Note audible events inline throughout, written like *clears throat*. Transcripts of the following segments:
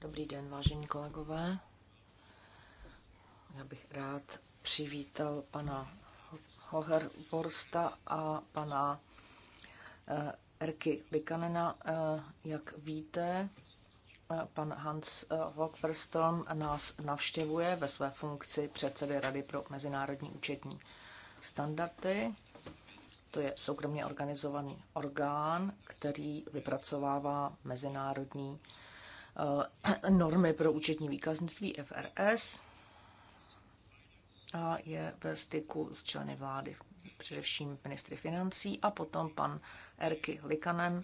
Dobrý den, vážení kolegové. Já bych rád přivítal pana Hoher Borsta a pana eh, Erky Likanena. Eh, jak víte, eh, pan Hans Hochverstorm nás navštěvuje ve své funkci předsedy Rady pro mezinárodní účetní standardy to je soukromně organizovaný orgán, který vypracovává mezinárodní eh, *clears throat* normy pro účetní výkaznictví FRS a je ve styku s členy vlády, především ministry financí a potom pan Erky Likanen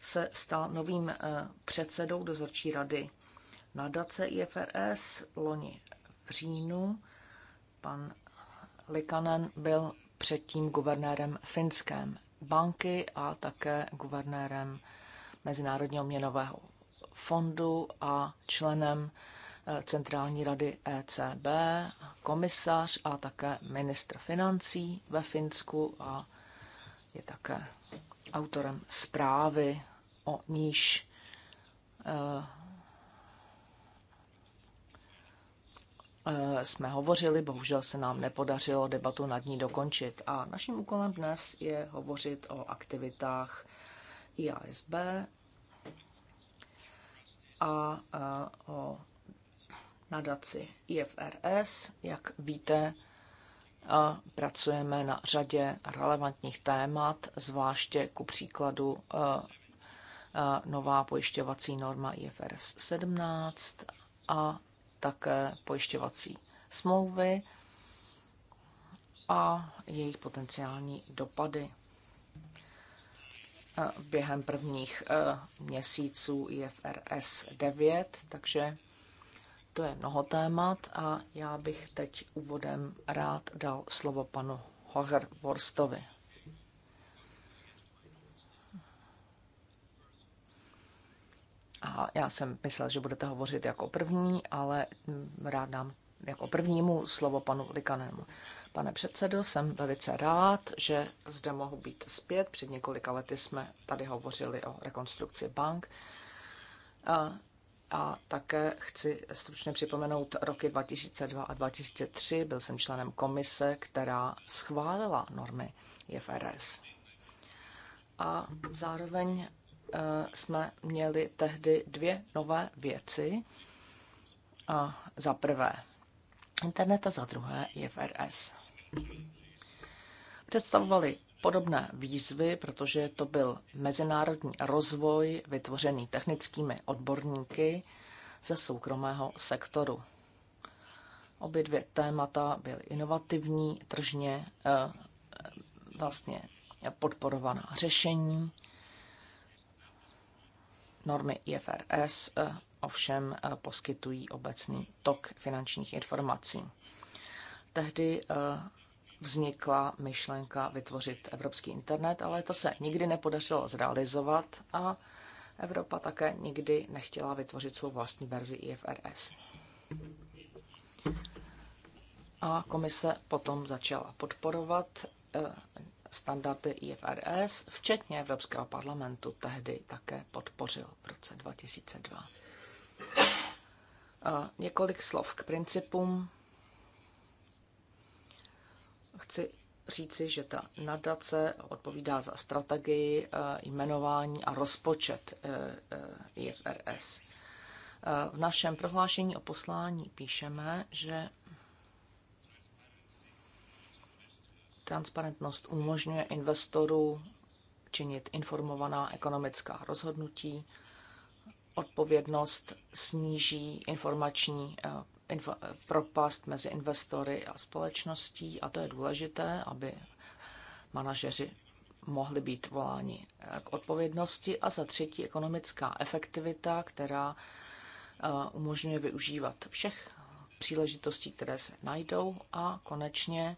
se stal novým eh, předsedou dozorčí rady nadace IFRS loni v říjnu. Pan Likanen byl předtím guvernérem Finskem banky a také guvernérem Mezinárodního měnového fondu a členem eh, Centrální rady ECB, komisař a také ministr financí ve Finsku a je také autorem zprávy, o níž eh, Eh, jsme hovořili, bohužel se nám nepodařilo debatu nad ní dokončit. A naším úkolem dnes je hovořit o aktivitách IASB a eh, o nadaci IFRS. Jak víte, eh, pracujeme na řadě relevantních témat, zvláště ku příkladu nová pojišťovací norma IFRS 17 a také pojišťovací smlouvy a jejich potenciální dopady. E, během prvních e, měsíců IFRS 9, takže to je mnoho témat a já bych teď úvodem rád dal slovo panu Hoher Borstovi. A já jsem myslel, že budete hovořit jako první, ale mm, rád dám jako prvnímu slovo panu Likanému. Pane předsedo, jsem velice rád, že zde mohu být zpět. Před několika lety jsme tady hovořili o rekonstrukci bank. A, a také chci stručně připomenout roky 2002 a 2003. Byl jsem členem komise, která schválila normy IFRS. A zároveň Eh, jsme měli tehdy dvě nové věci. A za prvé internet a za druhé IFRS. Představovali podobné výzvy, protože to byl mezinárodní rozvoj vytvořený technickými odborníky ze soukromého sektoru. Obě dvě témata byly inovativní, tržně eh, vlastně podporovaná řešení Normy IFRS eh, ovšem eh, poskytují obecný tok finančních informací. Tehdy eh, vznikla myšlenka vytvořit evropský internet, ale to se nikdy nepodařilo zrealizovat a Evropa také nikdy nechtěla vytvořit svou vlastní verzi IFRS. A komise potom začala podporovat standardy IFRS, včetně Evropského parlamentu, tehdy také podpořil v roce 2002. Několik slov k principům. Chci říci, že ta nadace odpovídá za strategii, eh, jmenování a rozpočet eh, eh, IFRS. V našem prohlášení o poslání píšeme, že Transparentnost umožňuje investoru činit informovaná ekonomická rozhodnutí. Odpovědnost sníží informační eh, info, eh, propast mezi investory a společností a to je důležité, aby manažeři mohli být voláni k odpovědnosti. A za třetí ekonomická efektivita, která eh, umožňuje využívat všech příležitostí, které se najdou. A konečně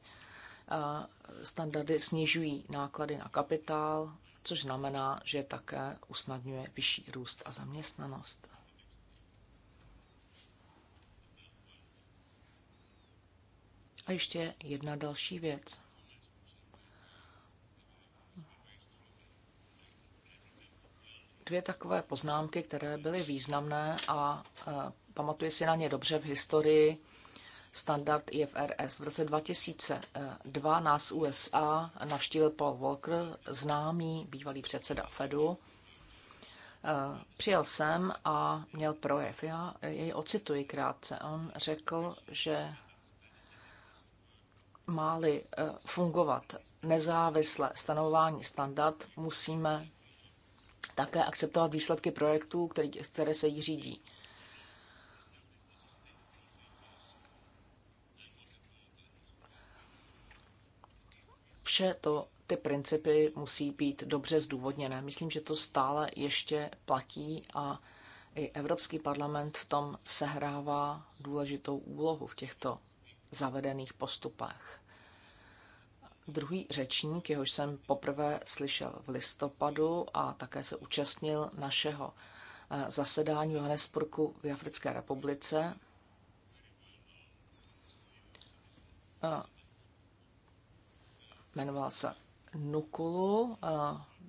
Standardy snižují náklady na kapitál, což znamená, že také usnadňuje vyšší růst a zaměstnanost. A ještě jedna další věc. Dvě takové poznámky, které byly významné a pamatuje si na ně dobře v historii standard IFRS. V roce 2002 nás USA navštívil Paul Walker, známý bývalý předseda Fedu. Eh, přijel jsem a měl projev. Já jej ocituji krátce. On řekl, že máli eh, fungovat nezávisle stanovování standard, musíme také akceptovat výsledky projektů, který, které se jí řídí. Vše to, ty principy musí být dobře zdůvodněné. Myslím, že to stále ještě platí a i Evropský parlament v tom sehrává důležitou úlohu v těchto zavedených postupech. Druhý řečník, jehož jsem poprvé slyšel v listopadu a také se účastnil našeho eh, zasedání v Johannesburgu v Africké republice, eh, jmenoval se Nukulu,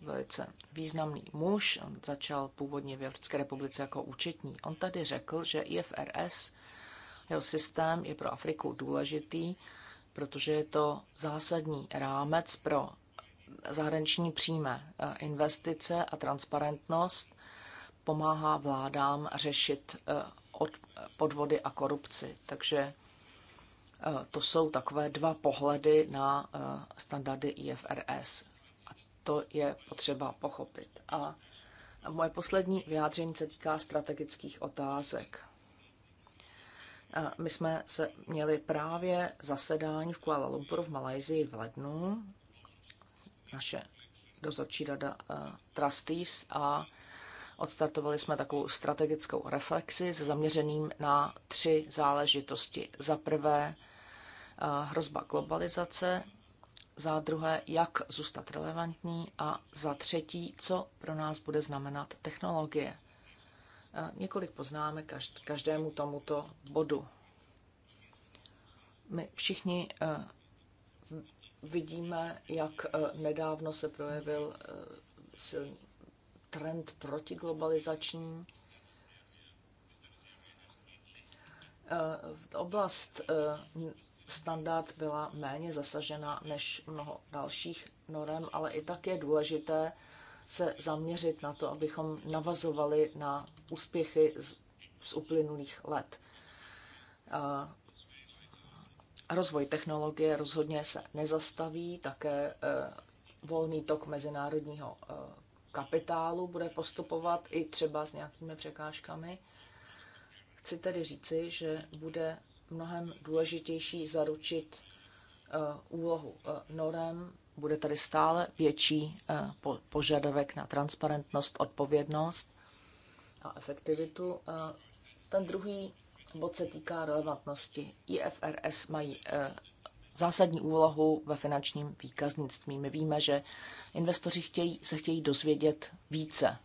velice významný muž, on začal původně v Africké republice jako účetní. On tady řekl, že IFRS, jeho systém je pro Afriku důležitý, protože je to zásadní rámec pro zahraniční příjme investice a transparentnost, pomáhá vládám řešit podvody a korupci. Takže Eh, to jsou takové dva pohledy na eh, standardy IFRS. A to je potřeba pochopit. A moje poslední vyjádření se týká strategických otázek. Eh, my jsme se měli právě zasedání v Kuala Lumpuru v Malajzii v lednu. Naše dozorčí rada uh, Trustees a odstartovali jsme takovou strategickou reflexi s zaměřeným na tři záležitosti. Za prvé hrozba globalizace, za druhé, jak zůstat relevantní a za třetí, co pro nás bude znamenat technologie. Několik poznámek každému tomuto bodu. My všichni e, vidíme, jak e, nedávno se projevil e, silný trend protiglobalizační. Oblast standard byla méně zasažena než mnoho dalších norem, ale i tak je důležité se zaměřit na to, abychom navazovali na úspěchy z, z uplynulých let. Rozvoj technologie rozhodně se nezastaví, také e, volný tok mezinárodního e, kapitálu bude postupovat i třeba s nějakými překážkami. Chci tedy říci, že bude mnohem důležitější zaručit eh, úlohu eh, norem. Bude tady stále větší eh, požadavek na transparentnost, odpovědnost a efektivitu. Ten druhý bod se týká relevantnosti. IFRS mají zásadní úlohu ve finančním výkaznictví. My víme, že investoři chtějí, se chtějí dozvědět více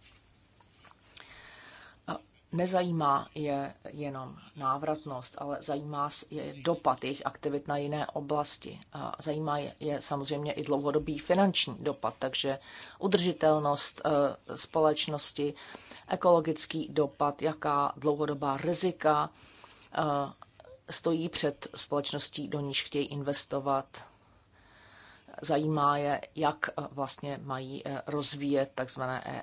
nezajímá je jenom návratnost, ale zajímá je dopad jejich aktivit na jiné oblasti. A zajímá je, samozřejmě i dlouhodobý finanční dopad, takže udržitelnost eh, společnosti, ekologický dopad, jaká dlouhodobá rizika eh, stojí před společností, do níž chtějí investovat, zajímá je, jak eh, vlastně mají eh, rozvíjet takzvané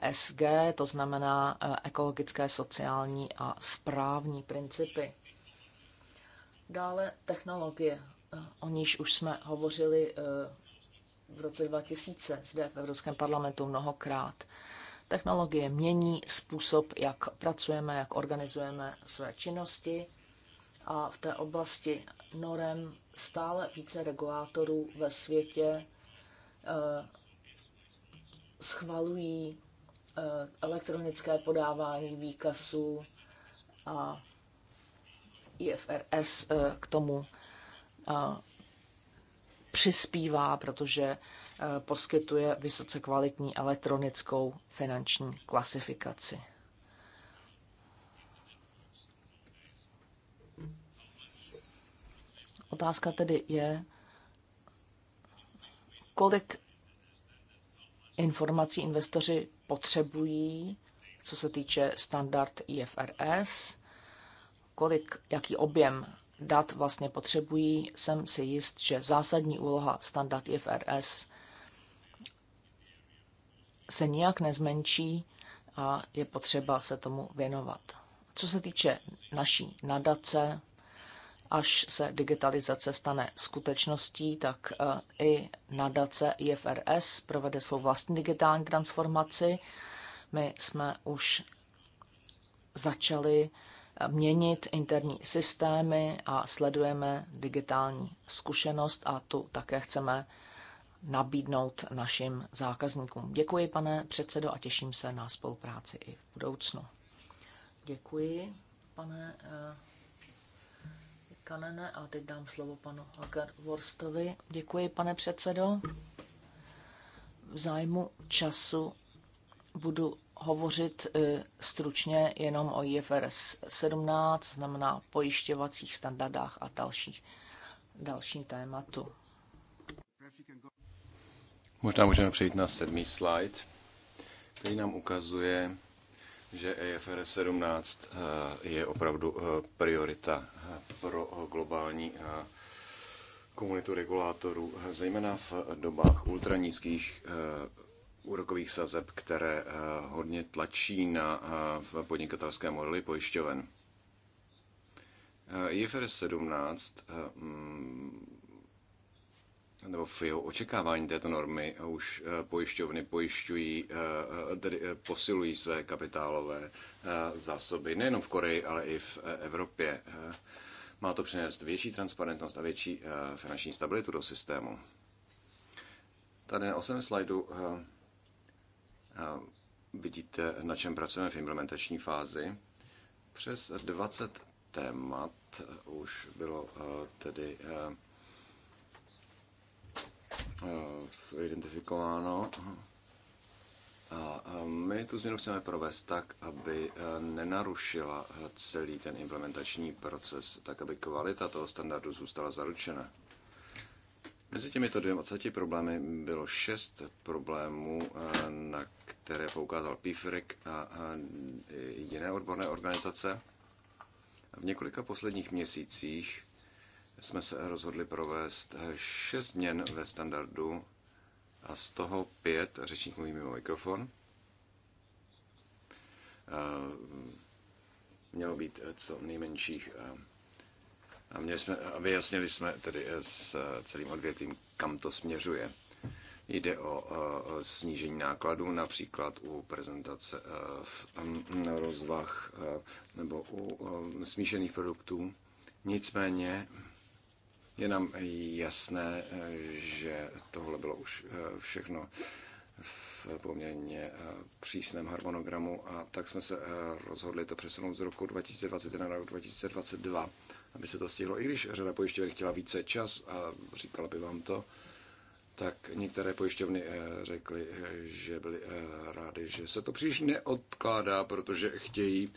ESG, e, e, e to znamená eh, ekologické, sociální a správní principy. Dále technologie, o níž už jsme hovořili v roce 2000 zde v Evropském parlamentu mnohokrát. Technologie mění způsob, jak pracujeme, jak organizujeme své činnosti a v té oblasti norem stále více regulátorů ve světě eh, schvalují eh, elektronické podávání výkazů a IFRS eh, k tomu přispívá, protože poskytuje vysoce kvalitní elektronickou finanční klasifikaci. Otázka tedy je, kolik informací investoři potřebují, co se týče standard IFRS, kolik, jaký objem dat vlastně potřebují, jsem si jist, že zásadní úloha standard IFRS se nijak nezmenší a je potřeba se tomu věnovat. Co se týče naší nadace, až se digitalizace stane skutečností, tak eh, i nadace IFRS provede svou vlastní digitální transformaci. My jsme už začali eh, měnit interní systémy a sledujeme digitální zkušenost a tu také chceme nabídnout našim zákazníkům. Děkuji, pane předsedo, a těším se na spolupráci i v budoucnu. Děkuji, pane eh, Kanene a teď dám slovo panu Hagar Worstovi. Děkuji, pane předsedo. V zájmu času budu hovořit e, stručně jenom o IFRS 17, znamená pojišťovacích standardách a dalších, dalším tématu. Možná můžeme přejít na sedmý slide, který nám ukazuje že EFR 17 eh, je opravdu eh, priorita eh, pro globální komunitu regulátorů, zejména v dobách ultranízkých úrokových sazeb, které hodně tlačí na podnikatelské modely pojišťoven. IFRS 17 mm, nebo v jeho očekávání této normy už eh, pojišťovny pojišťují, eh, eh, tedy posilují své kapitálové zásoby nejenom v Koreji, ale i v Evropě. Má to přinést větší transparentnost a větší finanční stabilitu do systému. Tady na osmém slajdu vidíte, na čem pracujeme v implementační fázi. Přes 20 témat už bylo tedy Eh, identifikováno. A my tu změnu chceme provést tak, aby eh, nenarušila eh, celý ten implementační proces, tak aby kvalita toho standardu zůstala zaručena. Mezi těmito 20 problémy bylo šest problémů, na které poukázal PIFRIC a jiné odborné organizace. V několika posledních měsících jsme se rozhodli provést eh, šest měn ve standardu a z toho pět řečník mluví mimo mikrofon. Eh, mělo být eh, co nejmenších a, měli jsme, a vyjasnili jsme tedy s celým odvětvím, kam to směřuje. Jde o snížení nákladů, například u prezentace v rozvah nebo u smíšených produktů. Nicméně je nám jasné, že tohle bylo už eh, všechno v poměrně eh, přísném harmonogramu a tak jsme se eh, rozhodli to přesunout z roku 2021 na rok 2022, aby se to stihlo. I když řada pojišťoven chtěla více čas a říkala by vám to, tak některé pojišťovny řekly, že byly rády, že se to příliš neodkládá, protože chtějí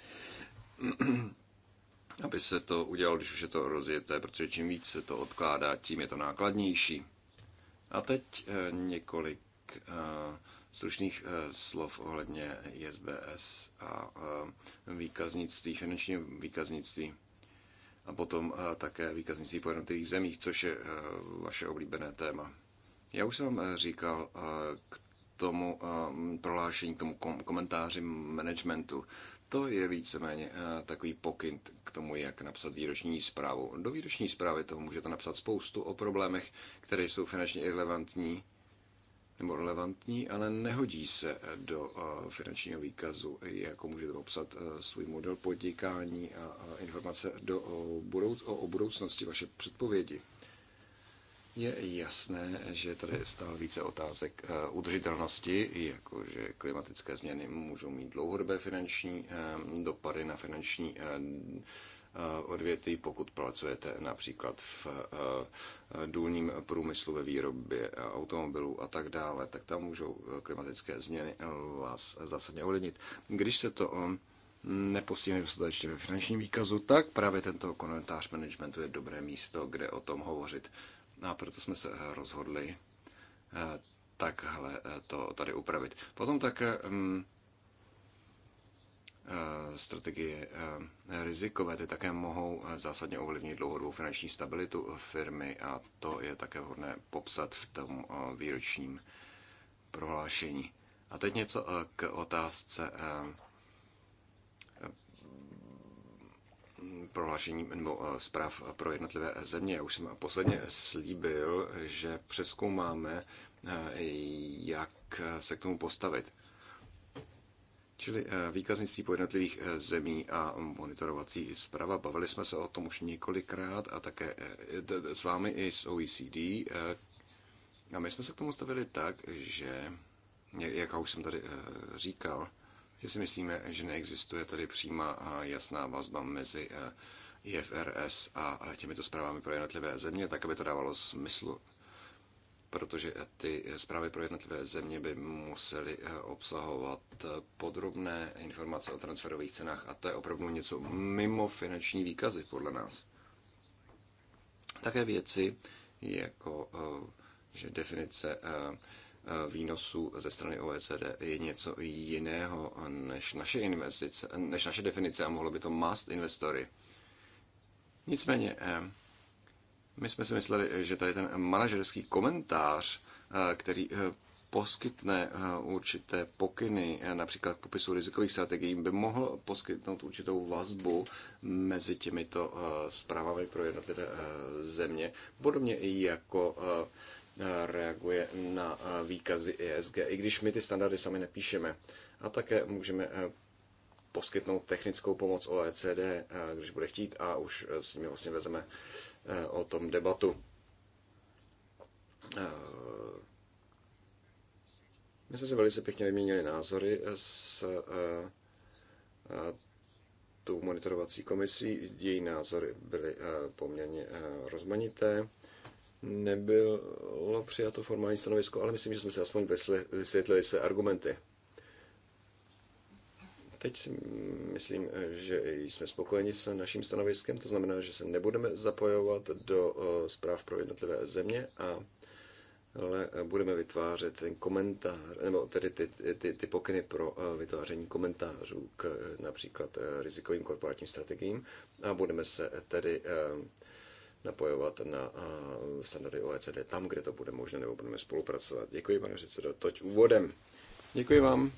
aby se to udělalo, když už je to rozjeté, protože čím víc se to odkládá, tím je to nákladnější. A teď eh, několik eh, slušných eh, slov ohledně ISBS a výkaznictví, finanční výkaznictví a potom také výkaznictví po jednotlivých zemích, což je vaše oblíbené téma. Já už jsem vám říkal k tomu prohlášení, k tomu komentáři managementu. To je víceméně eh, takový pokyn k tomu, jak napsat výroční zprávu. Do výroční zprávy toho můžete napsat spoustu o problémech, které jsou finančně irrelevantní, nebo relevantní, ale nehodí se do eh, finančního výkazu, jako můžete popsat eh, svůj model podnikání a informace do, o, budouc- o budoucnosti, vaše předpovědi. Je jasné, že tady je stále více otázek eh, udržitelnosti, jakože klimatické změny můžou mít dlouhodobé finanční eh, dopady na finanční eh, odvětví, pokud pracujete například v důlním průmyslu ve výrobě automobilů a tak dále, tak tam můžou klimatické změny vás zásadně ovlivnit. Když se to nepostihne dostatečně ve finančním výkazu, tak právě tento komentář managementu je dobré místo, kde o tom hovořit a proto jsme se eh, rozhodli eh, takhle eh, to tady upravit. Potom také mm, strategie rizikové, ty také mohou zásadně ovlivnit dlouhodobou finanční stabilitu firmy a to je také hodné popsat v tom výročním prohlášení. A teď něco k otázce prohlášení nebo eh, zpráv pro jednotlivé země. Já už jsem posledně slíbil, že přeskoumáme, eh, jak se k tomu postavit. Čili eh, výkaznictví po jednotlivých zemí a monitorovací zpráva. Bavili jsme se o tom už několikrát a také s vámi i s OECD. A my jsme se k tomu stavili tak, že, jak už jsem tady říkal, že si myslíme, že neexistuje tady přímá a jasná vazba mezi eh, IFRS a těmito zprávami pro jednotlivé země, tak aby to dávalo smysl, protože ty zprávy pro jednotlivé země by musely eh, obsahovat eh, podrobné informace o transferových cenách a to je opravdu něco mimo finanční výkazy podle nás. Také věci jako že definice výnosů ze strany OECD je něco jiného než naše, investice, než naše definice a mohlo by to mást investory. Nicméně, eh, my jsme si mysleli, že tady ten manažerský komentář, eh, který eh, poskytne určité pokyny, například k popisu rizikových strategií, by mohl poskytnout určitou vazbu mezi těmito zprávami pro jednotlivé země, podobně i jako reaguje na výkazy ESG. i když my ty standardy sami nepíšeme. A také můžeme eh, poskytnout technickou pomoc OECD, eh, když bude chtít, a už eh, s nimi vlastně vezeme o tom debatu. My jsme se velice pěkně vyměnili názory s tou monitorovací komisí. Její názory byly poměrně rozmanité nebylo přijato formální stanovisko, ale myslím, že jsme se aspoň vysvětlili se argumenty. Teď si myslím, že jsme spokojeni s naším stanoviskem, to znamená, že se nebudeme zapojovat do zpráv pro jednotlivé země, a, ale budeme vytvářet ten komentář, nebo tedy ty, ty, ty pokyny pro vytváření komentářů k například rizikovým korporátním strategiím a budeme se tedy napojovat na standardy OECD tam, kde to bude možné, nebo budeme spolupracovat. Děkuji, pane předsedo, toť úvodem. Děkuji vám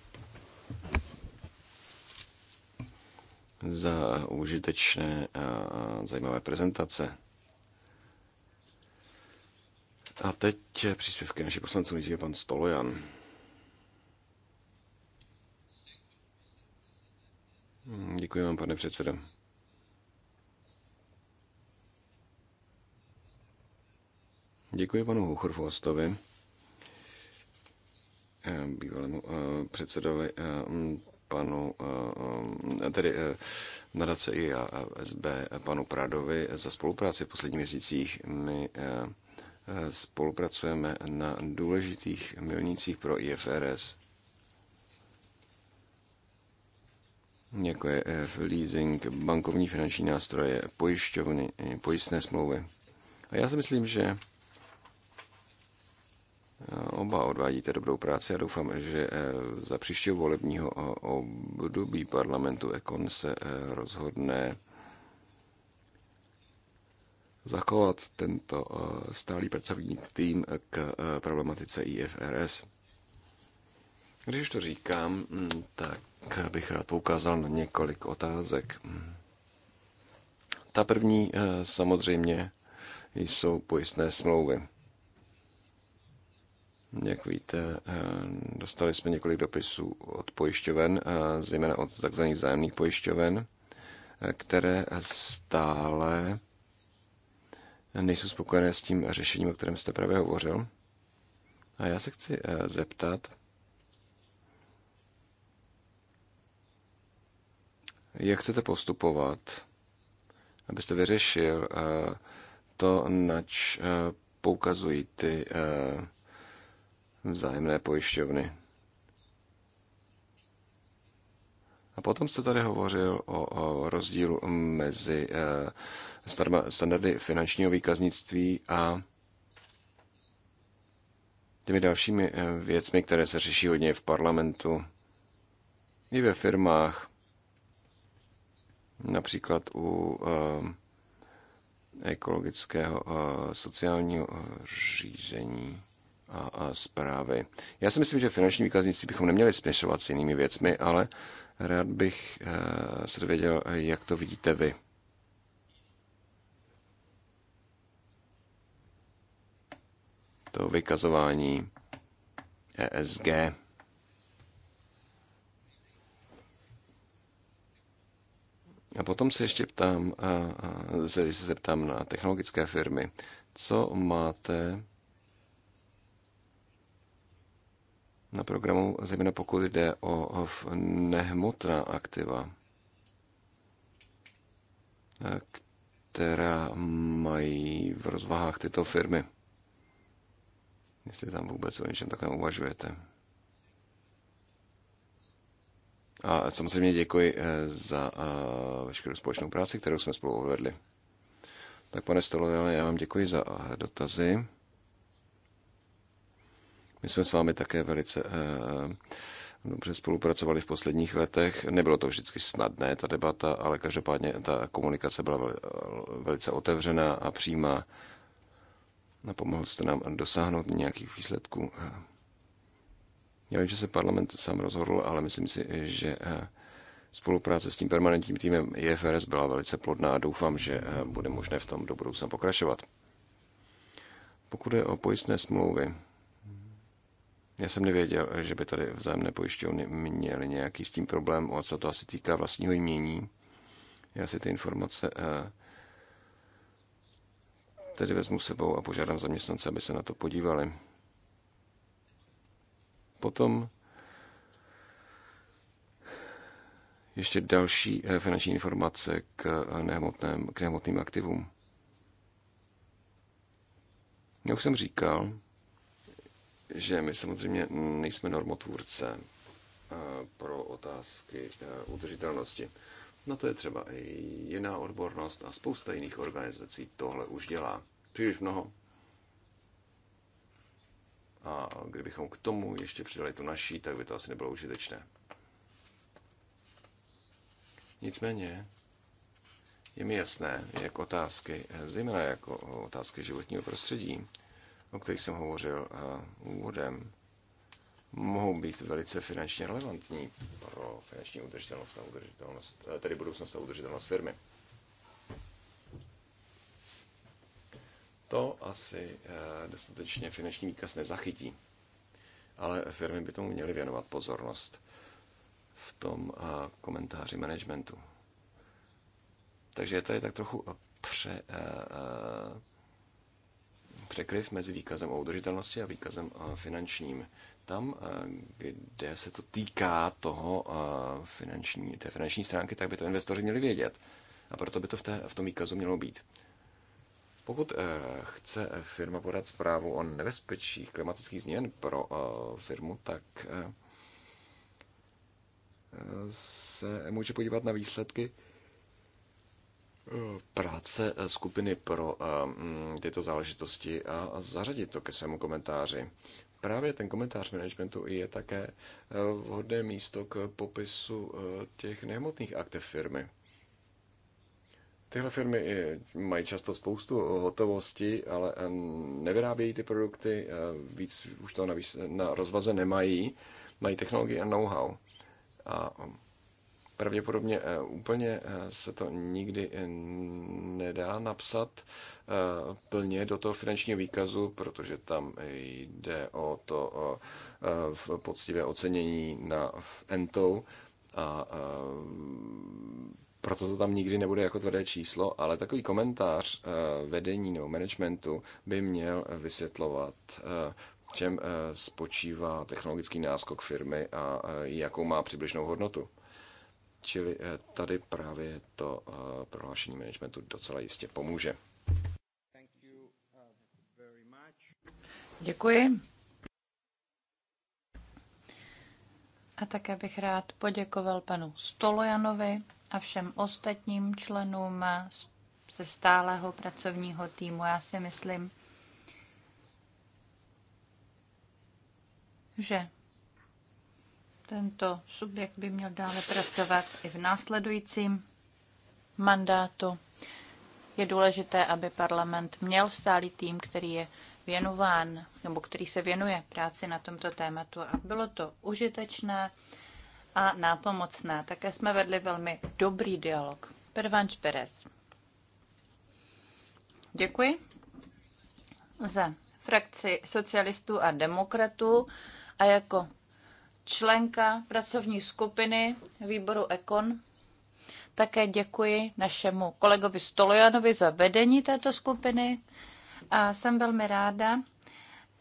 za užitečné a zajímavé prezentace. A teď příspěvky našich poslanců, je pan Stolojan. Děkuji vám, pane předsedo. Děkuji panu Huchorfostovi, eh, bývalému eh, předsedovi eh, panu, tedy nadace Sb panu Pradovi za spolupráci v posledních měsících. My spolupracujeme na důležitých milnicích pro IFRS, jako je leasing, bankovní finanční nástroje, pojišťovny, pojistné smlouvy. A já si myslím, že Oba odvádíte dobrou práci a doufám, že eh, za příštího volebního eh, období parlamentu Ekon se eh, rozhodne zachovat tento stálý pracovní tým k problematice IFRS. Když to říkám, hm, tak bych rád poukázal na několik otázek. Ta první samozřejmě jsou pojistné smlouvy. Jak víte, eh, dostali jsme několik dopisů od pojišťoven, eh, zejména od tzv. vzájemných pojišťoven, eh, které stále nejsou spokojené s tím řešením, o kterém jste právě hovořil. A já se chci zeptat, jak chcete postupovat, abyste vyřešil to, nač poukazují ty vzájemné pojišťovny. A potom jste tady hovořil o, o rozdílu mezi eh, standardy finančního výkaznictví a těmi dalšími eh, věcmi, které se řeší hodně v parlamentu i ve firmách, například u eh, ekologického eh, sociálního eh, řízení a, a zprávy. Já si myslím, že finanční výkaznictví bychom neměli směšovat s jinými věcmi, ale rád bych eh, se dověděl, jak to vidíte vy. To vykazování ESG. A potom se ještě ptám, a, eh, a, eh, se, se zeptám na technologické firmy. Co máte na programu, zejména pokud jde o nehmotná aktiva, která mají v rozvahách tyto firmy. Jestli tam vůbec o něčem takovém uvažujete. A samozřejmě děkuji eh, za eh, veškerou společnou práci, kterou jsme spolu uvedli. Tak pane Stolojane, já vám děkuji za eh, dotazy. My jsme s vámi také velice eh, eh, dobře spolupracovali v posledních letech. Nebylo to vždycky snadné, ta debata, ale každopádně ta komunikace byla velice otevřená a přímá. Napomohl jste nám dosáhnout nějakých výsledků. Já vím, že se parlament sám rozhodl, ale myslím si, že eh, spolupráce s tím permanentním týmem IFRS byla velice plodná a doufám, že bude možné v tom do budoucna pokračovat. Pokud je o pojistné smlouvy, já jsem nevěděl, že by tady vzájemné pojišťovny měly nějaký s tím problém, o co to asi týká vlastního jmění. Já si ty informace eh, tedy vezmu sebou a požádám zaměstnance, aby se na to podívali. Potom ještě další eh, finanční informace k, eh, nehmotném, k nehmotným aktivům. Já už jsem říkal, že my samozřejmě nejsme normotvůrce eh, pro otázky eh, udržitelnosti. Na no to je třeba i jiná odbornost a spousta jiných organizací tohle už dělá. Příliš mnoho. A kdybychom k tomu ještě přidali tu naší, tak by to asi nebylo užitečné. Nicméně je mi jasné, jak otázky, eh, zejména jako otázky životního prostředí, o kterých jsem hovořil eh, úvodem, mohou být velice finančně relevantní pro finanční udržitelnost a udržitelnost, eh, tedy budoucnost a udržitelnost firmy. To asi eh, dostatečně finanční výkaz nezachytí, ale firmy by tomu měly věnovat pozornost v tom komentáři managementu. Takže je tady tak trochu pře, překryv mezi výkazem o udržitelnosti a výkazem eh, finančním. Tam, eh, kde se to týká toho eh, finanční, té finanční stránky, tak by to investoři měli vědět. A proto by to v, té, v tom výkazu mělo být. Pokud chce firma podat zprávu o nebezpečích klimatických změn pro firmu, tak se může podívat na výsledky práce eh, skupiny pro eh, mm, tyto záležitosti a zařadit to ke svému komentáři. Právě ten komentář managementu je také eh, vhodné místo k popisu těch nehmotných aktiv firmy. Tyhle firmy mají často spoustu hotovosti, ale nevyrábějí ty produkty, víc už to na, rozvaze nemají, mají technologii a know-how. A Pravděpodobně eh, úplně eh, se to nikdy eh, nedá napsat plně do toho finančního výkazu, protože tam jde o to v poctivé ocenění na entou a proto to tam nikdy nebude jako tvrdé číslo, ale takový komentář vedení nebo managementu by měl vysvětlovat, v čem spočívá technologický náskok firmy a jakou má přibližnou hodnotu. Čili eh, tady právě to eh, prohlášení managementu docela jistě pomůže. Děkuji. A také bych rád poděkoval panu Stolojanovi a všem ostatním členům ze stálého pracovního týmu. Já si myslím, že tento subjekt by měl dále pracovat i v následujícím mandátu. Je důležité, aby parlament měl stálý tým, který je věnován, nebo který se věnuje práci na tomto tématu. A bylo to užitečné a nápomocné. Také jsme vedli velmi dobrý dialog. Pervanč Perez. Děkuji za frakci socialistů a demokratů a jako členka pracovní skupiny výboru Ekon. Také děkuji našemu kolegovi Stolojanovi za vedení této skupiny a jsem velmi ráda,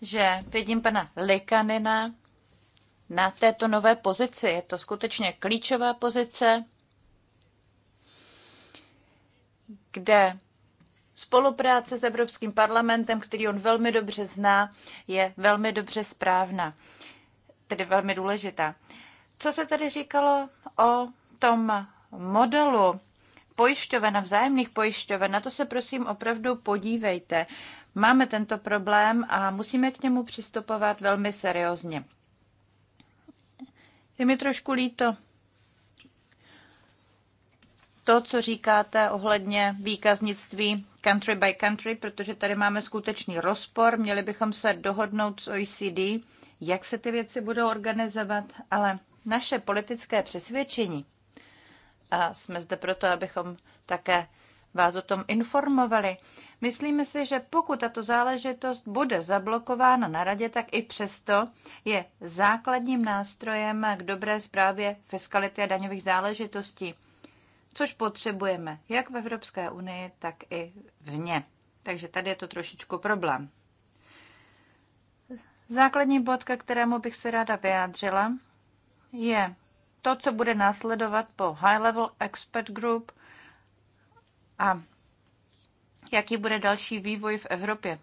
že vidím pana Likanina na této nové pozici. Je to skutečně klíčová pozice, kde spolupráce s Evropským parlamentem, který on velmi dobře zná, je velmi dobře správná tedy velmi důležitá. Co se tedy říkalo o tom modelu pojišťoven a vzájemných pojišťoven, na to se prosím opravdu podívejte. Máme tento problém a musíme k němu přistupovat velmi seriózně. Je mi trošku líto to, co říkáte ohledně výkaznictví country by country, protože tady máme skutečný rozpor. Měli bychom se dohodnout s OECD jak se ty věci budou organizovat, ale naše politické přesvědčení, a jsme zde proto, abychom také vás o tom informovali, myslíme si, že pokud tato záležitost bude zablokována na radě, tak i přesto je základním nástrojem k dobré zprávě fiskality a daňových záležitostí, což potřebujeme jak v Evropské unii, tak i vně. Takže tady je to trošičku problém. Základní bod, ke kterému bych se ráda vyjádřila, je to, co bude následovat po High Level Expert Group a jaký bude další vývoj v Evropě,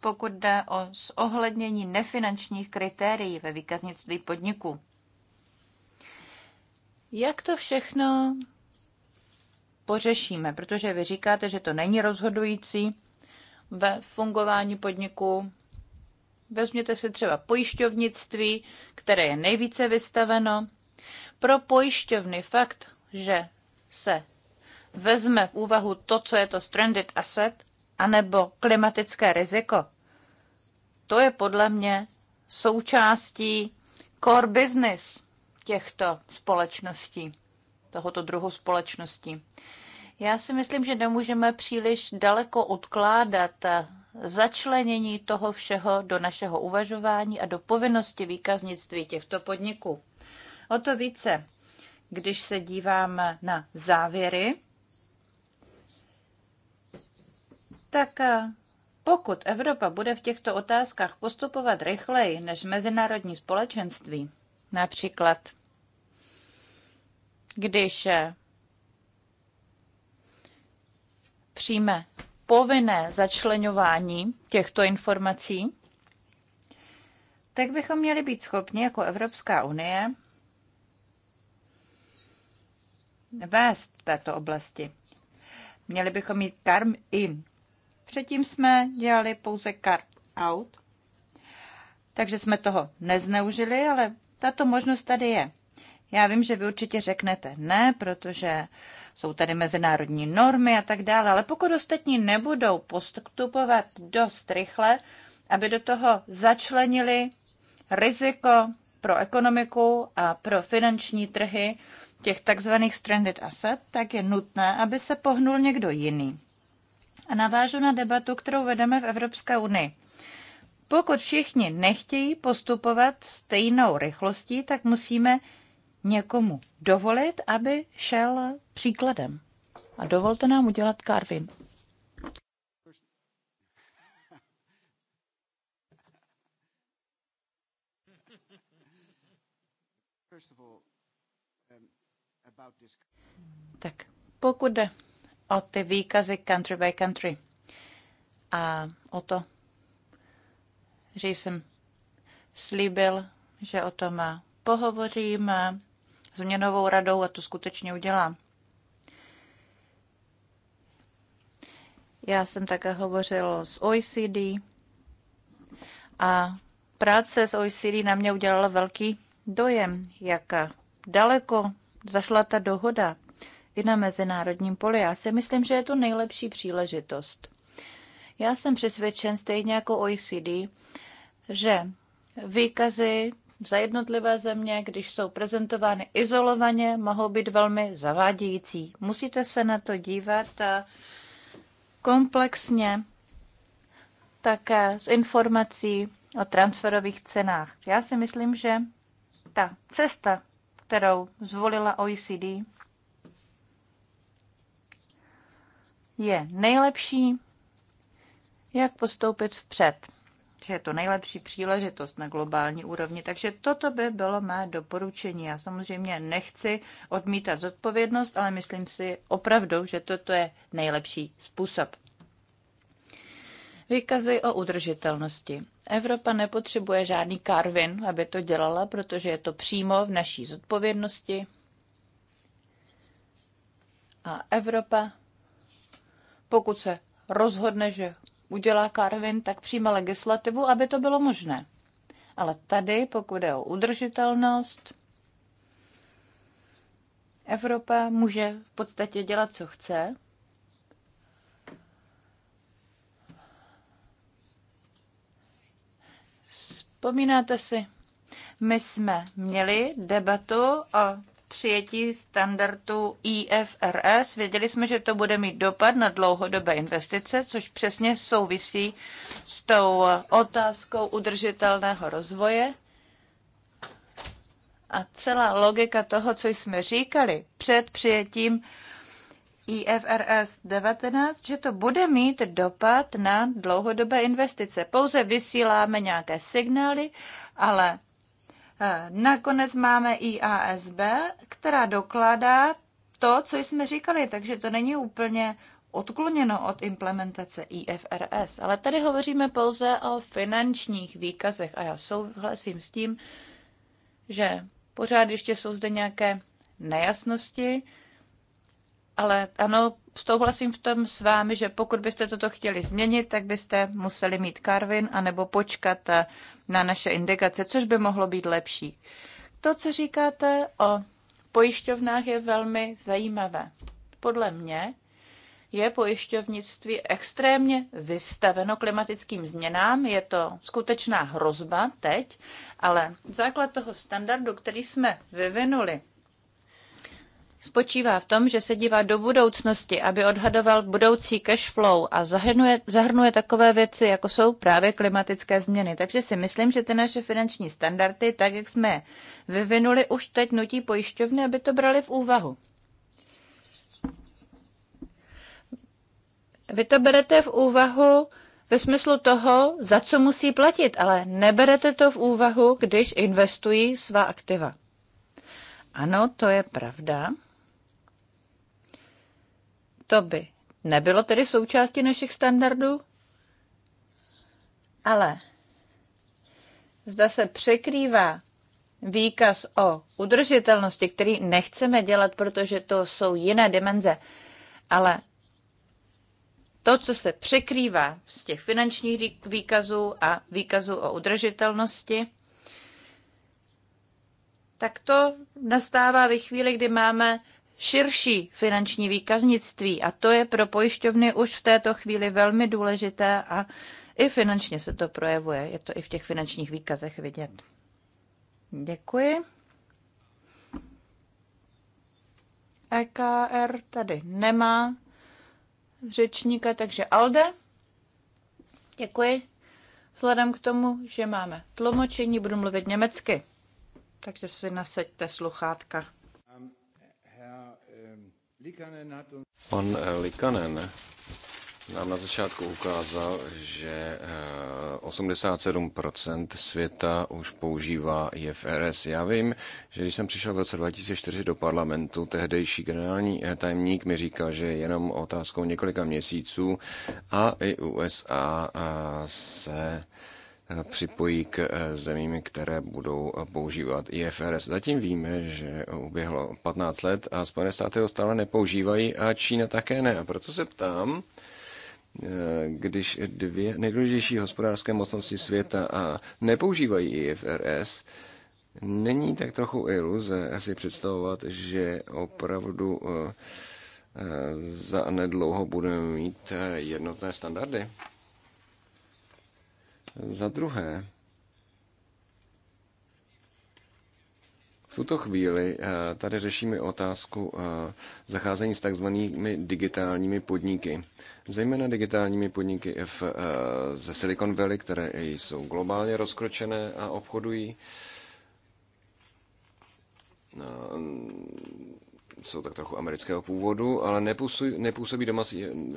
pokud jde o zohlednění nefinančních kritérií ve výkaznictví podniků. Jak to všechno pořešíme, protože vy říkáte, že to není rozhodující ve fungování podniku, Vezměte si třeba pojišťovnictví, které je nejvíce vystaveno. Pro pojišťovny fakt, že se vezme v úvahu to, co je to stranded asset, anebo klimatické riziko, to je podle mě součástí core business těchto společností, tohoto druhu společností. Já si myslím, že nemůžeme příliš daleko odkládat začlenění toho všeho do našeho uvažování a do povinnosti výkaznictví těchto podniků. O to více, když se dívám na závěry, tak eh, pokud Evropa bude v těchto otázkách postupovat rychleji než mezinárodní společenství, například když eh, přijme povinné začlenování těchto informací, tak bychom měli být schopni jako Evropská unie vést v této oblasti. Měli bychom mít karm in. Předtím jsme dělali pouze karm out, takže jsme toho nezneužili, ale tato možnost tady je. Já vím, že vy určitě řeknete ne, protože jsou tady mezinárodní normy a tak dále, ale pokud ostatní nebudou postupovat dost rychle, aby do toho začlenili riziko pro ekonomiku a pro finanční trhy těch takzvaných stranded asset, tak je nutné, aby se pohnul někdo jiný. A navážu na debatu, kterou vedeme v Evropské unii. Pokud všichni nechtějí postupovat stejnou rychlostí, tak musíme někomu dovolit, aby šel příkladem. A dovolte nám udělat Karvin. Um, tak pokud jde o ty výkazy country by country a o to, že jsem slíbil, že o tom pohovořím změnovou radou a to skutečně udělá. Já jsem také hovořil s OECD a práce s OECD na mě udělala velký dojem, jak daleko zašla ta dohoda i na mezinárodním poli. Já si myslím, že je to nejlepší příležitost. Já jsem přesvědčen, stejně jako OECD, že výkazy za jednotlivé země, když jsou prezentovány izolovaně, mohou být velmi zavádějící. Musíte se na to dívat eh, komplexně také z informací o transferových cenách. Já si myslím, že ta cesta, kterou zvolila OECD, je nejlepší, jak postoupit vpřed je to nejlepší příležitost na globální úrovni. Takže toto by bylo mé doporučení. Já samozřejmě nechci odmítat zodpovědnost, ale myslím si opravdu, že toto je nejlepší způsob. Výkazy o udržitelnosti. Evropa nepotřebuje žádný karvin, aby to dělala, protože je to přímo v naší zodpovědnosti. A Evropa, pokud se rozhodne, že udělá Karvin, tak přijme legislativu, aby to bylo možné. Ale tady, pokud je o udržitelnost, Evropa může v podstatě dělat, co chce. Vzpomínáte si, my jsme měli debatu o přijetí standardu IFRS. Věděli jsme, že to bude mít dopad na dlouhodobé investice, což přesně souvisí s tou otázkou udržitelného rozvoje. A celá logika toho, co jsme říkali před přijetím IFRS 19, že to bude mít dopad na dlouhodobé investice. Pouze vysíláme nějaké signály, ale Eh, nakonec máme IASB, která dokládá to, co jsme říkali, takže to není úplně odkloněno od implementace IFRS, ale tady hovoříme pouze o finančních výkazech a já souhlasím s tím, že pořád ještě jsou zde nějaké nejasnosti, ale ano, souhlasím v tom s vámi, že pokud byste toto chtěli změnit, tak byste museli mít Carvin anebo počkat eh, na naše indikace, což by mohlo být lepší. To, co říkáte o pojišťovnách, je velmi zajímavé. Podle mě je pojišťovnictví extrémně vystaveno klimatickým změnám. Je to skutečná hrozba teď, ale základ toho standardu, který jsme vyvinuli spočívá v tom, že se dívá do budoucnosti, aby odhadoval budoucí cash flow a zahrnuje, zahrnuje takové věci, jako jsou právě klimatické změny. Takže si myslím, že ty naše finanční standardy, tak jak jsme je vyvinuli, už teď nutí pojišťovny, aby to brali v úvahu. Vy to berete v úvahu ve smyslu toho, za co musí platit, ale neberete to v úvahu, když investují svá aktiva. Ano, to je pravda. To by nebylo tedy součástí našich standardů? Ale zda se překrývá výkaz o udržitelnosti, který nechceme dělat, protože to jsou jiné dimenze, ale to, co se překrývá z těch finančních výkazů a výkazů o udržitelnosti, tak to nastává ve chvíli, kdy máme širší finanční výkaznictví a to je pro pojišťovny už v této chvíli velmi důležité a i finančně se to projevuje. Je to i v těch finančních výkazech vidět. Děkuji. EKR tady nemá řečníka, takže Alde. Děkuji. Vzhledem k tomu, že máme tlumočení, budu mluvit německy, takže si nasaďte sluchátka. Pan eh, Likanen nám na začátku ukázal, že 87% eh, světa už používá IFRS. Já vím, že když jsem přišel v roce 2004 do parlamentu, tehdejší generální eh, tajemník mi říkal, že jenom otázkou několika měsíců a i USA se připojí k eh, zemím, které budou eh, používat IFRS. Zatím víme, že uběhlo 15 let a Spojené státy ho stále nepoužívají a Čína také ne. A proto se ptám, eh, když dvě nejdůležitější hospodářské mocnosti světa a nepoužívají IFRS, není tak trochu iluze si představovat, že opravdu za nedlouho budeme mít jednotné standardy? Za druhé, v tuto chvíli eh, tady řešíme otázku eh, zacházení s takzvanými digitálními podniky, zejména digitálními podniky F eh, ze Silicon Valley, které jsou globálně rozkročené a obchodují jsou tak trochu amerického původu, ale nepůsobí, nepůsobí doma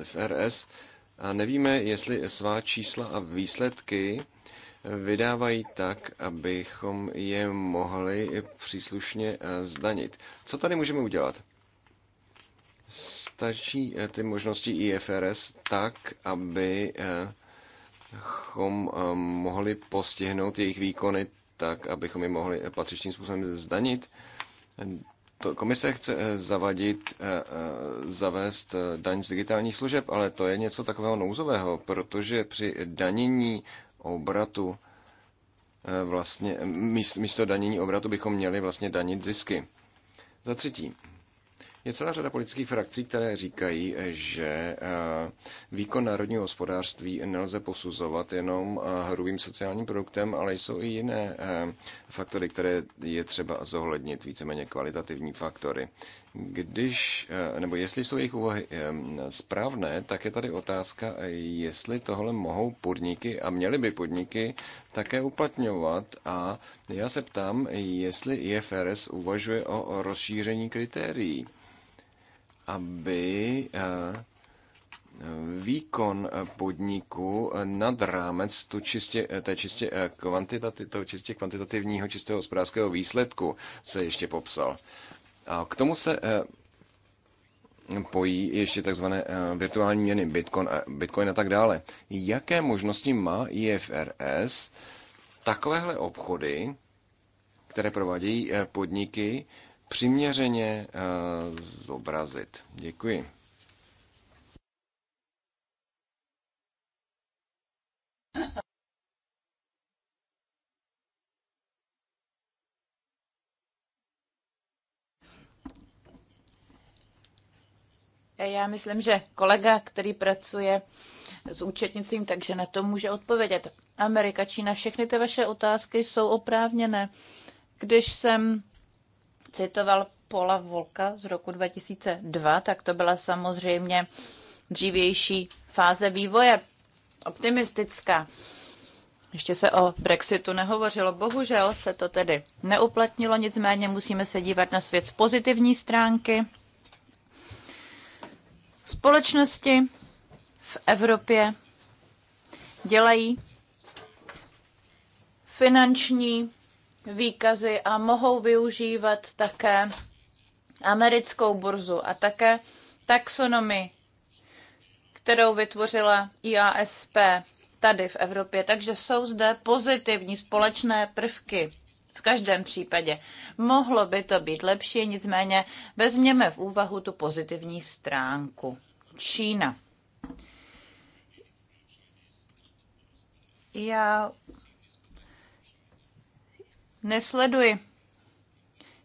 v RS a nevíme, jestli svá čísla a výsledky vydávají tak, abychom je mohli příslušně eh, zdanit. Co tady můžeme udělat? Stačí eh, ty možnosti IFRS tak, abychom eh, mohli postihnout jejich výkony tak, abychom je mohli patřičným způsobem zdanit to komise chce eh, zavadit, eh, eh, zavést daň z digitálních služeb, ale to je něco takového nouzového, protože při danění obratu vlastně, místo danění obratu bychom měli vlastně danit zisky. Za třetí, je celá řada politických frakcí, které říkají, že eh, výkon národního hospodářství nelze posuzovat jenom eh, hrubým sociálním produktem, ale jsou i jiné eh, faktory, které je třeba zohlednit, víceméně kvalitativní faktory. Když, nebo jestli jsou jejich úvahy správné, tak je tady otázka, jestli tohle mohou podniky a měly by podniky také uplatňovat. A já se ptám, jestli IFRS uvažuje o rozšíření kritérií aby eh, výkon podniku nad rámec tu čistě, eh, té čistě, eh, kvantitativ, toho čistě kvantitativního čistého hospodářského výsledku se ještě popsal. A k tomu se pojí ještě takzvané virtuální měny Bitcoin, Bitcoin a tak dále. Jaké možnosti má IFRS takovéhle obchody, které provádějí podniky, přiměřeně eh, zobrazit. Děkuji. Já myslím, že kolega, který pracuje s účetnicím, takže na to může odpovědět. Amerika, Čína, všechny ty vaše otázky jsou oprávněné. Když jsem citoval Paula Volka z roku 2002, tak to byla samozřejmě dřívější fáze vývoje, optimistická. Ještě se o Brexitu nehovořilo, bohužel se to tedy neuplatnilo, nicméně musíme se dívat na svět z pozitivní stránky. Společnosti v Evropě dělají finanční výkazy a mohou využívat také americkou burzu a také taxonomii, kterou vytvořila IASP tady v Evropě. Takže jsou zde pozitivní společné prvky. V každém případě mohlo by to být lepší, nicméně vezměme v úvahu tu pozitivní stránku. Čína. Já nesleduji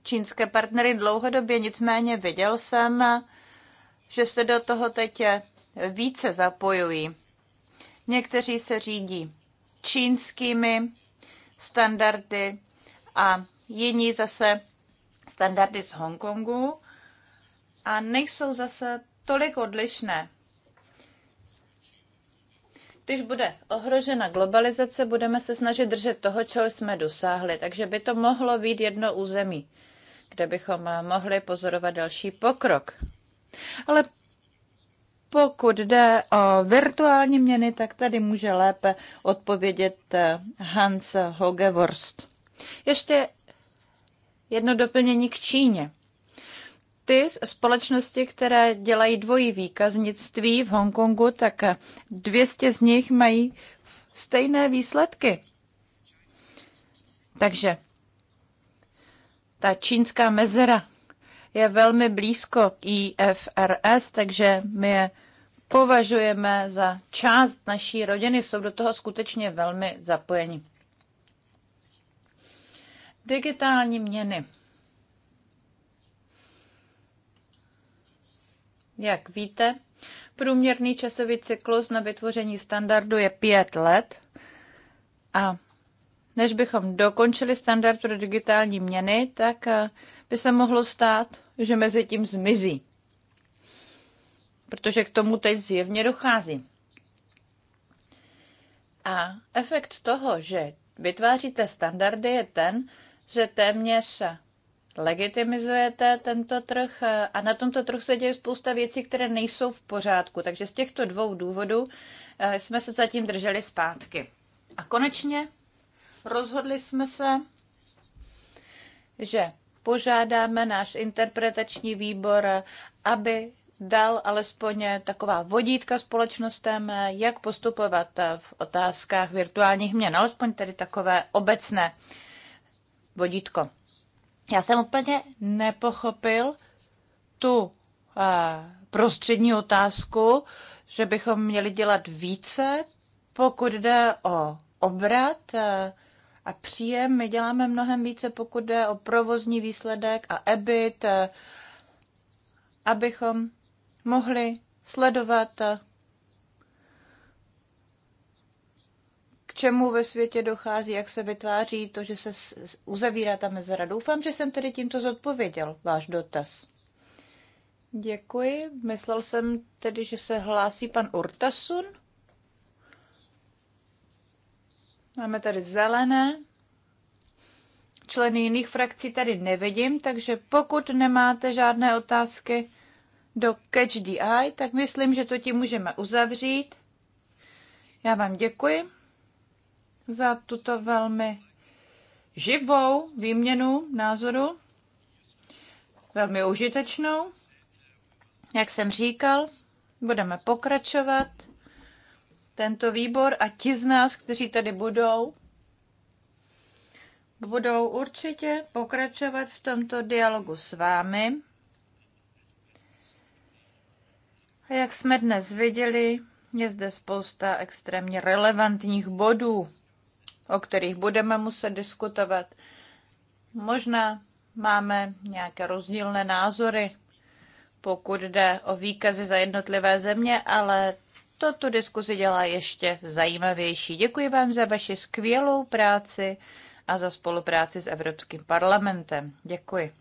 čínské partnery dlouhodobě, nicméně viděl jsem, že se do toho teď více zapojují. Někteří se řídí čínskými standardy a jiní zase standardy z Hongkongu a nejsou zase tolik odlišné. Když bude ohrožena globalizace, budeme se snažit držet toho, čeho jsme dosáhli. Takže by to mohlo být jedno území, kde bychom mohli pozorovat další pokrok. Ale pokud jde o virtuální měny, tak tady může lépe odpovědět eh, Hans Hogevorst. Ještě jedno doplnění k Číně ty společnosti, které dělají dvojí výkaznictví v Hongkongu, tak 200 z nich mají stejné výsledky. Takže ta čínská mezera je velmi blízko k IFRS, takže my je považujeme za část naší rodiny, jsou do toho skutečně velmi zapojeni. Digitální měny. Jak víte, průměrný časový cyklus na vytvoření standardu je pět let a než bychom dokončili standard pro digitální měny, tak eh, by se mohlo stát, že mezi tím zmizí. Protože k tomu teď zjevně dochází. A efekt toho, že vytváříte standardy, je ten, že téměř legitimizujete tento trh eh, a na tomto trhu se děje spousta věcí, které nejsou v pořádku. Takže z těchto dvou důvodů eh, jsme se zatím drželi zpátky. A konečně rozhodli jsme se, že požádáme náš interpretační výbor, aby dal alespoň taková vodítka společnostem, eh, jak postupovat v otázkách virtuálních měn, alespoň tedy takové obecné vodítko. Já jsem úplně nepochopil tu eh, prostřední otázku, že bychom měli dělat více, pokud jde o obrat eh, a příjem. My děláme mnohem více, pokud jde o provozní výsledek a EBIT, eh, abychom mohli sledovat čemu ve světě dochází, jak se vytváří to, že se uzavírá ta mezera. Doufám, že jsem tedy tímto zodpověděl váš dotaz. Děkuji. Myslel jsem tedy, že se hlásí pan Urtasun. Máme tady zelené. Členy jiných frakcí tady nevidím, takže pokud nemáte žádné otázky do Catch the Eye, tak myslím, že to tím můžeme uzavřít. Já vám děkuji za tuto velmi živou výměnu názoru, velmi užitečnou. Jak jsem říkal, budeme pokračovat. Tento výbor a ti z nás, kteří tady budou, budou určitě pokračovat v tomto dialogu s vámi. A jak jsme dnes viděli, je zde spousta extrémně relevantních bodů o kterých budeme muset diskutovat. Možná máme nějaké rozdílné názory, pokud jde o výkazy za jednotlivé země, ale to tu diskuzi dělá ještě zajímavější. Děkuji vám za vaši skvělou práci a za spolupráci s Evropským parlamentem. Děkuji.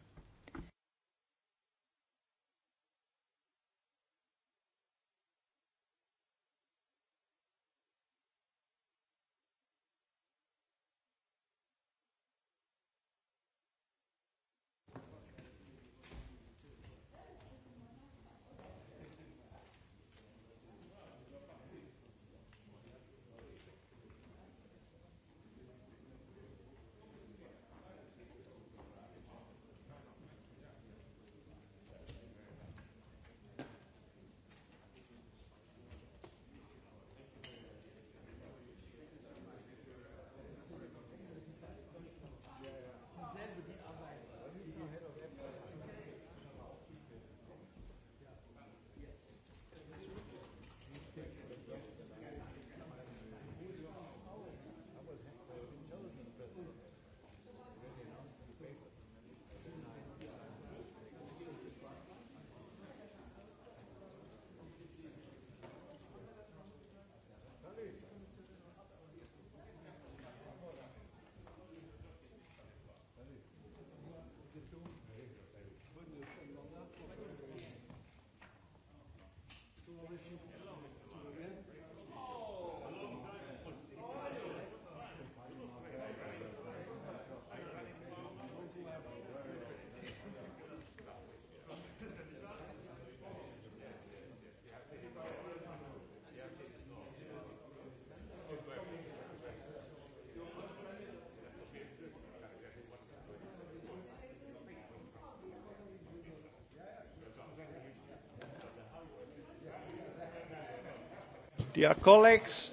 Dear colleagues,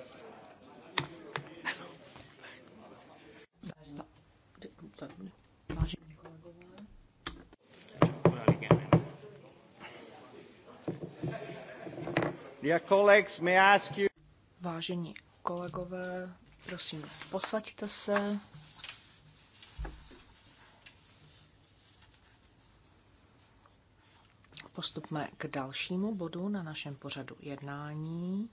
Dear colleagues, may I ask you... Vážení kolegové, prosím, posaďte se. postupme k dalšímu bodu na našem pořadu jednání.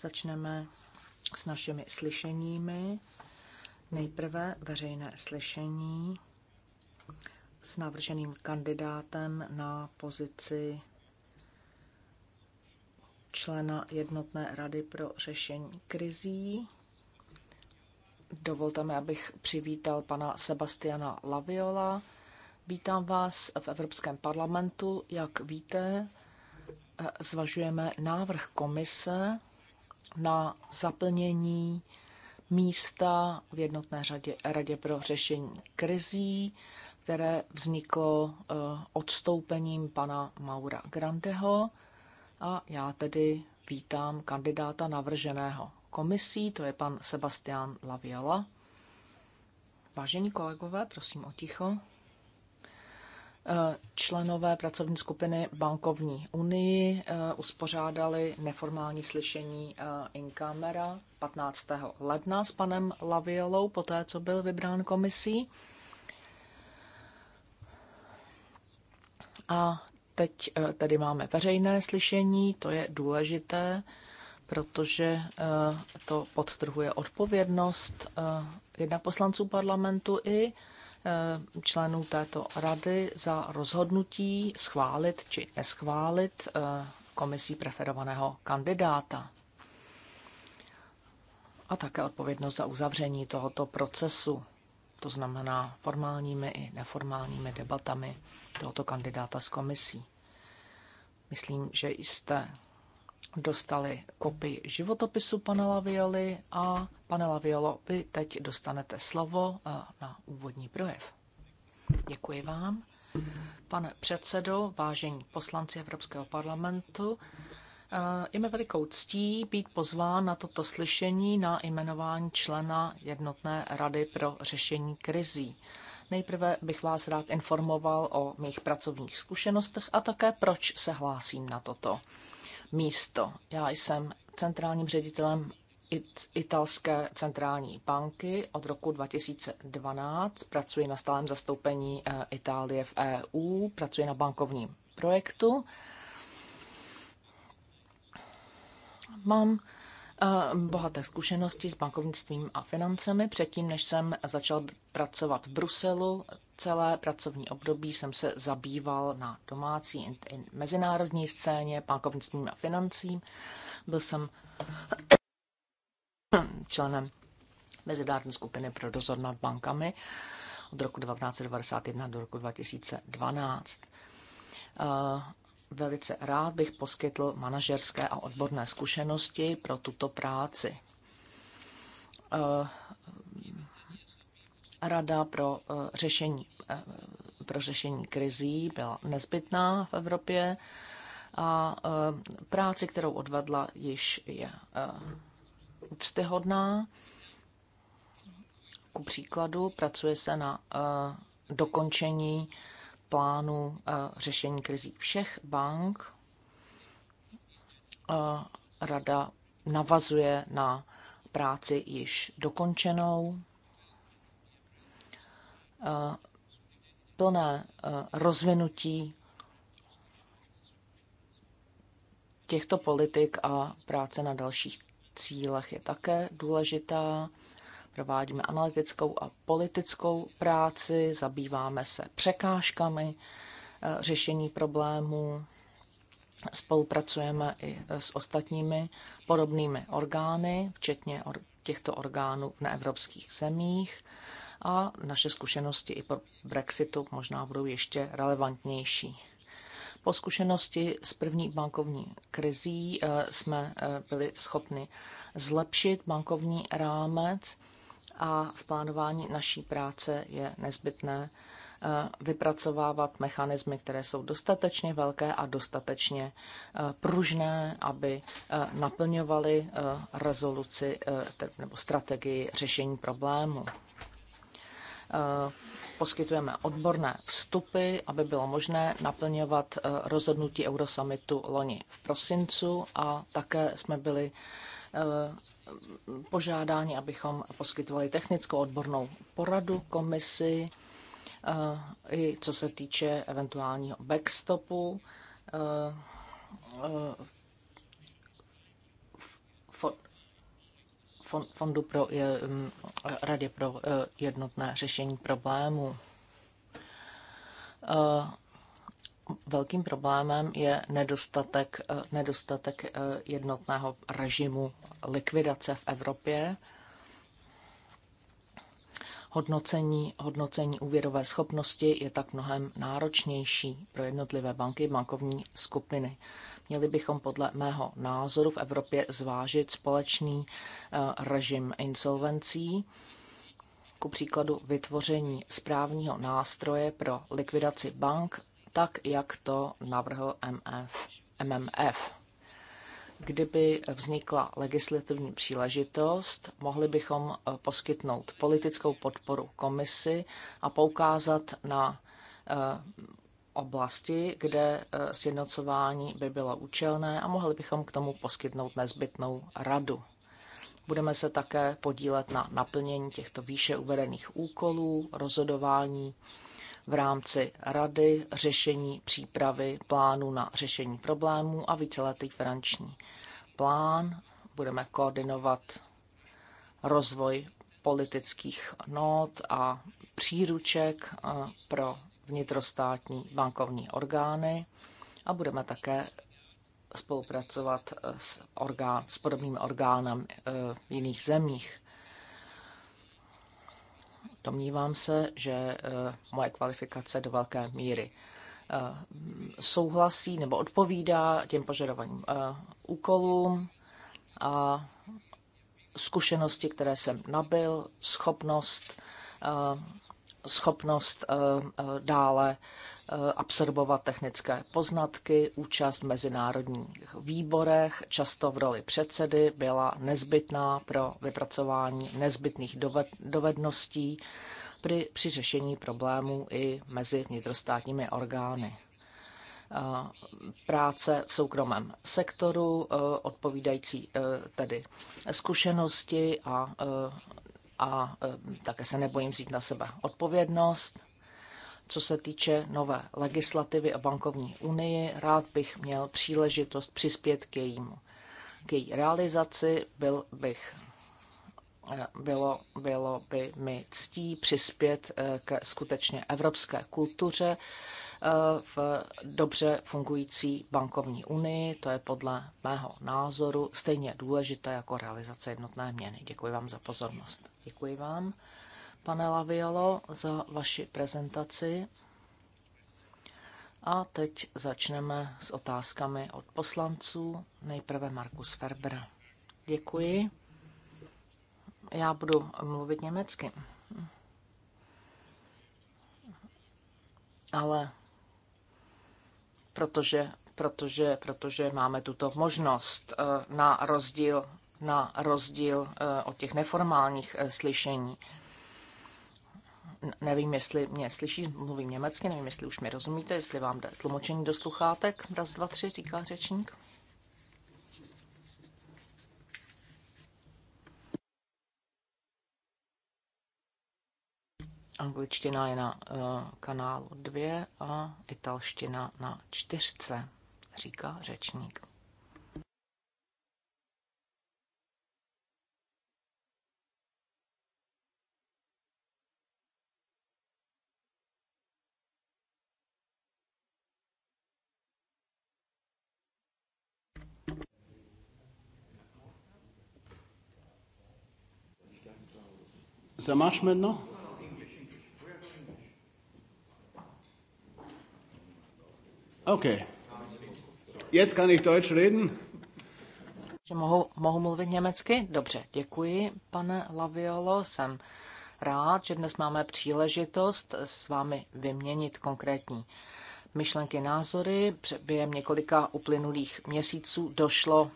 Začneme s našimi slyšeními. Nejprve veřejné slyšení s navrženým kandidátem na pozici člena Jednotné rady pro řešení krizí. Dovolte mi, abych přivítal pana Sebastiana Laviola. Vítám vás v Evropském parlamentu. Jak víte, eh, zvažujeme návrh komise na zaplnění místa v jednotné řadě, radě pro řešení krizí, které vzniklo eh, odstoupením pana Maura Grandeho. A já tedy vítám kandidáta navrženého komisí, to je pan Sebastián Laviola. Vážení kolegové, prosím o ticho členové pracovní skupiny bankovní unii eh, uspořádali neformální slyšení eh, in camera 15. ledna s panem Laviolou, poté co byl vybrán komisí. A teď eh, tedy máme veřejné slyšení, to je důležité, protože to podtrhuje odpovědnost jednak poslanců parlamentu i Eh, členů této rady za rozhodnutí schválit či neschválit eh, komisí preferovaného kandidáta. A také odpovědnost za uzavření tohoto procesu, to znamená formálními i neformálními debatami tohoto kandidáta s komisí. Myslím, že jste dostali kopii životopisu pana Lavioli a Pane Laviolo, vy teď dostanete slovo eh, na úvodní projev. Děkuji vám. Pane předsedo, vážení poslanci Evropského parlamentu, eh, je mi velikou ctí být pozván na toto slyšení na jmenování člena Jednotné rady pro řešení krizí. Nejprve bych vás rád informoval o mých pracovních zkušenostech a také proč se hlásím na toto místo. Já jsem centrálním ředitelem italské centrální banky od roku 2012. Pracuje na stálém zastoupení eh, Itálie v EU, pracuje na bankovním projektu. Mám eh, bohaté zkušenosti s bankovnictvím a financemi. Předtím, než jsem začal pracovat v Bruselu, celé pracovní období jsem se zabýval na domácí i mezinárodní scéně bankovnictvím a financím. Byl jsem *clears throat* členem mezinárodní skupiny pro dozor nad bankami od roku 1991 do roku 2012. Eh, velice rád bych poskytl manažerské a odborné zkušenosti pro tuto práci. Eh, rada pro eh, řešení, pro řešení krizí byla nezbytná v Evropě a práci, kterou odvedla, již je úctyhodná. Ku příkladu pracuje se na eh, dokončení plánu eh, řešení krizí všech bank. Eh, rada navazuje na práci již dokončenou. Plné rozvinutí těchto politik a práce na dalších cílech je také důležitá. Provádíme analytickou a politickou práci, zabýváme se překážkami eh, řešení problémů, spolupracujeme i eh, s ostatními podobnými orgány, včetně těchto orgánů v neevropských zemích a naše zkušenosti i po Brexitu možná budou ještě relevantnější. Po zkušenosti s první bankovní krizí eh, jsme eh, byli schopni zlepšit bankovní rámec a v plánování naší práce je nezbytné eh, vypracovávat mechanismy, které jsou dostatečně velké a dostatečně pružné, aby naplňovaly rezoluci nebo strategii řešení problému poskytujeme odborné vstupy, aby bylo možné naplňovat eh, rozhodnutí Eurosummitu loni v prosincu a také jsme byli eh, požádáni, abychom poskytovali technickou odbornou poradu komisi, eh, i co se týče eventuálního backstopu fondu pro mm, radě pro eh, jednotné řešení problémů. Eh, velkým problémem je nedostatek, eh, nedostatek jednotného režimu likvidace v Evropě. Hodnocení, hodnocení úvěrové schopnosti je tak mnohem náročnější pro jednotlivé banky, bankovní skupiny. Měli bychom podle mého názoru v Evropě zvážit společný eh, režim insolvencí, ku příkladu vytvoření správního nástroje pro likvidaci bank, tak jak to navrhl MF, MMF. Kdyby vznikla legislativní příležitost, mohli bychom eh, poskytnout politickou podporu komisi a poukázat na eh, oblasti, kde eh, sjednocování by bylo účelné a mohli bychom k tomu poskytnout nezbytnou radu. Budeme se také podílet na naplnění těchto výše uvedených úkolů, rozhodování v rámci rady, řešení přípravy plánu na řešení problémů a víceletý finanční plán. Budeme koordinovat rozvoj politických not a příruček eh, pro vnitrostátní bankovní orgány a budeme také spolupracovat s, orgán, s podobným orgánem eh, v jiných zemích. Domnívám se, že eh, moje kvalifikace do velké míry eh, souhlasí nebo odpovídá těm požadovaným úkolům a zkušenosti, které jsem nabil, schopnost schopnost eh, eh, dále eh, absorbovat technické poznatky, účast v mezinárodních výborech, často v roli předsedy, byla nezbytná pro vypracování nezbytných dovedností při, při řešení problémů i mezi vnitrostátními orgány. Práce v soukromém sektoru, odpovídající tedy zkušenosti a a e, také se nebojím vzít na sebe odpovědnost. Co se týče nové legislativy a bankovní unii, rád bych měl příležitost přispět k, jejímu, k její realizaci. Byl bych, e, bylo, bylo by mi ctí přispět e, ke skutečně evropské kultuře v dobře fungující bankovní unii. To je podle mého názoru stejně důležité jako realizace jednotné měny. Děkuji vám za pozornost. Děkuji vám, pane Lavialo, za vaši prezentaci. A teď začneme s otázkami od poslanců. Nejprve Markus Ferber. Děkuji. Já budu mluvit německy. Ale protože, protože, protože máme tuto možnost eh, na rozdíl na rozdíl eh, od těch neformálních eh, slyšení. Nevím, jestli mě slyší, mluvím německy, nevím, jestli už mi rozumíte, jestli vám jde tlumočení do sluchátek. Raz, dva, tři, říká řečník. Angličtina je na uh, kanálu 2 a italština na čtyřce, říká řečník. Ça marche maintenant OK. Jetzt kann ich Deutsch reden. Že mohu, mohu mluvit německy? Dobře, děkuji, pane Laviolo. Jsem rád, že dnes máme příležitost s vámi vyměnit konkrétní myšlenky, názory. Během několika uplynulých měsíců došlo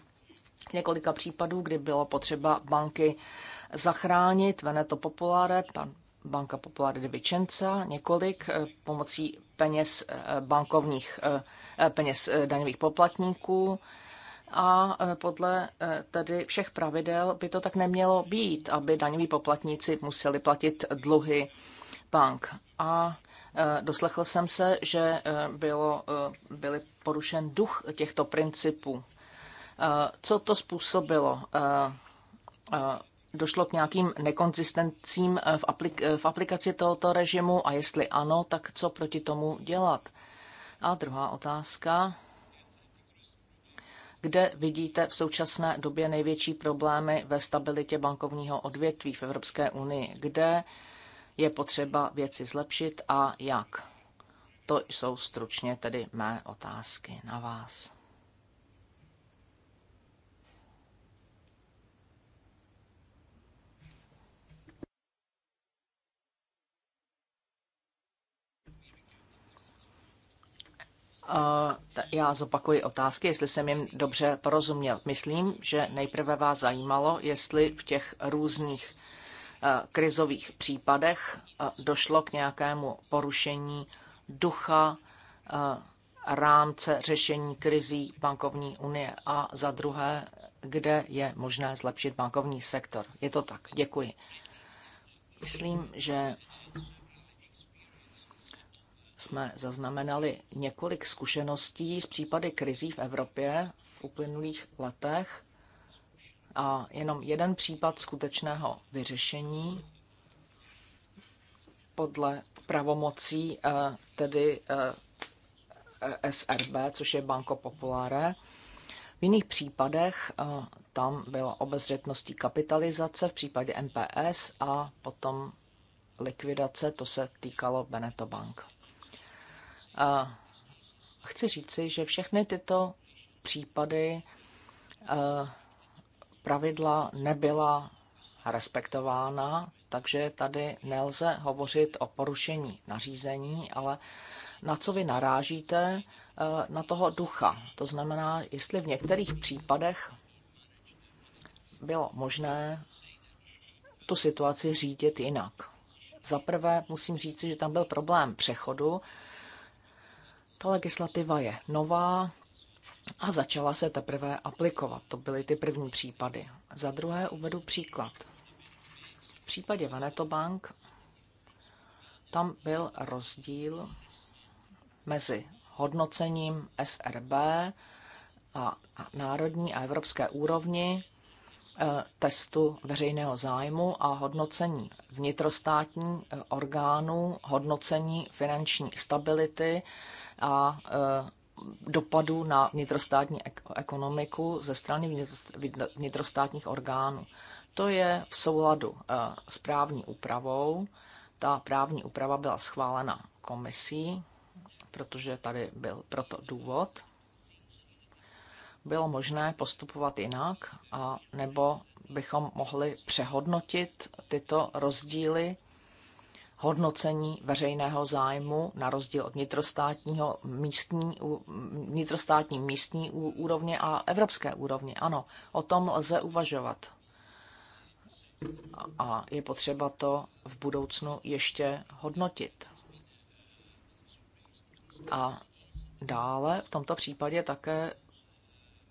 několika případů, kdy bylo potřeba banky zachránit. Veneto Populare, pan Banka Populare de Vicenza, několik eh, pomocí peněz eh, bankovních, eh, peněz daňových poplatníků a podle tedy všech pravidel by to tak nemělo být, aby daňoví poplatníci museli platit dluhy bank. A doslechl jsem se, že bylo, byly porušen duch těchto principů. Eh, co to způsobilo? Eh, eh, došlo k nějakým nekonzistencím v, aplik- v aplikaci tohoto režimu a jestli ano, tak co proti tomu dělat? A druhá otázka. Kde vidíte v současné době největší problémy ve stabilitě bankovního odvětví v Evropské unii? Kde je potřeba věci zlepšit a jak? To jsou stručně tedy mé otázky na vás. Já zopakuji otázky, jestli jsem jim dobře porozuměl. Myslím, že nejprve vás zajímalo, jestli v těch různých e, krizových případech e, došlo k nějakému porušení ducha e, rámce řešení krizí bankovní unie a za druhé, kde je možné zlepšit bankovní sektor. Je to tak. Děkuji. Myslím, že jsme zaznamenali několik zkušeností z případy krizí v Evropě v uplynulých letech a jenom jeden případ skutečného vyřešení podle pravomocí eh, tedy eh, SRB, což je Banko Populare. V jiných případech eh, tam byla obezřetností kapitalizace v případě MPS a potom likvidace, to se týkalo Beneto Bank. Chci říci, že všechny tyto případy eh, pravidla nebyla respektována, takže tady nelze hovořit o porušení nařízení, ale na co vy narážíte, eh, na toho ducha. To znamená, jestli v některých případech bylo možné tu situaci řídit jinak. Za prvé musím říci, že tam byl problém přechodu ta legislativa je nová a začala se teprve aplikovat. To byly ty první případy. Za druhé uvedu příklad. V případě Veneto Bank tam byl rozdíl mezi hodnocením SRB a národní a evropské úrovni eh, testu veřejného zájmu a hodnocení vnitrostátní eh, orgánů, hodnocení finanční stability a e, dopadu na vnitrostátní ekonomiku ze strany vnitrostátních orgánů. To je v souladu e, s právní úpravou. Ta právní úprava byla schválena komisí, protože tady byl proto důvod. Bylo možné postupovat jinak, a nebo bychom mohli přehodnotit tyto rozdíly hodnocení veřejného zájmu na rozdíl od vnitrostátního místní, vnitrostátní místní úrovně a evropské úrovně. Ano, o tom lze uvažovat. A je potřeba to v budoucnu ještě hodnotit. A dále v tomto případě také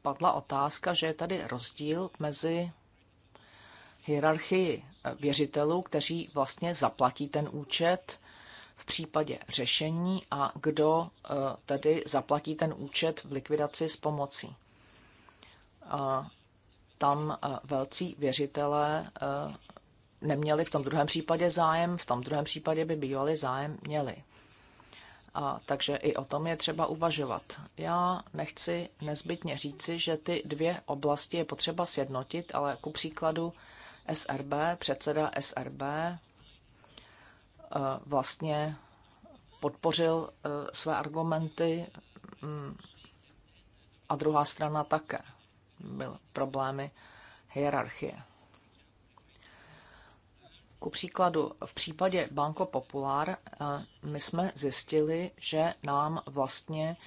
padla otázka, že je tady rozdíl mezi hierarchii věřitelů, kteří vlastně zaplatí ten účet v případě řešení a kdo eh, tedy zaplatí ten účet v likvidaci s pomocí. Eh, tam eh, velcí věřitelé neměli v tom druhém případě zájem, v tom druhém případě by bývali zájem měli. A takže i o tom je třeba uvažovat. Já nechci nezbytně říci, že ty dvě oblasti je potřeba sjednotit, ale ku příkladu SRB, předseda SRB, eh, vlastně podpořil eh, své argumenty mm, a druhá strana také. Byly problémy hierarchie. Ku příkladu, v případě Banco Popular eh, my jsme zjistili, že nám vlastně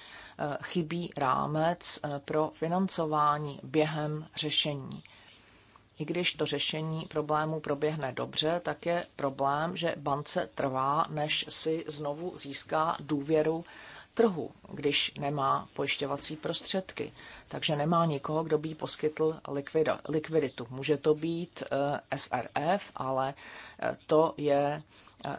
chybí rámec pro financování během řešení. I když to řešení problému proběhne dobře, tak je problém, že bance trvá, než si znovu získá důvěru trhu, když nemá pojišťovací prostředky. Takže nemá nikoho, kdo by jí poskytl likviditu. Může to být eh, SRF, ale eh, to je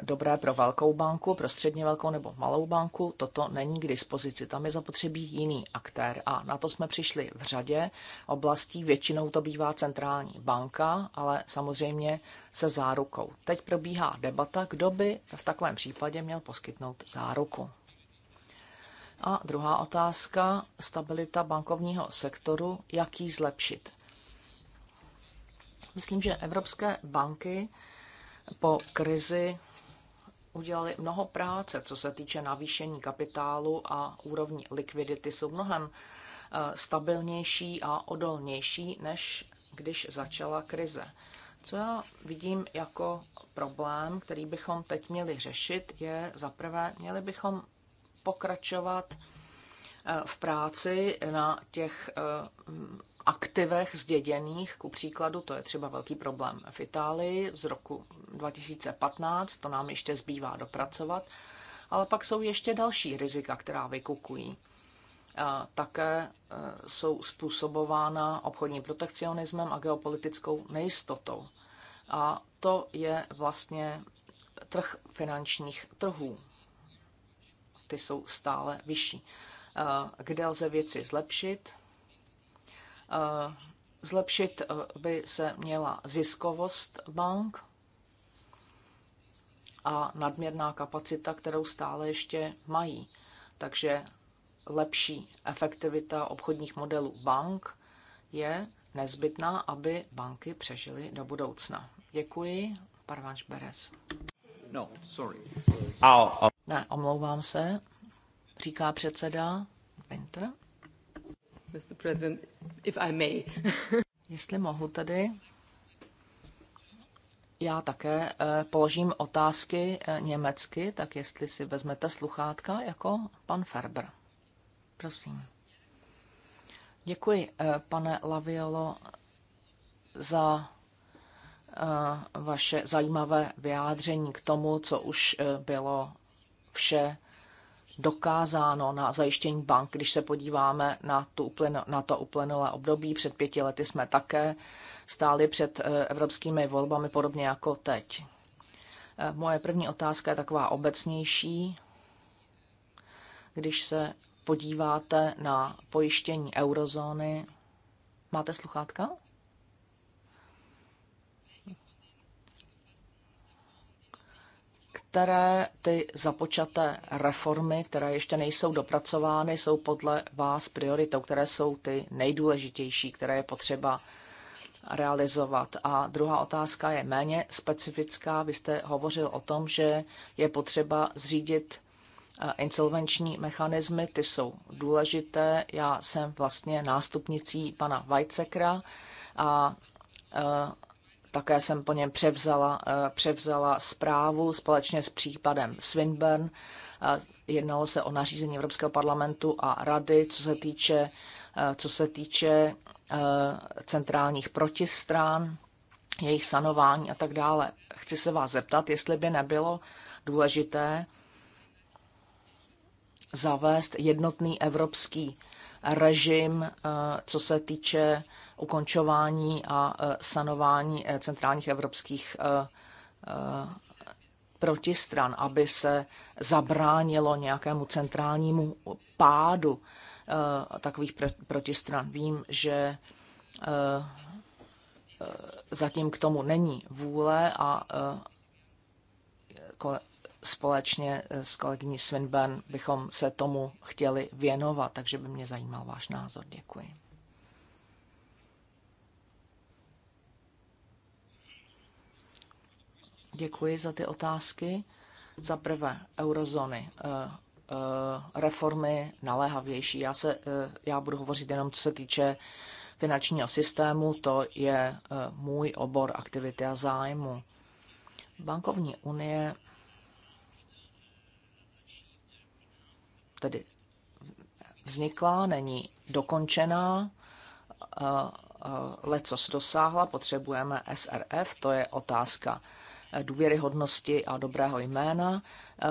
dobré pro velkou banku, pro středně velkou nebo malou banku. Toto není k dispozici. Tam je zapotřebí jiný aktér a na to jsme přišli v řadě oblastí. Většinou to bývá centrální banka, ale samozřejmě se zárukou. Teď probíhá debata, kdo by v takovém případě měl poskytnout záruku. A druhá otázka, stabilita bankovního sektoru, jak ji zlepšit. Myslím, že evropské banky po krizi udělali mnoho práce, co se týče navýšení kapitálu a úrovní likvidity jsou mnohem eh, stabilnější a odolnější, než když začala krize. Co já vidím jako problém, který bychom teď měli řešit, je zaprvé, měli bychom pokračovat eh, v práci na těch eh, aktivech zděděných, ku příkladu, to je třeba velký problém v Itálii z roku 2015, to nám ještě zbývá dopracovat, ale pak jsou ještě další rizika, která vykukují. Také e, jsou způsobována obchodním protekcionismem a geopolitickou nejistotou. A to je vlastně trh finančních trhů. Ty jsou stále vyšší. E, kde lze věci zlepšit, Eh, zlepšit eh, by se měla ziskovost bank a nadměrná kapacita, kterou stále ještě mají. Takže lepší efektivita obchodních modelů bank je nezbytná, aby banky přežily do budoucna. Děkuji, Parvanš Beres. No, sorry. sorry. Ne, omlouvám se, říká předseda Winter. Mr. President, if I may. *laughs* Jestli mohu tedy. Já také eh, položím otázky eh, německy, tak jestli si vezmete sluchátka jako pan Ferber. Prosím. Děkuji, eh, pane Laviolo, za vaše zajímavé vyjádření k tomu, co už bylo vše dokázáno na zajištění bank. Když se podíváme na, tu uplyno, na to uplynulé období, před pěti lety jsme také stáli před eh, evropskými volbami, podobně jako teď. Eh, moje první otázka je taková obecnější. Když se podíváte na pojištění eurozóny, máte sluchátka? Některé ty započaté reformy, které ještě nejsou dopracovány, jsou podle vás prioritou, které jsou ty nejdůležitější, které je potřeba realizovat. A druhá otázka je méně specifická. Vy jste hovořil o tom, že je potřeba zřídit eh, insolvenční mechanismy, ty jsou důležité. Já jsem vlastně nástupnicí pana Vajcekra a eh, také jsem po něm převzala, eh, převzala zprávu společně s případem Swinburne. Eh, jednalo se o nařízení Evropského parlamentu a rady, co se týče, eh, co se týče centrálních protistrán, jejich sanování a tak dále. Chci se vás zeptat, jestli by nebylo důležité zavést jednotný evropský režim, co se týče ukončování a e, sanování e, centrálních evropských e, protistran, aby se zabránilo nějakému centrálnímu pádu takových protistran. Vím, že zatím k tomu není vůle a společně s kolegyní Swinburne bychom se tomu chtěli věnovat, takže by mě zajímal váš názor. Děkuji. Děkuji za ty otázky. Za prvé, eurozóny, eh, eh, reformy naléhavější. Já, se, eh, já budu hovořit jenom, co se týče finančního systému, to je můj obor aktivity a zájmu. Bankovní unie, tedy vznikla, není dokončená, lecos dosáhla, potřebujeme SRF, to je otázka důvěryhodnosti a dobrého jména eh,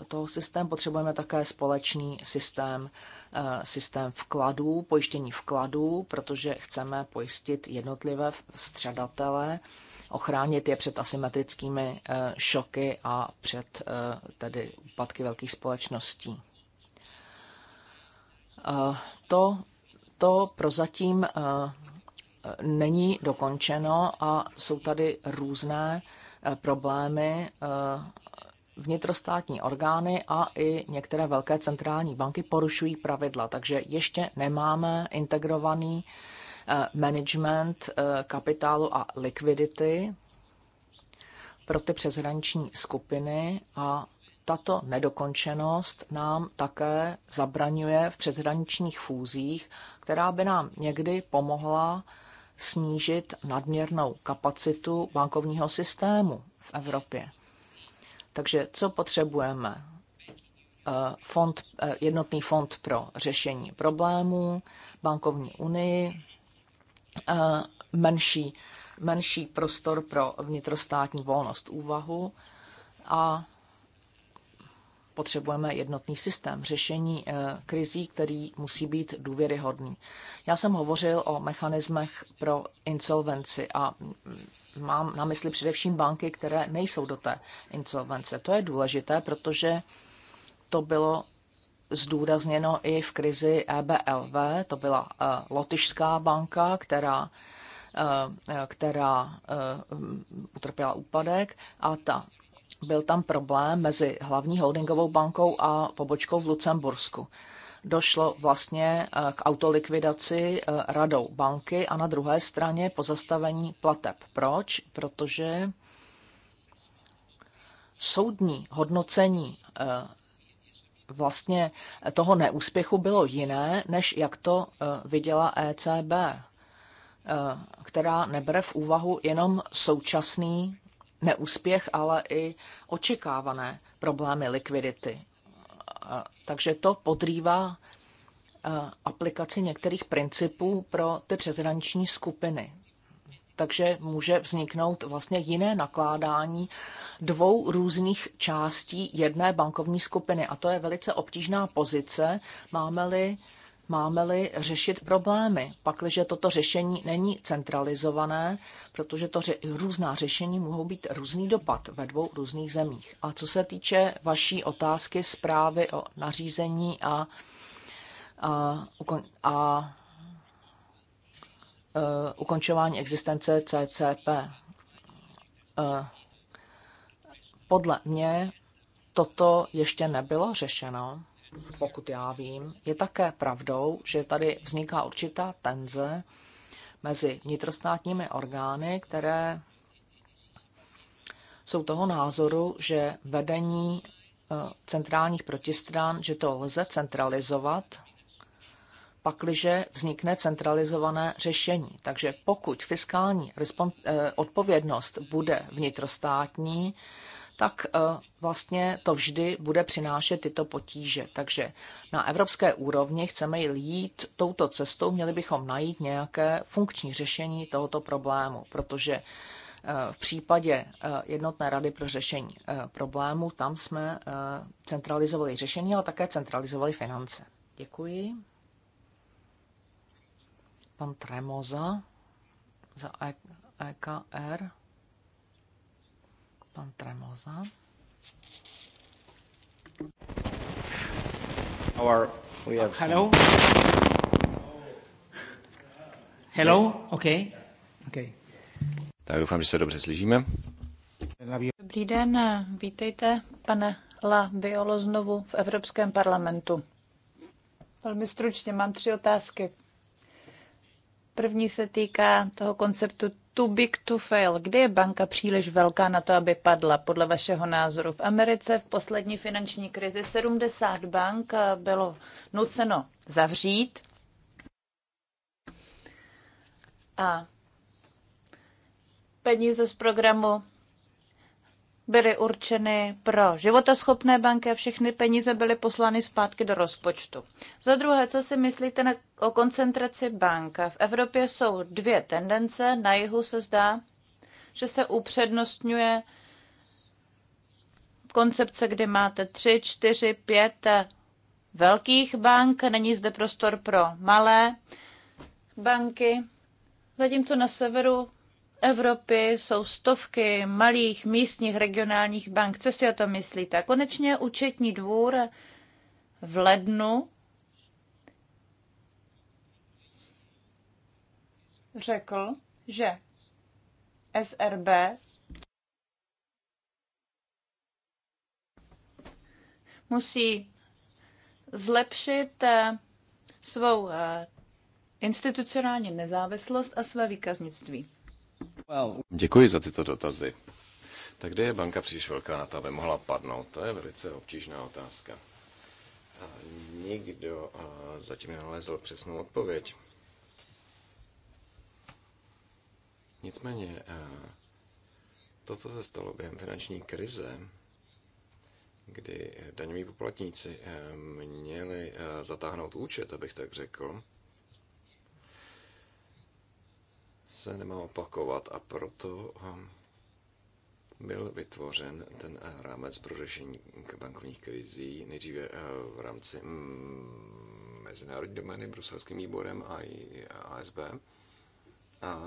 eh, toho systém Potřebujeme také společný systém, eh, systém vkladů, pojištění vkladů, protože chceme pojistit jednotlivé střadatele, ochránit je před asymetrickými šoky a před tedy úpadky velkých společností. To, to prozatím není dokončeno a jsou tady různé eh, problémy eh, vnitrostátní orgány a i některé velké centrální banky porušují pravidla, takže ještě nemáme integrovaný eh, management kapitálu a likvidity pro ty přeshraniční skupiny a tato nedokončenost nám také zabraňuje v přeshraničních fúzích, která by nám někdy pomohla snížit nadměrnou kapacitu bankovního systému v Evropě. Takže co potřebujeme? Eh, fond, eh, jednotný fond pro řešení problémů, bankovní unii, eh, menší, menší prostor pro vnitrostátní volnost úvahu a potřebujeme jednotný systém řešení eh, krizí, který musí být důvěryhodný. Já jsem hovořil o mechanismech pro insolvenci a mám na mysli především banky, které nejsou do té insolvence. To je důležité, protože to bylo zdůrazněno i v krizi EBLV. To byla eh, lotyšská banka, která eh, která utrpěla úpadek a ta byl tam problém mezi hlavní holdingovou bankou a pobočkou v Lucembursku. Došlo vlastně eh, k autolikvidaci eh, radou banky a na druhé straně pozastavení plateb. Proč? Protože soudní hodnocení eh, vlastně toho neúspěchu bylo jiné, než jak to viděla ECB, která nebere v úvahu jenom současný neúspěch, ale i očekávané problémy likvidity. Takže to podrývá aplikaci některých principů pro ty přeshraniční skupiny. Takže může vzniknout vlastně jiné nakládání dvou různých částí jedné bankovní skupiny. A to je velice obtížná pozice, máme-li máme-li řešit problémy. Pakliže toto řešení není centralizované, protože to ře- různá řešení mohou být různý dopad ve dvou různých zemích. A co se týče vaší otázky zprávy o nařízení a, a, a, a e, ukončování existence CCP. E, podle mě toto ještě nebylo řešeno pokud já vím, je také pravdou, že tady vzniká určitá tenze mezi vnitrostátními orgány, které jsou toho názoru, že vedení eh, centrálních protistran, že to lze centralizovat, pakliže vznikne centralizované řešení. Takže pokud fiskální eh, odpovědnost bude vnitrostátní, tak e, vlastně to vždy bude přinášet tyto potíže. Takže na evropské úrovni chceme jít touto cestou, měli bychom najít nějaké funkční řešení tohoto problému, protože e, v případě e, jednotné rady pro řešení problému tam jsme centralizovali řešení, ale také centralizovali finance. Děkuji. Pan Tremoza za EKR. Pan Tremoza. we have uh, Hello? Hello? OK. OK. Tak doufám, že se dobře slyšíme. Dobrý den, vítejte, pane La Biolo, znovu v Evropském parlamentu. Velmi stručně, mám tři otázky. První se týká toho konceptu too big to fail. Kdy je banka příliš velká na to, aby padla, podle vašeho názoru? V Americe v poslední finanční krizi 70 bank eh, bylo nuceno zavřít. A peníze z programu byly určeny pro životoschopné banky a všechny peníze byly poslány zpátky do rozpočtu. Za druhé, co si myslíte na, o koncentraci bank? V Evropě jsou dvě tendence. Na jihu se zdá, že se upřednostňuje koncepce, kdy máte tři, čtyři, pět velkých bank, není zde prostor pro malé banky, zatímco na severu Evropy jsou stovky malých místních regionálních bank. Co si o to myslíte? A konečně účetní dvůr v lednu řekl, že SRB musí zlepšit eh, svou eh, institucionální nezávislost a své výkaznictví. Děkuji za tyto dotazy. Tak kde je banka příliš velká na to, aby mohla padnout? To je velice obtížná otázka. A nikdo zatím nenalezl přesnou odpověď. Nicméně, to, co se stalo během finanční krize, kdy daňoví poplatníci měli zatáhnout účet, abych tak řekl, se nemá opakovat a proto ehm, byl vytvořen ten eh, rámec pro řešení bankovních krizí, nejdříve eh, v rámci mm, mezinárodní domény bruselským výborem a i ASB,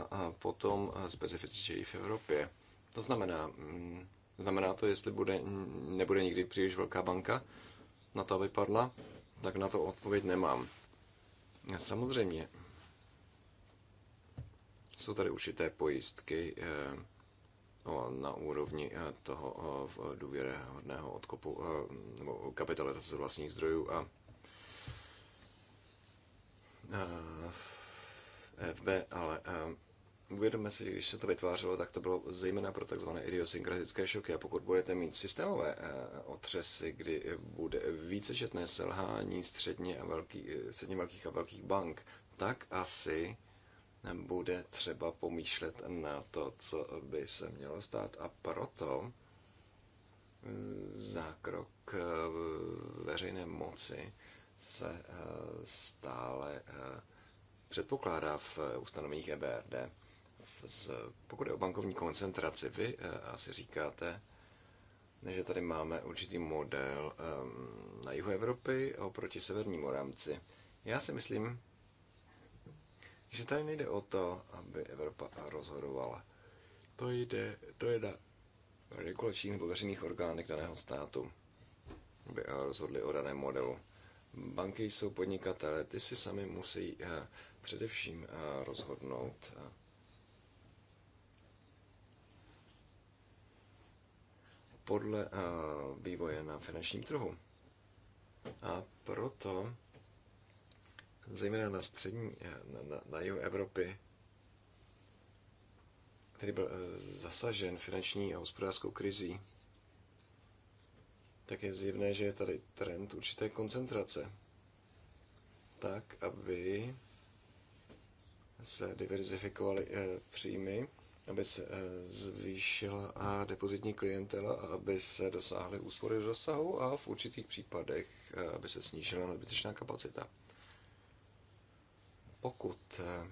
a potom eh, specifičtěji v Evropě. To znamená, mm, znamená to, jestli bude, nebude nikdy příliš velká banka na to, aby padla, tak na to odpověď nemám. Samozřejmě, jsou tady určité pojistky eh, na úrovni eh, toho eh, důvěryhodného odkopu nebo kapitalizace vlastních zdrojů a FB, ale uvědomme si, že když se to vytvářelo, tak to bylo zejména pro takzvané idiosynkratické šoky. A pokud budete mít systémové otřesy, kdy bude vícečetné selhání středně, a velký, středně velkých a velkých bank, tak asi bude třeba pomýšlet na to, co by se mělo stát. A proto zákrok eh, veřejné moci se eh, stále eh, předpokládá v ustanoveních EBRD. pokud je o bankovní koncentraci, vy asi říkáte, že tady máme určitý model ehm, na jihu Evropy oproti severnímu rámci. Já si myslím, takže tady nejde o to, aby Evropa rozhodovala. To, jde, to je na regulačních nebo veřejných orgánech daného státu, aby rozhodli o daném modelu. Banky jsou podnikatele, ty si sami musí eh, především eh, rozhodnout, eh. podle vývoje na finančním trhu. A proto zejména na střední, eh, na, na, na jihu Evropy, který byl eh, zasažen finanční a hospodářskou krizí, tak je zjevné, že je tady trend určité koncentrace. Tak, aby se diverzifikovaly eh, příjmy, aby se zvýšila a depozitní klientela aby se dosáhly úspory v rozsahu a v určitých případech, aby se snížila nadbytečná kapacita pokud eh,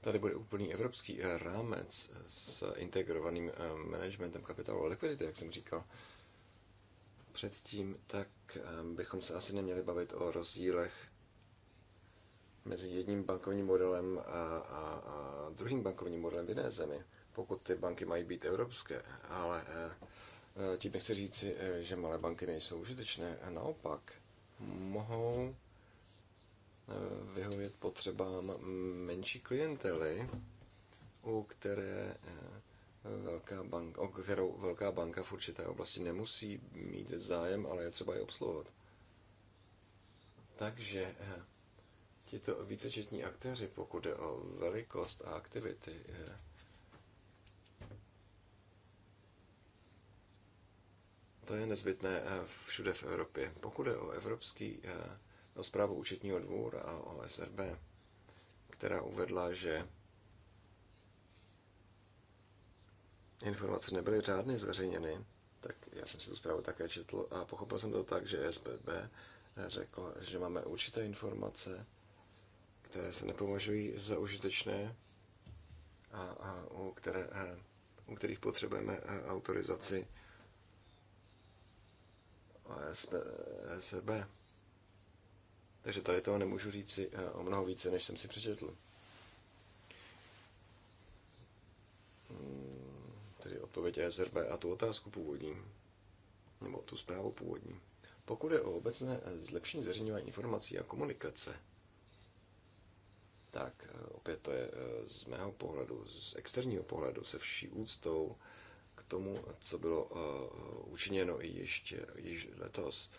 tady bude úplný evropský eh, rámec s integrovaným eh, managementem kapitálu a likvidity, jak jsem říkal předtím, tak bychom se asi neměli bavit o rozdílech mezi jedním bankovním modelem a, a, a druhým bankovním modelem v jiné zemi, pokud ty banky mají být evropské. Ale tím nechci říci, že malé banky nejsou užitečné, naopak mohou eh, vyhovět potřebám menší klientely, u které eh, velká banka, o kterou velká banka v určité oblasti nemusí mít zájem, ale je třeba ji obsluhovat. Takže eh, tito vícečetní aktéři, pokud jde o velikost a aktivity, To je nezbytné eh, všude v Evropě. Pokud je o evropský, eh, o zprávu účetního dvůra a o SRB, která uvedla, že informace nebyly řádně zveřejněny, tak já jsem si tu zprávu také četl a pochopil jsem to tak, že SBB eh, řekl, že máme určité informace, které se nepovažují za užitečné a, a u, které, u kterých potřebujeme autorizaci SB. Takže tady toho nemůžu si eh, o mnoho více, než jsem si přečetl. Hmm, tedy odpověď e SRB a tu otázku původní, nebo tu zprávu původní. Pokud je o obecné zlepšení zveřejňování informací a komunikace, tak eh, opět to je eh, z mého pohledu, z externího pohledu, se vší úctou, k tomu, co bylo eh, učiněno i ještě již letos,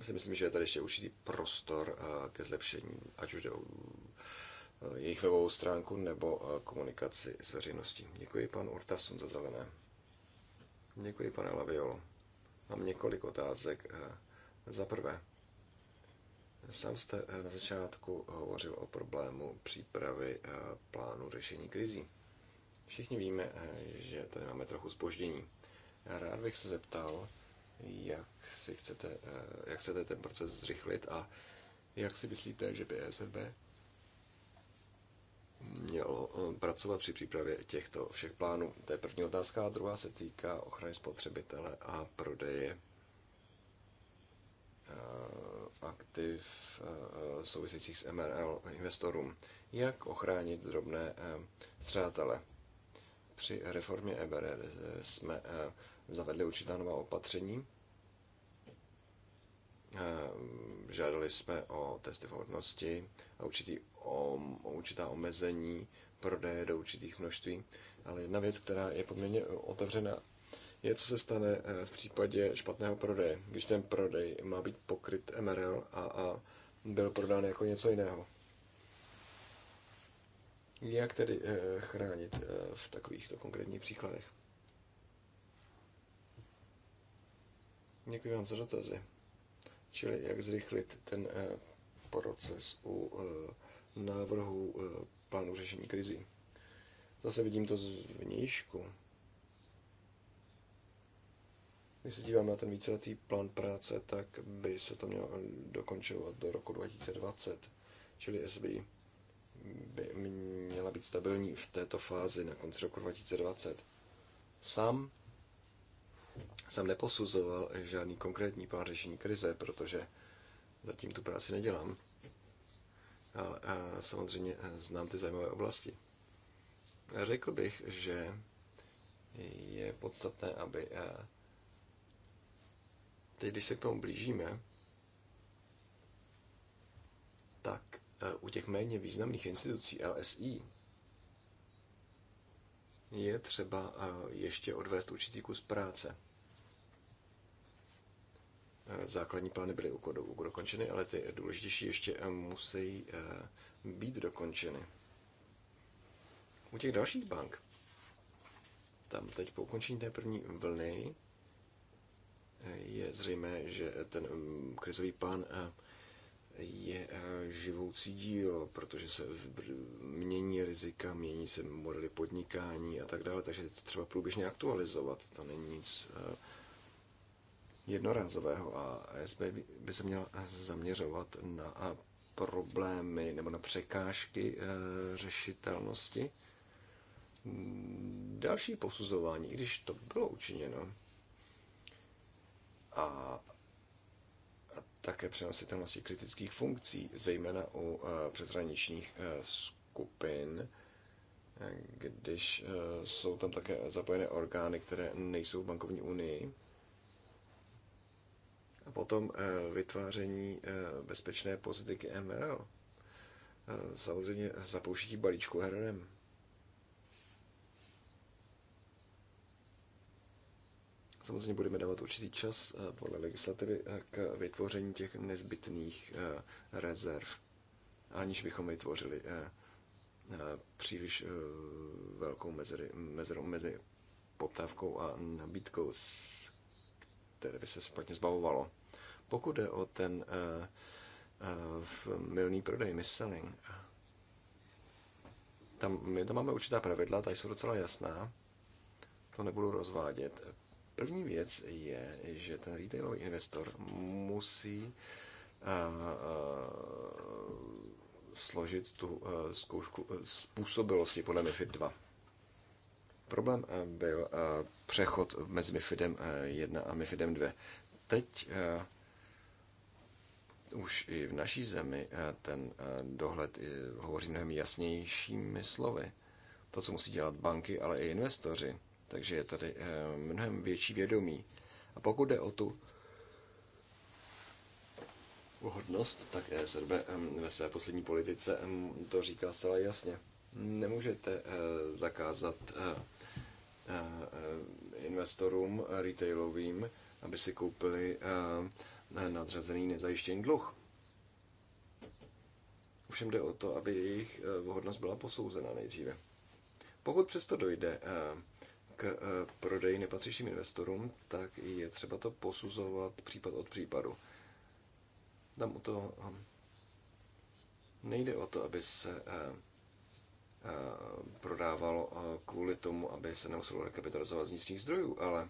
eh, si myslím, že je tady ještě určitý prostor eh, ke zlepšení, ať už jde o jejich webovou stránku nebo komunikaci s veřejností. Děkuji pan Urtasun za zelené. Děkuji pane Laviolo. Mám několik otázek. Za prvé, sám jste na začátku hovořil o problému přípravy plánu řešení krizí. Všichni víme, eh, že tady máme trochu spoždění. Rád bych se zeptal, jak, si chcete, eh, jak chcete ten proces zrychlit a jak si myslíte, že by ESRB mělo eh, pracovat při přípravě těchto všech plánů? To je první otázka. A druhá se týká ochrany spotřebitele a prodeje aktiv souvisejících s MRL investorům. Jak ochránit drobné střadatele? Při reformě EBR eh, jsme eh, zavedli určitá nová opatření. Eh, žádali jsme o testy vhodnosti a určitý, o, o určitá omezení prodeje do určitých množství. Ale jedna věc, která je poměrně otevřená, je, co se stane v případě špatného prodeje, když ten prodej má být pokryt MRL a, a byl prodán jako něco jiného. Jak tedy eh, chránit eh, v takovýchto konkrétních příkladech? Děkuji vám za dotazy. Čili jak zrychlit ten eh, proces u návrhu plánu řešení krizí. Zase vidím to zvnějšku. Když se dívám na ten víceletý plán práce, tak by se to mělo dokončovat do roku 2020, čili SBI by měla být stabilní v této fázi na konci roku 2020. Sám jsem neposuzoval žádný konkrétní plán řešení krize, protože zatím tu práci nedělám. Ale eh, samozřejmě eh, znám ty zajímavé oblasti. Řekl bych, že je podstatné, aby eh, teď, když se k tomu blížíme, tak u těch méně významných institucí LSI je třeba eh, ještě odvést určitý kus práce. Eh, základní plány byly dokončeny, ale ty důležitější ještě eh, musí být dokončeny. U těch dalších bank, tam teď po ukončení té první vlny je zřejmé, že ten mm, krizový plán je eh, živoucí dílo, protože se mění rizika, mění se modely podnikání a tak dále, takže je to třeba průběžně aktualizovat. To není nic eh, jednorázového a ESB by se měla zaměřovat na eh, problémy nebo na překážky řešitelnosti. Další posuzování, i když to bylo učiněno, a také přenositelnosti kritických funkcí, zejména u eh, přeshraničních eh, skupin, když eh, jsou tam také zapojené orgány, které nejsou v bankovní unii. A potom vytváření bezpečné pozitiky MRL. Samozřejmě za balíčku RRM. Samozřejmě budeme dávat určitý čas eh, podle legislativy eh, k vytvoření těch nezbytných eh, rezerv, aniž bychom vytvořili příliš velkou mezery, mezeru mezi poptávkou a nabídkou, které by se špatně zbavovalo. Pokud jde o ten milný prodej, mis-selling, tam, my tam máme určitá pravidla, ta jsou docela jasná, to nebudu rozvádět. První věc je, že ten retailový investor musí uh, uh, složit tu uh, zkoušku způsobilosti podle MIFID 2. Problém byl přechod mezi MIFIDem 1 a MIFIDem 2. Teď už i v naší zemi ten dohled hovoří mnohem jasnějšími slovy. To, co musí dělat banky, ale i investoři, takže je tady eh, mnohem větší vědomí. A pokud jde o tu hodnost, tak e SRB ve své poslední politice to říká zcela jasně. Nemůžete eh, zakázat eh, investorům retailovým, aby si koupili nadřazený nezajištěný dluh. Všem jde o to, aby jejich vhodnost byla posouzena nejdříve. Pokud přesto dojde k eh, prodeji nepatřičným investorům, tak je třeba to posuzovat případ od případu. Tam o to hm, nejde o to, aby se eh, eh, prodávalo kvůli tomu, aby se nemuselo rekapitalizovat z nízkých zdrojů, ale,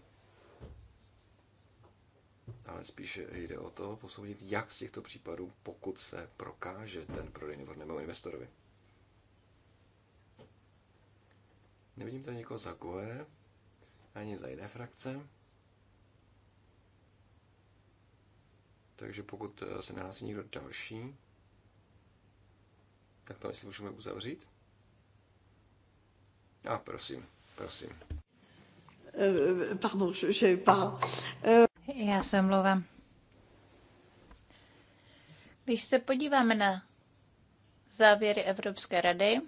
ale spíše jde o to posoudit, jak z těchto případů, pokud se prokáže ten prodej nebo investorovi. Nevidím tady někoho za koje, ani za jiné frakce. Takže pokud eh, se nehlásí někdo další, tak to myslím můžeme uzavřít. A prosím, prosím. Eh, pardon, že pár. Eh, Já se omlouvám. Když se podíváme na závěry Evropské rady,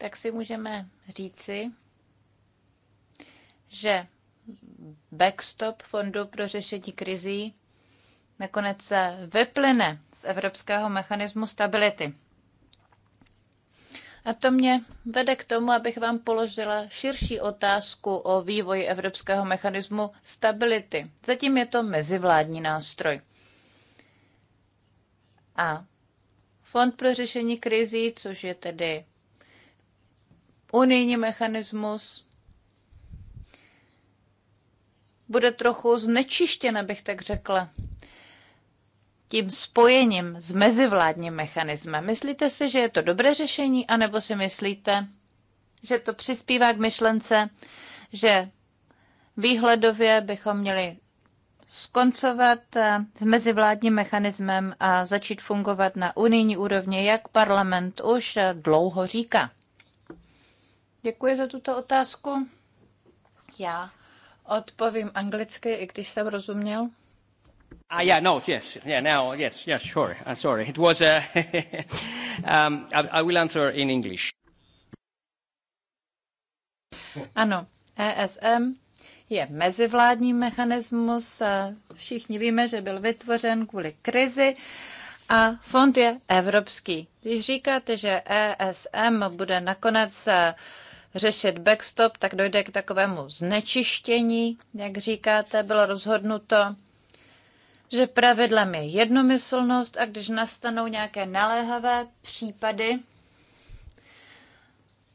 tak si můžeme říci, že backstop fondu pro řešení krizí nakonec se vyplyne z Evropského mechanismu stability. A to mě vede k tomu, abych vám položila širší otázku o vývoji Evropského mechanismu stability. Zatím je to mezivládní nástroj. A Fond pro řešení krizí, což je tedy unijní mechanismus bude trochu znečištěn, bych tak řekla, tím spojením s mezivládním mechanismem. Myslíte si, že je to dobré řešení, anebo si myslíte, že to přispívá k myšlence, že výhledově bychom měli skoncovat eh, s mezivládním mechanismem a začít fungovat na unijní úrovni, jak parlament už eh, dlouho říká. Děkuji za tuto otázku. Já odpovím anglicky, i když jsem rozuměl. Ah, yeah, no, yes, yeah, now, yes, yes, sure. I'm uh, sorry. It was uh, a... *laughs* um, I, I will answer in English. Ano, ESM je mezivládní mechanismus. Všichni víme, že byl vytvořen kvůli krizi a fond je evropský. Když říkáte, že ESM bude nakonec uh, řešit backstop, tak dojde k takovému znečištění, jak říkáte, bylo rozhodnuto, že pravidlem je jednomyslnost a když nastanou nějaké naléhavé případy,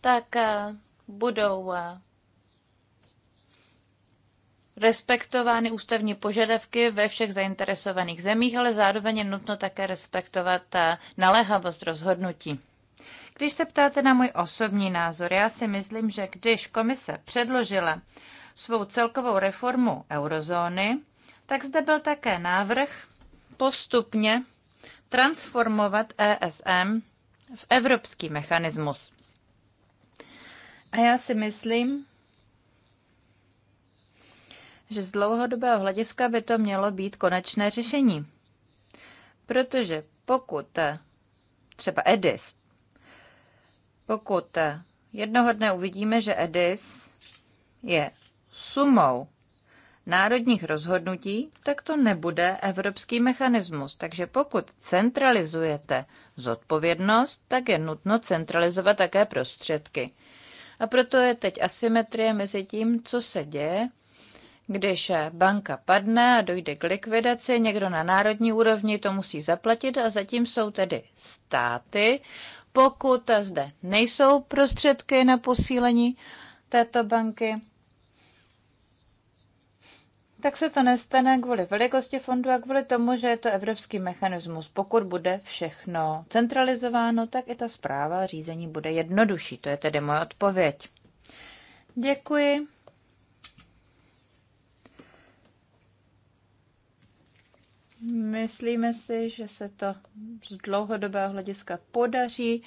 tak eh, budou eh, respektovány ústavní požadavky ve všech zainteresovaných zemích, ale zároveň je nutno také respektovat eh, naléhavost rozhodnutí. Když se ptáte na můj osobní názor, já si myslím, že když komise předložila svou celkovou reformu eurozóny, tak zde byl také návrh postupně transformovat ESM v evropský mechanismus. A já si myslím, že z dlouhodobého hlediska by to mělo být konečné řešení. Protože pokud eh, třeba Edis pokud jednoho dne uvidíme, že EDIS je sumou národních rozhodnutí, tak to nebude evropský mechanismus. Takže pokud centralizujete zodpovědnost, tak je nutno centralizovat také prostředky. A proto je teď asymetrie mezi tím, co se děje, když banka padne a dojde k likvidaci, někdo na národní úrovni to musí zaplatit a zatím jsou tedy státy, pokud zde nejsou prostředky na posílení této banky, tak se to nestane kvůli velikosti fondu a kvůli tomu, že je to evropský mechanismus. Pokud bude všechno centralizováno, tak i ta zpráva a řízení bude jednodušší. To je tedy moje odpověď. Děkuji. Myslíme si, že se to z dlouhodobého hlediska podaří.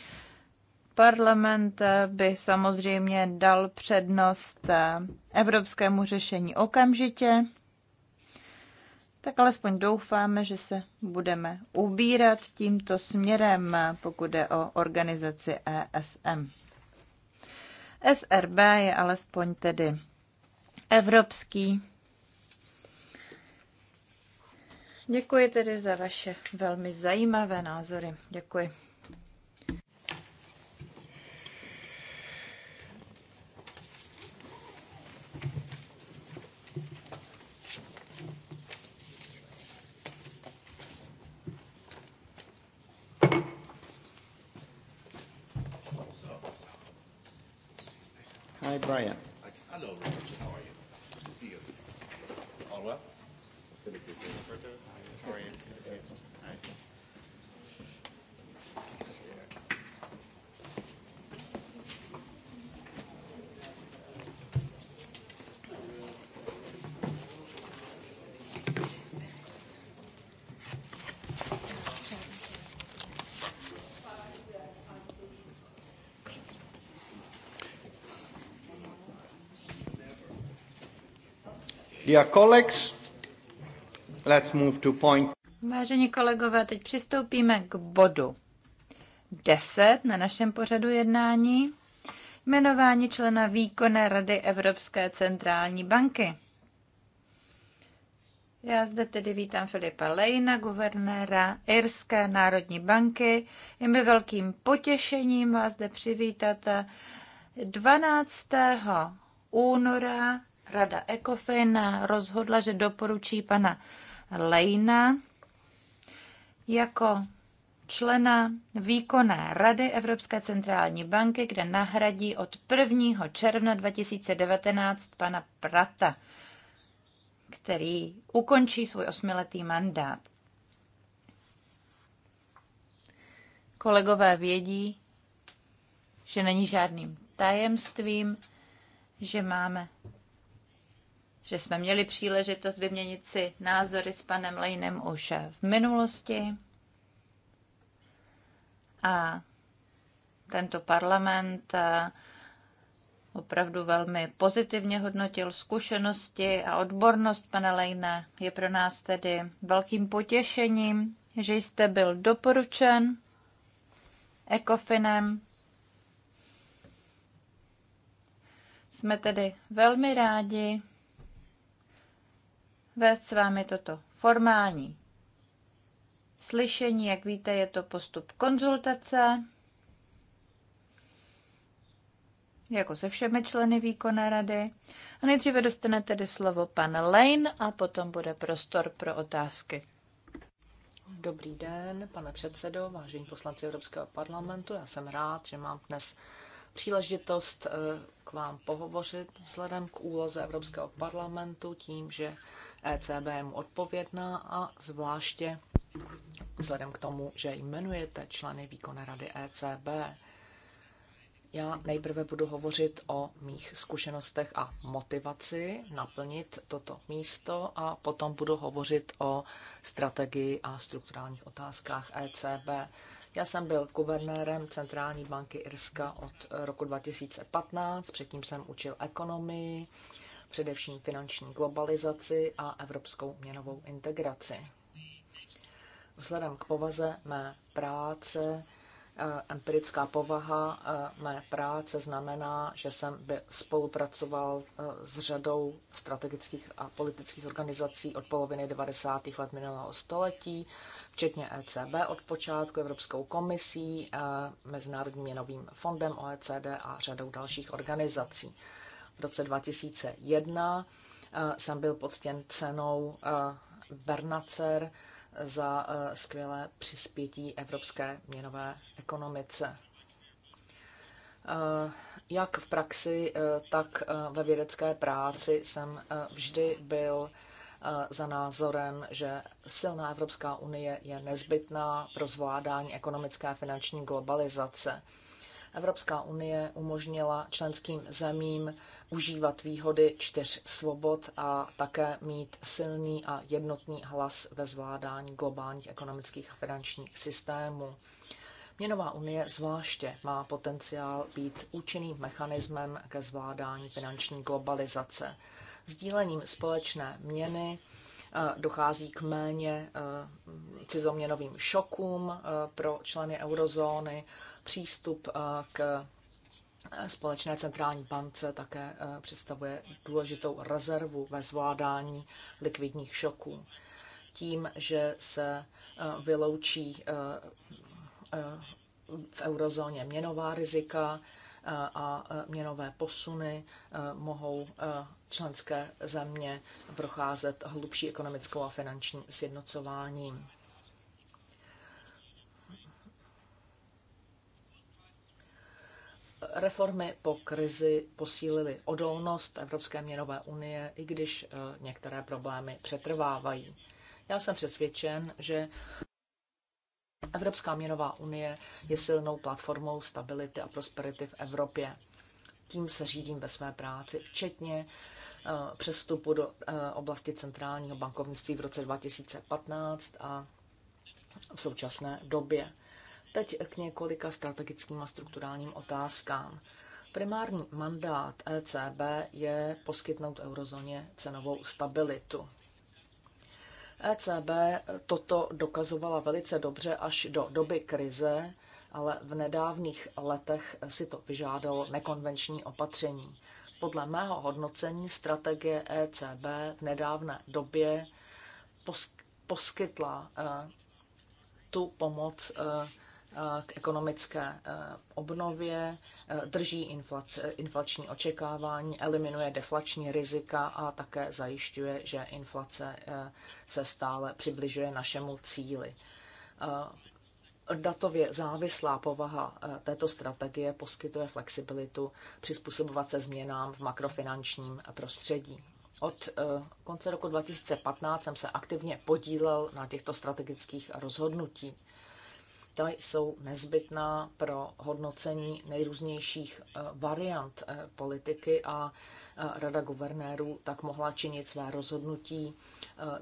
Parlament by samozřejmě dal přednost eh, evropskému řešení okamžitě, tak alespoň doufáme, že se budeme ubírat tímto směrem, pokud je o organizaci ESM. SRB je alespoň tedy evropský Děkuji tedy za vaše velmi zajímavé názory. Děkuji. Hi, Brian. Dear colleagues, Let's move to point. Vážení kolegové, teď přistoupíme k bodu 10 na našem pořadu jednání. Jmenování člena výkonné rady Evropské centrální banky. Já zde tedy vítám Filipa Lejna, guvernéra Irské národní banky. Je mi velkým potěšením vás zde přivítat 12. února Rada ECOFIN rozhodla, že doporučí pana Lejna jako člena výkonné rady Evropské centrální banky, kde nahradí od 1. června 2019 pana Prata, který ukončí svůj osmiletý mandát. Kolegové vědí, že není žádným tajemstvím, že máme že jsme měli příležitost vyměnit si názory s panem Lejnem už v minulosti. A tento parlament eh, opravdu velmi pozitivně hodnotil zkušenosti a odbornost pana Lejne. Je pro nás tedy velkým potěšením, že jste byl doporučen ECOFINem. Jsme tedy velmi rádi, vést s vámi toto formální slyšení. Jak víte, je to postup konzultace, jako se všemi členy výkonné rady. A nejdříve dostane tedy slovo pan Lane a potom bude prostor pro otázky. Dobrý den, pane předsedo, vážení poslanci Evropského parlamentu. Já jsem rád, že mám dnes příležitost eh, k vám pohovořit vzhledem k úloze Evropského parlamentu tím, že ECB je mu odpovědná a zvláště vzhledem k tomu, že jmenujete členy výkonné rady ECB. Já nejprve budu hovořit o mých zkušenostech a motivaci naplnit toto místo a potom budu hovořit o strategii a strukturálních otázkách ECB. Já jsem byl guvernérem Centrální banky Irska od roku 2015, předtím jsem učil ekonomii, především finanční globalizaci a evropskou měnovou integraci. Vzhledem k povaze mé práce, eh, empirická povaha eh, mé práce znamená, že jsem spolupracoval eh, s řadou strategických a politických organizací od poloviny 90. let minulého století, včetně ECB od počátku, Evropskou komisí, Mezinárodním měnovým fondem OECD a řadou dalších organizací. V roce 2001 jsem eh, byl poctěn cenou eh, Bernacer za eh, skvělé přispětí evropské měnové ekonomice. Jak v praxi, tak ve vědecké práci jsem vždy byl za názorem, že silná Evropská unie je nezbytná pro zvládání ekonomické a finanční globalizace. Evropská unie umožnila členským zemím užívat výhody čtyř svobod a také mít silný a jednotný hlas ve zvládání globálních ekonomických a finančních systémů. Měnová unie zvláště má potenciál být účinným mechanismem ke zvládání finanční globalizace. Sdílením společné měny eh, dochází k méně eh, cizoměnovým šokům eh, pro členy eurozóny Přístup eh, k společné centrální bance také eh, představuje důležitou rezervu ve zvládání likvidních šoků. Tím, že se eh, vyloučí v eurozóně měnová rizika a měnové posuny, mohou členské země procházet hlubší ekonomickou a finanční sjednocováním. Reformy po krizi posílily odolnost Evropské měnové unie, i když eh, některé problémy přetrvávají. Já jsem přesvědčen, že Evropská měnová unie je silnou platformou stability a prosperity v Evropě. Tím se řídím ve své práci, včetně eh, přestupu do eh, oblasti centrálního bankovnictví v roce 2015 a v současné době. Teď k několika strategickým a strukturálním otázkám. Primární mandát ECB je poskytnout eurozóně cenovou stabilitu. ECB toto dokazovala velice dobře až do doby krize, ale v nedávných letech si to vyžádalo nekonvenční opatření. Podle mého hodnocení strategie ECB v nedávné době poskytla eh, tu pomoc eh, Eh, k ekonomické eh, obnově, eh, drží inflace, inflační očekávání, eliminuje deflační rizika a také zajišťuje, že inflace se stále přibližuje našemu cíli. Datově závislá povaha této strategie poskytuje flexibilitu přizpůsobovat se změnám v makrofinančním prostředí. Od konce roku 2015 jsem se aktivně podílel na těchto strategických rozhodnutí ta jsou nezbytná pro hodnocení nejrůznějších eh, variant eh, politiky a eh, Rada guvernérů tak mohla činit své rozhodnutí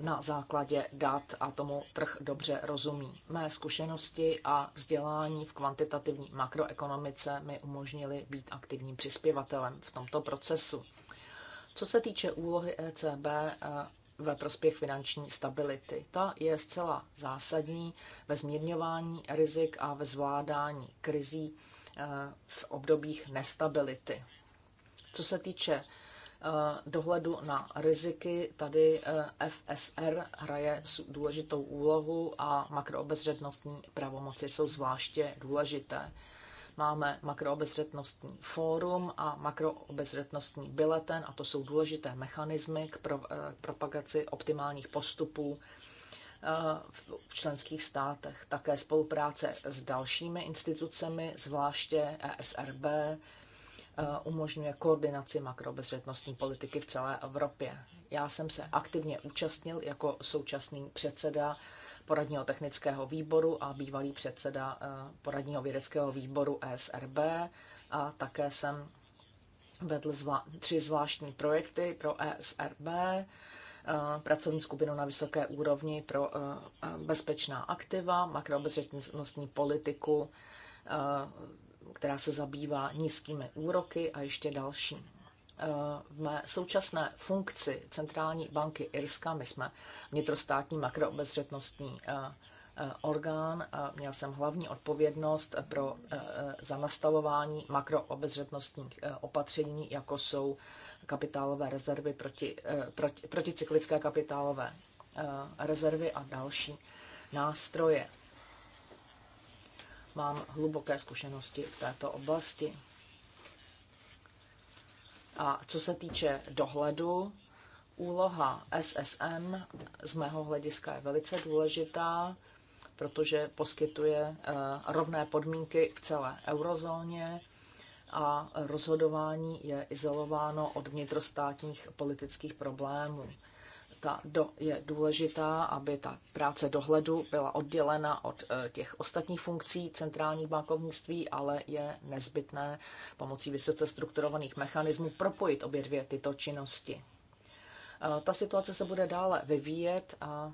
na základě dat a tomu trh dobře rozumí. Mé zkušenosti a vzdělání v kvantitativní makroekonomice mi umožnili být aktivním přispěvatelem v tomto procesu. Co se týče úlohy ECB ve prospěch finanční stability. Ta je zcela zásadní ve zmírňování rizik a ve zvládání krizí eh, v obdobích nestability. Co se týče eh, dohledu na riziky, tady eh, FSR hraje důležitou úlohu a makroobezřetnostní pravomoci jsou zvláště důležité. Máme makroobezřetnostní fórum a makroobezřetnostní bileten a to jsou důležité mechanismy k, pro, eh, k propagaci optimálních postupů eh, v členských státech. Také spolupráce s dalšími institucemi, zvláště ESRB, eh, umožňuje koordinaci makrobezřetnostní politiky v celé Evropě. Já jsem se aktivně účastnil jako současný předseda poradního technického výboru a bývalý předseda eh, poradního vědeckého výboru ESRB. A také jsem vedl zvla- tři zvláštní projekty pro ESRB, eh, pracovní skupinu na vysoké úrovni pro eh, bezpečná aktiva, makrobezřetnostní politiku, která se zabývá nízkými úroky a ještě další. Eh, v mé současné funkci Centrální banky Irska, my jsme vnitrostátní makroobezřetnostní eh, eh, orgán. Měl jsem hlavní odpovědnost pro zanastavování makroobezřetnostních opatření, jako jsou kapitálové rezervy proti, proti, proticyklické kapitálové rezervy a další nástroje. Mám hluboké zkušenosti v této oblasti. A co se týče dohledu, úloha SSM z mého hlediska je velice důležitá, protože poskytuje eh, rovné podmínky v celé eurozóně a rozhodování je izolováno od vnitrostátních politických problémů ta do, je důležitá, aby ta práce dohledu byla oddělena od eh, těch ostatních funkcí centrální bankovnictví, ale je nezbytné pomocí vysoce strukturovaných mechanismů propojit obě dvě tyto činnosti. Eh, ta situace se bude dále vyvíjet a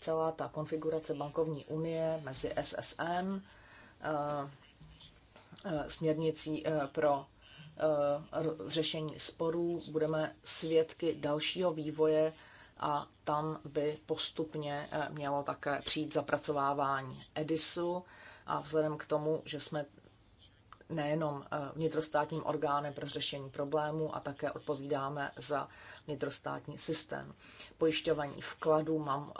celá ta konfigurace bankovní unie mezi SSM, eh, směrnicí pro Eh, řešení sporů, budeme svědky dalšího vývoje a tam by postupně eh, mělo také přijít zapracovávání EDISu a vzhledem k tomu, že jsme nejenom eh, vnitrostátním orgánem pro řešení problémů a také odpovídáme za vnitrostátní systém. Pojišťování vkladů mám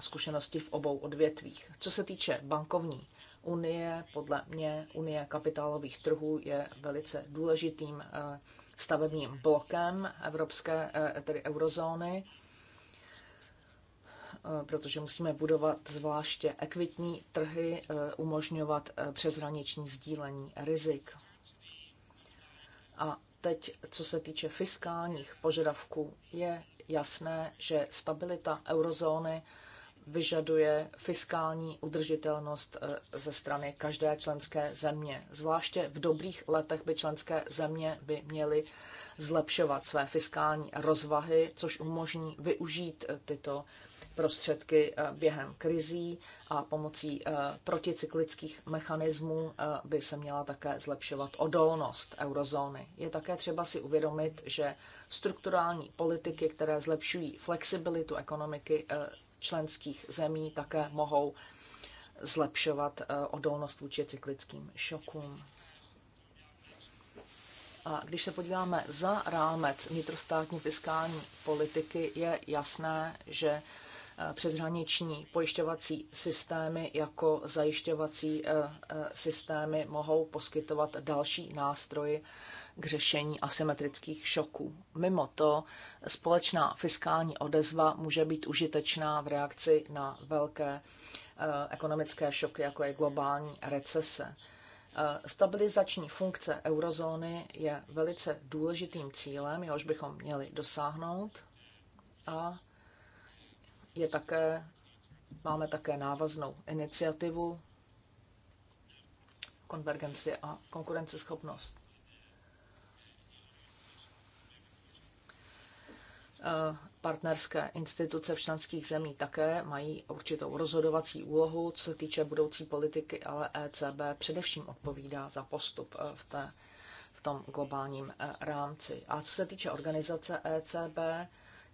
zkušenosti v obou odvětvích. Co se týče bankovní unie, podle mě unie kapitálových trhů je velice důležitým eh, stavebním blokem evropské, eh, tedy eurozóny, eh, protože musíme budovat zvláště ekvitní trhy, umožňovat přeshraniční sdílení rizik. A teď, co se týče fiskálních požadavků, je jasné, že stabilita eurozóny vyžaduje fiskální udržitelnost eh, ze strany každé členské země. Zvláště v dobrých letech by členské země by měly zlepšovat své fiskální rozvahy, což umožní využít eh, tyto prostředky eh, během krizí a pomocí proticyklických mechanismů by se měla také zlepšovat odolnost eurozóny. Je také třeba si uvědomit, že strukturální politiky, které zlepšují flexibilitu ekonomiky, členských zemí také mohou zlepšovat eh, odolnost vůči cyklickým šokům. A když se podíváme za rámec vnitrostátní fiskální politiky, je jasné, že eh, přeshraniční pojišťovací systémy jako zajišťovací eh, systémy mohou poskytovat další nástroje k řešení asymetrických šoků. Mimo to, společná fiskální odezva může být užitečná v reakci na velké eh, ekonomické šoky, jako je globální recese. Eh, stabilizační funkce eurozóny je velice důležitým cílem, jehož bychom měli dosáhnout a je také, máme také návaznou iniciativu konvergenci a konkurenceschopnost. Eh, partnerské instituce v členských zemí také mají určitou rozhodovací úlohu, co se týče budoucí politiky, ale ECB především odpovídá za postup eh, v, té, v tom globálním eh, rámci. A co se týče organizace ECB,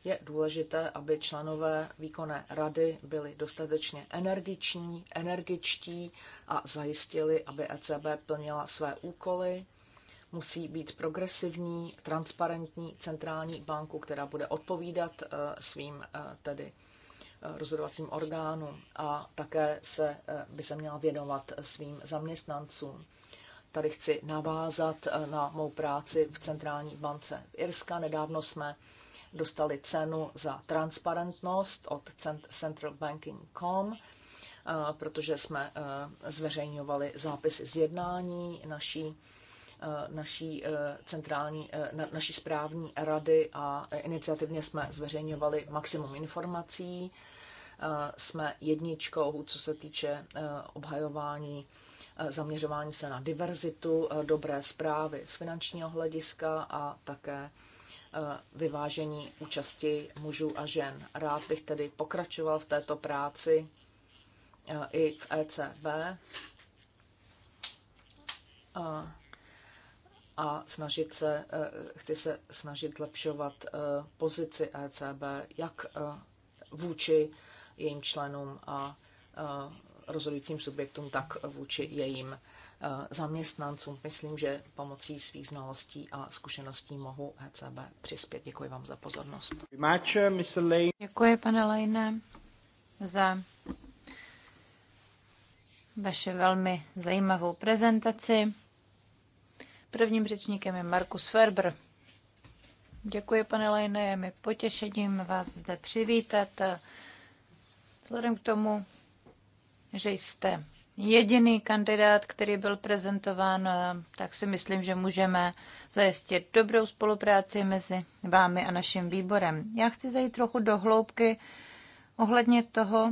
je důležité, aby členové výkonné rady byli dostatečně energiční, energičtí a zajistili, aby ECB plnila své úkoly musí být progresivní, transparentní centrální banku, která bude odpovídat eh, svým eh, tedy eh, rozhodovacím orgánům a také se, by se měla věnovat svým zaměstnancům. Tady chci navázat na mou práci v Centrální bance v Irska. Nedávno jsme dostali cenu za transparentnost od Central protože jsme zveřejňovali zápisy z jednání naší Eh, naší eh, centrální, eh, naší správní rady a iniciativně jsme zveřejňovali maximum informací. Jsme jedničkou, co se týče obhajování zaměřování se na diverzitu, dobré zprávy z finančního hlediska a také vyvážení účasti mužů a žen. Rád bych tedy pokračoval v této práci i v ECB a snažit se, eh, chci se snažit zlepšovat eh, pozici ECB jak eh, vůči jejím členům a rozhodujícím subjektům, tak vůči jejím zaměstnancům. Myslím, že pomocí svých znalostí a zkušeností mohu ECB přispět. Děkuji vám za pozornost. Děkuji, pane Lejne, za vaše velmi zajímavou prezentaci. Prvním řečníkem je Markus Ferber. Děkuji, pane Lejne, je mi potěšením vás zde přivítat. Vzhledem k tomu, že jste jediný kandidát, který byl prezentován, tak si myslím, že můžeme zajistit dobrou spolupráci mezi vámi a naším výborem. Já chci zajít trochu do hloubky ohledně toho,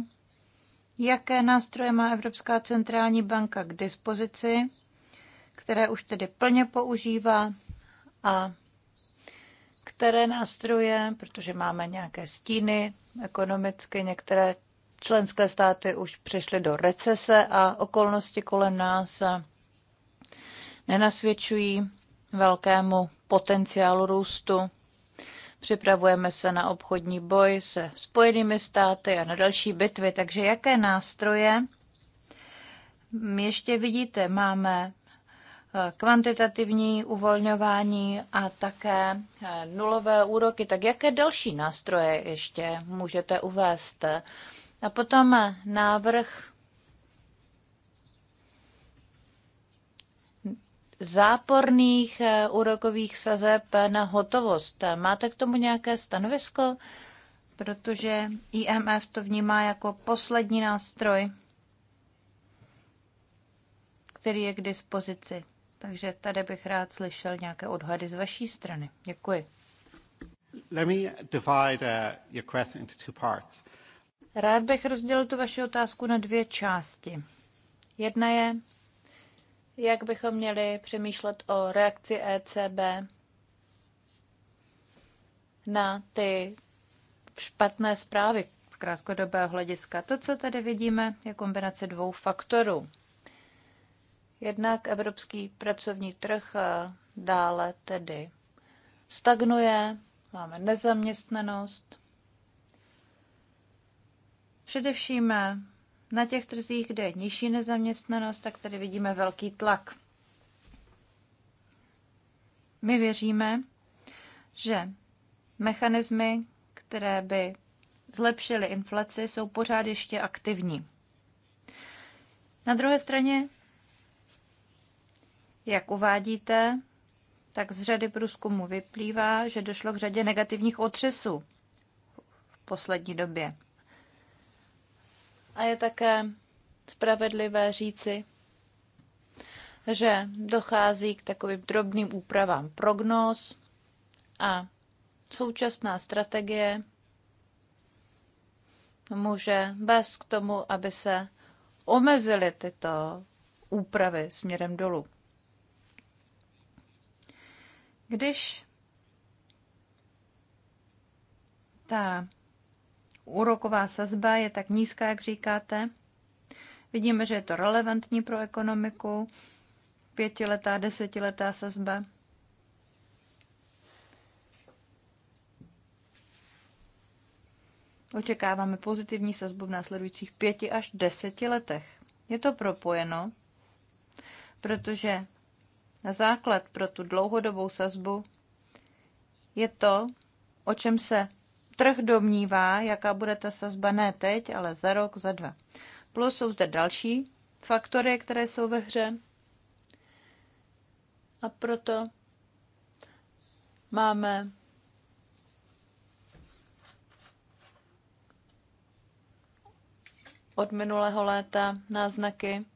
jaké nástroje má Evropská centrální banka k dispozici které už tedy plně používá a které nástroje, protože máme nějaké stíny ekonomicky, některé členské státy už přišly do recese a okolnosti kolem nás nenasvědčují velkému potenciálu růstu. Připravujeme se na obchodní boj se spojenými státy a na další bitvy, takže jaké nástroje ještě vidíte, máme kvantitativní uvolňování a také eh, nulové úroky, tak jaké další nástroje ještě můžete uvést? A potom eh, návrh záporných eh, úrokových sazeb na hotovost. Máte k tomu nějaké stanovisko? Protože IMF to vnímá jako poslední nástroj, který je k dispozici. Takže tady bych rád slyšel nějaké odhady z vaší strany. Děkuji. Let me divide uh, your question into two parts. Rád bych rozdělil tu vaši otázku na dvě části. Jedna je, jak bychom měli přemýšlet o reakci ECB na ty špatné zprávy z krátkodobého hlediska. To, co tady vidíme, je kombinace dvou faktorů. Jednak evropský pracovní trh eh, dále tedy stagnuje, máme nezaměstnanost. Především eh, na těch trzích, kde je nižší nezaměstnanost, tak tady vidíme velký tlak. My věříme, že mechanismy, které by zlepšily inflaci, jsou pořád ještě aktivní. Na druhé straně jak uvádíte, tak z řady průzkumu vyplývá, že došlo k řadě negativních otřesů v poslední době. A je také spravedlivé říci, že dochází k takovým drobným úpravám prognóz a současná strategie může vést k tomu, aby se omezily tyto úpravy směrem dolů. Když ta úroková sazba je tak nízká, jak říkáte, vidíme, že je to relevantní pro ekonomiku, pětiletá, desetiletá sazba. Očekáváme pozitivní sazbu v následujících pěti až deseti letech. Je to propojeno, protože základ pro tu dlouhodobou sazbu je to, o čem se trh domnívá, jaká bude ta sazba ne teď, ale za rok, za dva. Plus jsou zde další faktory, které jsou ve hře. A proto máme od minulého léta náznaky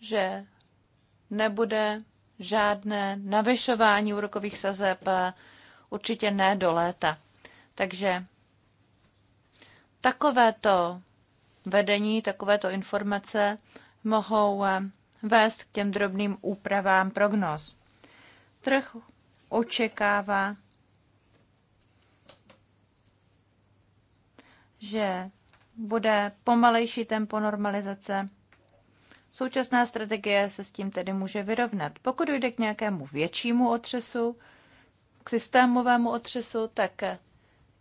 že nebude žádné navyšování úrokových sazeb, eh, určitě ne do léta. Takže takovéto vedení, takovéto informace mohou eh, vést k těm drobným úpravám prognóz. Trh očekává, že bude pomalejší tempo normalizace Současná strategie se s tím tedy může vyrovnat. Pokud dojde k nějakému většímu otřesu, k systémovému otřesu, tak eh,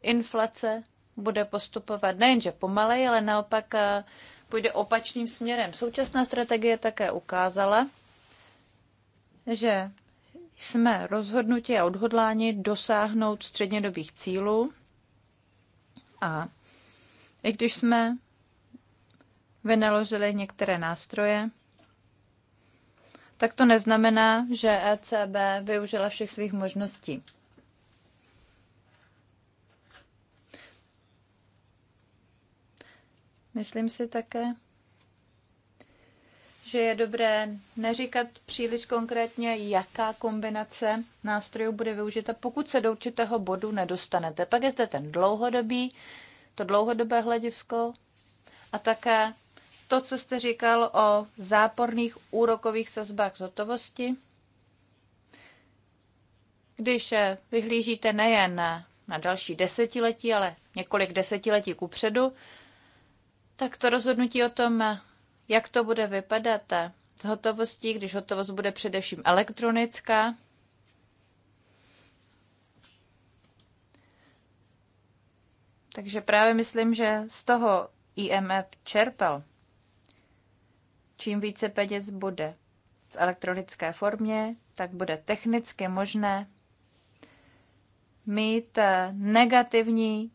inflace bude postupovat nejenže pomaleji, ale naopak eh, půjde opačným směrem. Současná strategie také ukázala, že jsme rozhodnuti a odhodláni dosáhnout střednědobých cílů a i když jsme vynaložili některé nástroje, tak to neznamená, že ECB využila všech svých možností. Myslím si také, že je dobré neříkat příliš konkrétně, jaká kombinace nástrojů bude využita, pokud se do určitého bodu nedostanete. Pak je zde ten dlouhodobý, to dlouhodobé hledisko a také to, co jste říkal o záporných úrokových sazbách zotovosti. Když eh, vyhlížíte nejen na, na další desetiletí, ale několik desetiletí kupředu, tak to rozhodnutí o tom, eh, jak to bude vypadat eh, z hotovostí, když hotovost bude především elektronická, Takže právě myslím, že z toho IMF čerpal čím více peněz bude v elektronické formě, tak bude technicky možné mít eh, negativní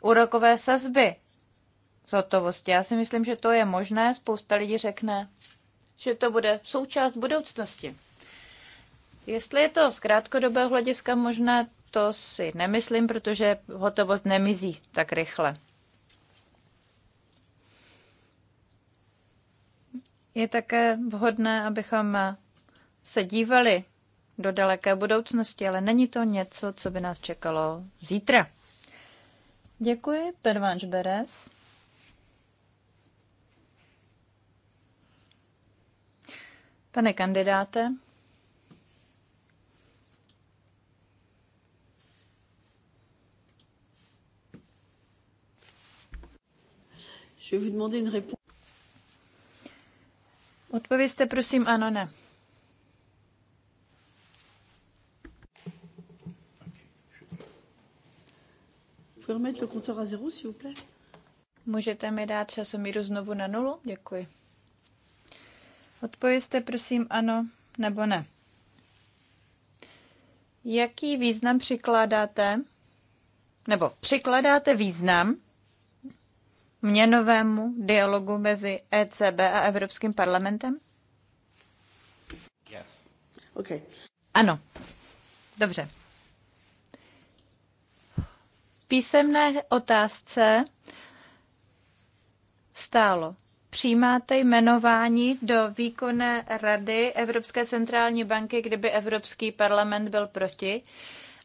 úrokové sazby z hotovosti. Já si myslím, že to je možné. Spousta lidí řekne, že to bude součást budoucnosti. Jestli je to z krátkodobého hlediska možné, to si nemyslím, protože hotovost nemizí tak rychle. Je také vhodné, abychom se dívali do daleké budoucnosti, ale není to něco, co by nás čekalo zítra. Děkuji, Pervanč Beres. Pane kandidáte, Je vais vous demander une réponse. Odpovězte prosím ano, ne. Můžete mi dát časomíru znovu na nulu? Děkuji. Odpovězte prosím ano nebo ne. Jaký význam přikládáte, nebo přikládáte význam měnovému dialogu mezi ECB a Evropským parlamentem? Yes. Okay. Ano. Dobře. Písemné otázce stálo. Přijímáte jmenování do výkonné rady Evropské centrální banky, kdyby Evropský parlament byl proti? Uh,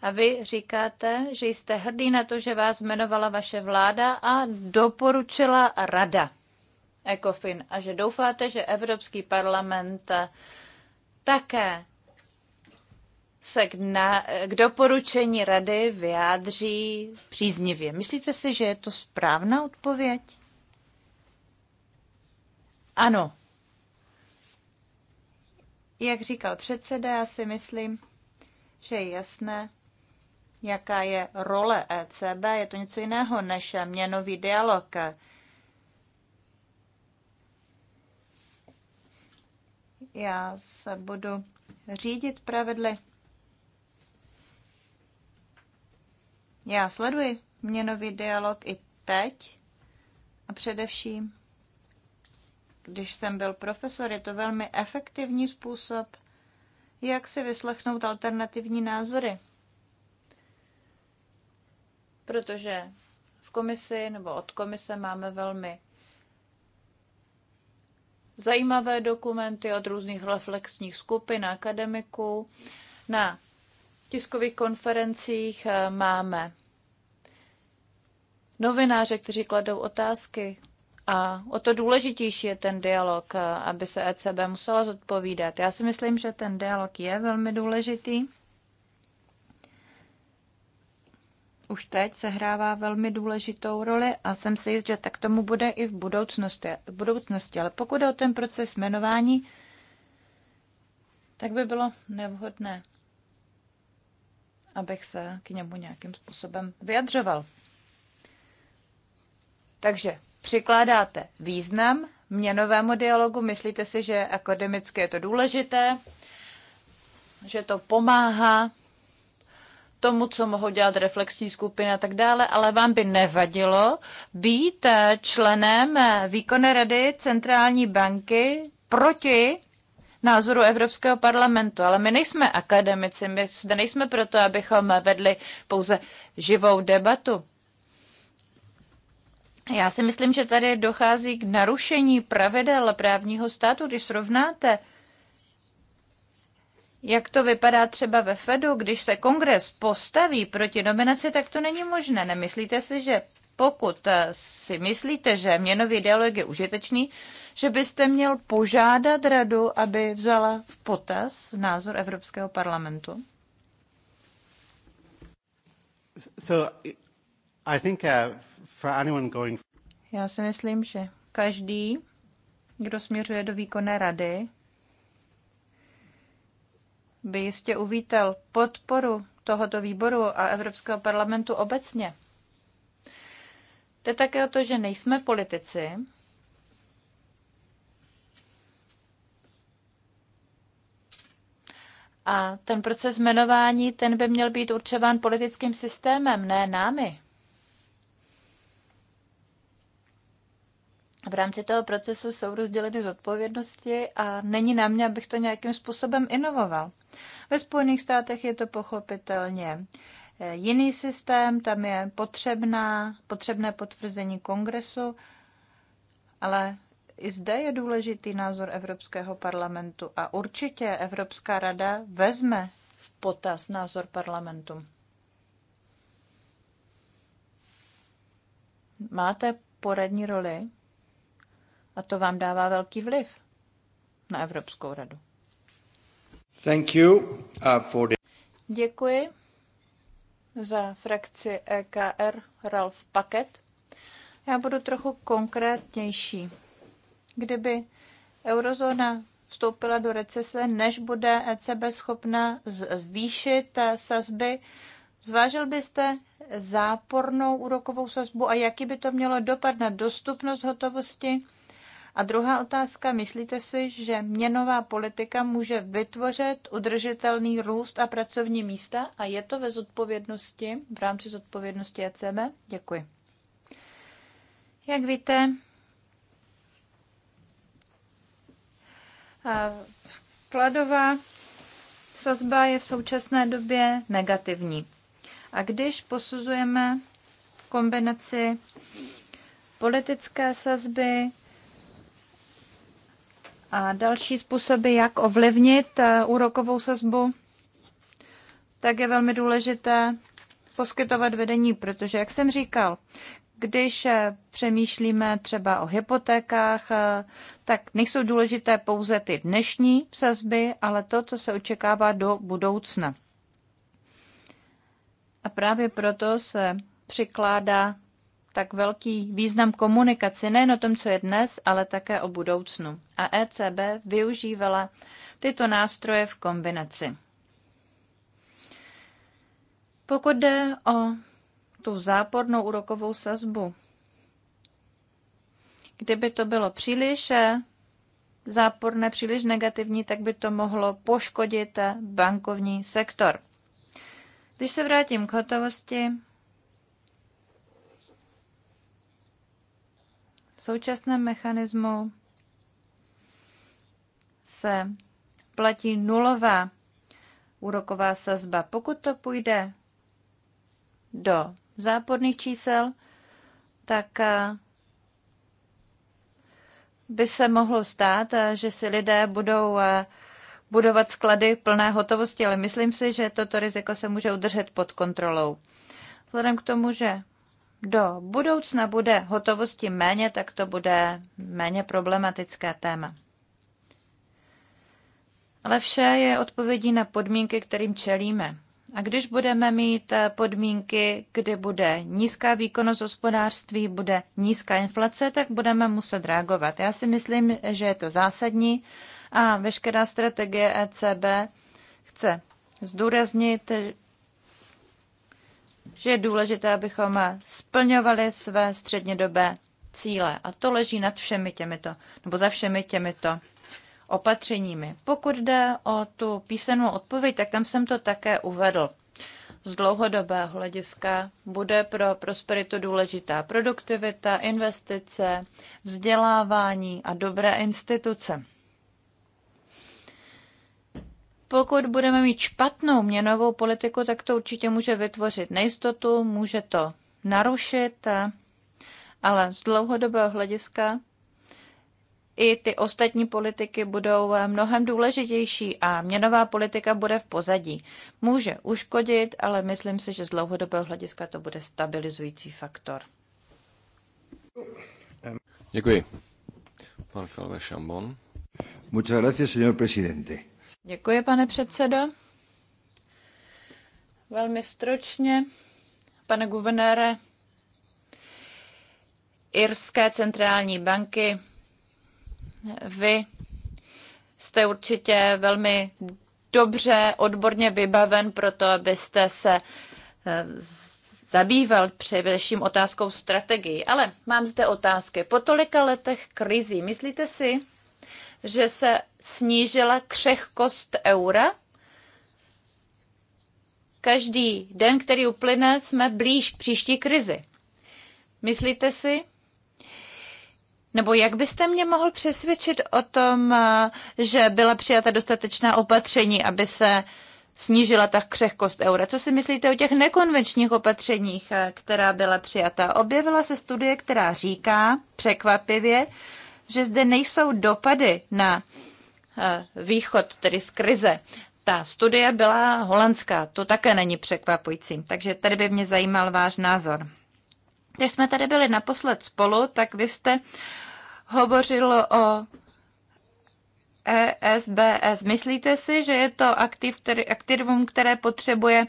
a vy říkáte, že jste hrdý na to, že vás jmenovala vaše vláda a doporučila rada ECOFIN a že doufáte, že Evropský parlament také se k, na, k doporučení rady vyjádří příznivě. Myslíte si, že je to správná odpověď? Ano. Jak říkal předseda, já si myslím, že je jasné, jaká je role ECB, je to něco jiného než měnový dialog. Já se budu řídit pravidly. Já sleduji měnový dialog i teď a především, když jsem byl profesor, je to velmi efektivní způsob, jak si vyslechnout alternativní názory protože v komisi nebo od komise máme velmi zajímavé dokumenty od různých reflexních skupin akademiků. Na tiskových konferencích eh, máme novináře, kteří kladou otázky. A o to důležitější je ten dialog, eh, aby se ECB musela zodpovídat. Já si myslím, že ten dialog je velmi důležitý. už teď sehrává velmi důležitou roli a jsem si jist, že tak tomu bude i v budoucnosti. V budoucnosti. Ale pokud je o ten proces jmenování, tak by bylo nevhodné, abych se k němu nějakým způsobem vyjadřoval. Takže přikládáte význam měnovému dialogu, myslíte si, že akademicky je to důležité, že to pomáhá tomu, co mohou dělat reflexní skupiny a tak dále, ale vám by nevadilo být eh, členem eh, výkonné rady centrální banky proti názoru Evropského parlamentu. Ale my nejsme akademici, my zde nejsme proto, abychom vedli pouze živou debatu. Já si myslím, že tady dochází k narušení pravidel právního státu, když srovnáte jak to vypadá třeba ve Fedu, když se kongres postaví proti dominaci, tak to není možné. Nemyslíte si, že pokud eh, si myslíte, že měnový dialog je užitečný, že byste měl požádat radu, aby vzala v potaz názor Evropského parlamentu? So, I think, uh, for anyone going... Já si myslím, že každý, kdo směřuje do výkonné rady, by jistě uvítal podporu tohoto výboru a Evropského parlamentu obecně. Jde také o to, že nejsme politici. A ten proces jmenování, ten by měl být určován politickým systémem, ne námi. v rámci toho procesu jsou rozděleny zodpovědnosti a není na mě, abych to nějakým způsobem inovoval. Ve Spojených státech je to pochopitelně eh, jiný systém, tam je potřebná, potřebné potvrzení kongresu, ale i zde je důležitý názor Evropského parlamentu a určitě Evropská rada vezme v potaz názor parlamentu. Máte poradní roli? A to vám dává velký vliv na Evropskou radu. Thank you, uh, for the... Děkuji za frakci EKR Ralph Paket. Já budu trochu konkrétnější. Kdyby eurozóna vstoupila do recese, než bude ECB schopna zvýšit eh, sazby, zvážil byste zápornou úrokovou sazbu a jaký by to mělo dopad na dostupnost hotovosti a druhá otázka, myslíte si, že měnová politika může vytvořit udržitelný růst a pracovní místa a je to ve zodpovědnosti, v rámci zodpovědnosti ECB? Děkuji. Jak víte, vkladová sazba je v současné době negativní. A když posuzujeme kombinaci politické sazby, a další způsoby, jak ovlivnit eh, úrokovou sazbu, tak je velmi důležité poskytovat vedení, protože, jak jsem říkal, když eh, přemýšlíme třeba o hypotékách, eh, tak nejsou důležité pouze ty dnešní sazby, ale to, co se očekává do budoucna. A právě proto se přikládá tak velký význam komunikaci nejen o tom, co je dnes, ale také o budoucnu. A ECB využívala tyto nástroje v kombinaci. Pokud jde o tu zápornou úrokovou sazbu, kdyby to bylo příliš eh, záporné, příliš negativní, tak by to mohlo poškodit eh, bankovní sektor. Když se vrátím k hotovosti, současném mechanismu se platí nulová úroková sazba. Pokud to půjde do záporných čísel, tak eh, by se mohlo stát, eh, že si lidé budou eh, budovat sklady plné hotovosti, ale myslím si, že toto riziko se může udržet pod kontrolou. Vzhledem k tomu, že do budoucna bude hotovosti méně, tak to bude méně problematické téma. Ale vše je odpovědí na podmínky, kterým čelíme. A když budeme mít podmínky, kdy bude nízká výkonnost hospodářství, bude nízká inflace, tak budeme muset reagovat. Já si myslím, že je to zásadní a veškerá strategie ECB chce zdůraznit, že je důležité, abychom splňovali své střednědobé cíle. A to leží nad všemi těmito, nebo za všemi těmito opatřeními. Pokud jde o tu písemnou odpověď, tak tam jsem to také uvedl. Z dlouhodobého hlediska bude pro prosperitu důležitá produktivita, investice, vzdělávání a dobré instituce. Pokud budeme mít špatnou měnovou politiku, tak to určitě může vytvořit nejistotu, může to narušit, ale z dlouhodobého hlediska i ty ostatní politiky budou mnohem důležitější a měnová politika bude v pozadí. Může uškodit, ale myslím si, že z dlouhodobého hlediska to bude stabilizující faktor. Děkuji. Pan Kalve Šambon. Muchas gracias, señor presidente. Děkuji, pane předsedo. Velmi stručně, pane guvernére, Irské centrální banky, vy jste určitě velmi dobře odborně vybaven pro to, abyste se eh, zabýval především otázkou strategii. Ale mám zde otázky. Po tolika letech krizí, myslíte si, že se snížila křehkost eura. Každý den, který uplyne, jsme blíž příští krizi. Myslíte si, nebo jak byste mě mohl přesvědčit o tom, eh, že byla přijata dostatečná opatření, aby se snížila ta křehkost eura? Co si myslíte o těch nekonvenčních opatřeních, eh, která byla přijata? Objevila se studie, která říká překvapivě, že zde nejsou dopady na eh, východ, tedy z krize. Ta studie byla holandská, to také není překvapující, takže tady by mě zajímal váš názor. Když jsme tady byli naposled spolu, tak vy jste hovořil o ESBS. Myslíte si, že je to aktiv, který, aktivum, které potřebuje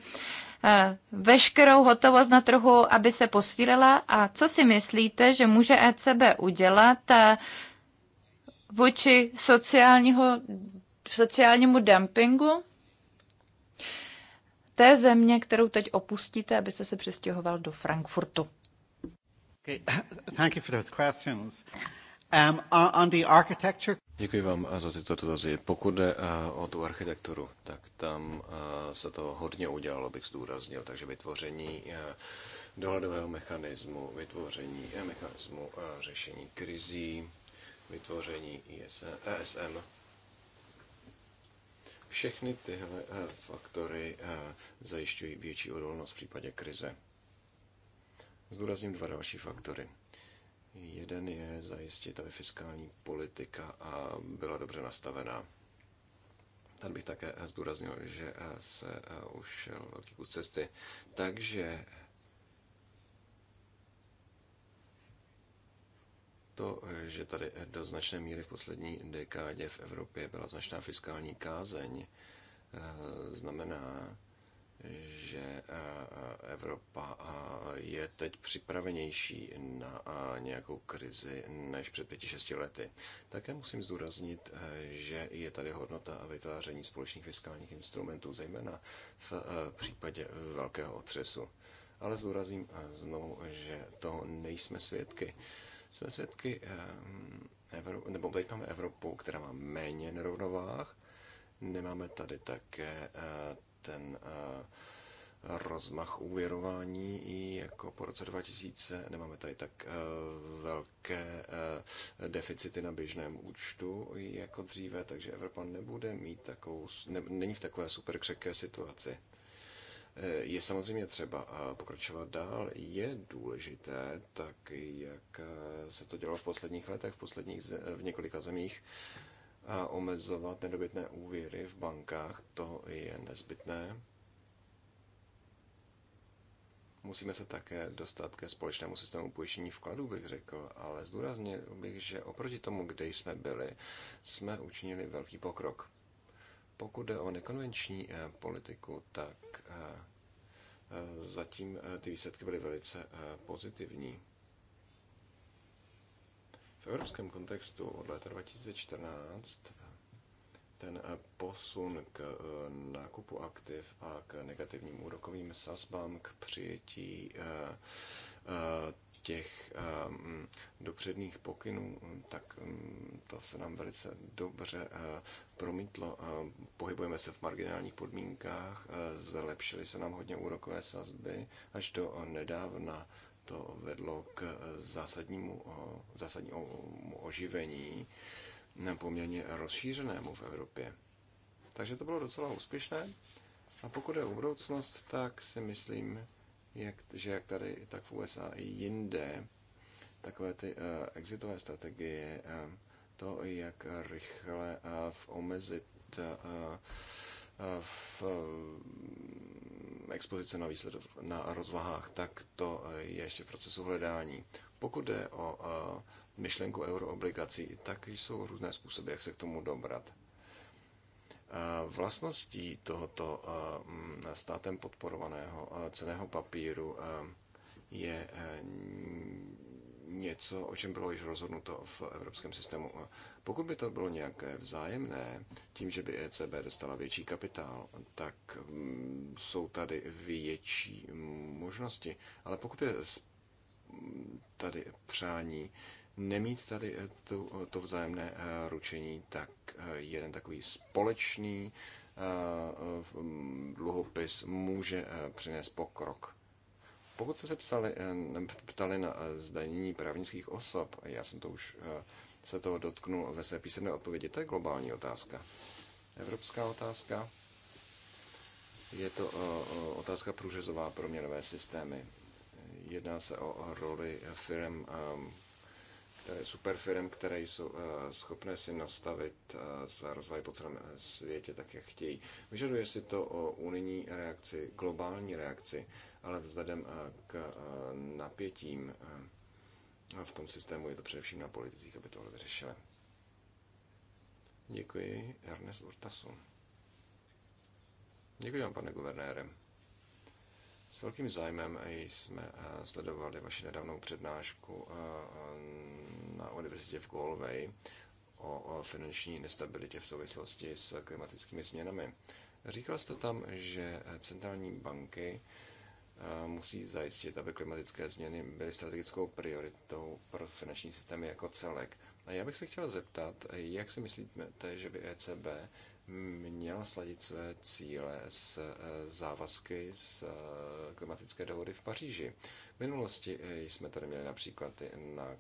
veškerou hotovost na trhu, aby se posílila? A co si myslíte, že může ECB udělat eh, vůči sociálního, sociálnímu dumpingu té země, kterou teď opustíte, abyste se přestěhoval do Frankfurtu? Okay. *coughs* Thank you for those questions. Um, on the architecture... Děkuji vám eh, za tyto dotazy. Pokud jde eh, o tu architekturu, tak tam eh, se to hodně udělalo, bych zdůraznil. Takže vytvoření dohledového mechanismu, vytvoření mechanismu řešení krizí, vytvoření ESM. E Všechny tyhle faktory zajišťují větší odolnost v případě krize. Zdůrazním dva další faktory. Jeden je zajistit, aby fiskální politika a byla dobře nastavená. Tady bych také zdůraznil, že eh, se eh, už velký kus cesty. Takže to, že tady eh, do značné míry v poslední dekádě v Evropě byla značná fiskální kázeň, znamená, že eh, eh, Evropa eh, je teď připravenější na nějakou krizi než před pěti, šesti lety. Také musím zdůraznit, že je tady hodnota a vytváření společných fiskálních instrumentů, zejména v případě velkého otřesu. Ale zdůrazním znovu, že to nejsme svědky. Jsme svědky, nebo teď máme Evropu, která má méně nerovnovách, Nemáme tady také ten eh, rozmach úvěrování i jako po roce 2000. Nemáme tady tak eh, velké eh, deficity na běžném účtu jako dříve, takže Evropa nebude mít takovou, ne, není v takové super křeké situaci. Je samozřejmě třeba pokračovat dál. Je důležité, tak jak se to dělo v posledních letech, v, posledních, v několika zemích, a omezovat nedobytné úvěry v bankách, to je nezbytné. Musíme se také dostat ke společnému systému pojištění vkladů, bych řekl, ale zdůraznil bych, že oproti tomu, kde jsme byli, jsme učinili velký pokrok. Pokud jde o nekonvenční eh, politiku, tak eh, eh, zatím ty výsledky byly velice pozitivní. V evropském kontextu od léta 2014 ten eh, posun k eh, nákupu aktiv a k negativním úrokovým sazbám, k přijetí eh, těch mm, dopředných pokynů, tak mm, to se nám velice dobře promítlo. Pohybujeme se v marginálních podmínkách, zlepšily se nám hodně úrokové sazby až do nedávna to vedlo k eh, zásadnímu, eh, zásadnímu oživení eh, poměrně rozšířenému v Evropě. Takže to bylo docela úspěšné. A pokud je o budoucnost, tak si myslím, jak, že jak tady, tak v USA i jinde, takové ty uh, exitové strategie, uh, to, jak rychle uh, omezit uh, v eh, expozice na, výsledov, na rozvahách, tak to eh, je ještě v procesu hledání. Pokud jde o eh, myšlenku euroobligací, tak jsou různé způsoby, jak se k tomu dobrat. Vlastností tohoto státem podporovaného ceného papíru je něco, o čem bylo již rozhodnuto v evropském systému. Pokud by to bylo nějaké vzájemné, tím, že by ECB dostala větší kapitál, tak mm, jsou tady větší možnosti. Ale pokud je tady přání nemít tady eh, to, eh, to vzájemné eh, ručení, tak jeden takový společný dluhopis může přinést pokrok pokud jste se psali, eh, ptali na eh, zdanění právnických osob, já jsem to už eh, se toho dotknul ve své písemné odpovědi, to je globální otázka. Evropská otázka. Je to otázka průřezová pro měnové systémy. Jedná se o roli firm, které, super firm, které jsou schopné si nastavit své rozvoje po celém světě tak, jak chtějí. Vyžaduje si to o unijní reakci, globální reakci ale vzhledem eh, k eh, napětím eh, v tom systému je to především na politicích, aby tohle vyřešili. Děkuji Ernest Urtasu. Děkuji vám, pane guvernére. S velkým zájmem jsme sledovali vaši nedávnou přednášku na univerzitě v Galway o finanční nestabilitě v souvislosti s klimatickými změnami. Říkal jste tam, že centrální banky musí zajistit, aby klimatické změny byly strategickou prioritou pro finanční systémy jako celek. A já bych se chtěl zeptat, jak si myslíte, že by ECB měla sladit své cíle s e, závazky z e, klimatické dohody v Paříži. V minulosti e, jsme tady měli například na,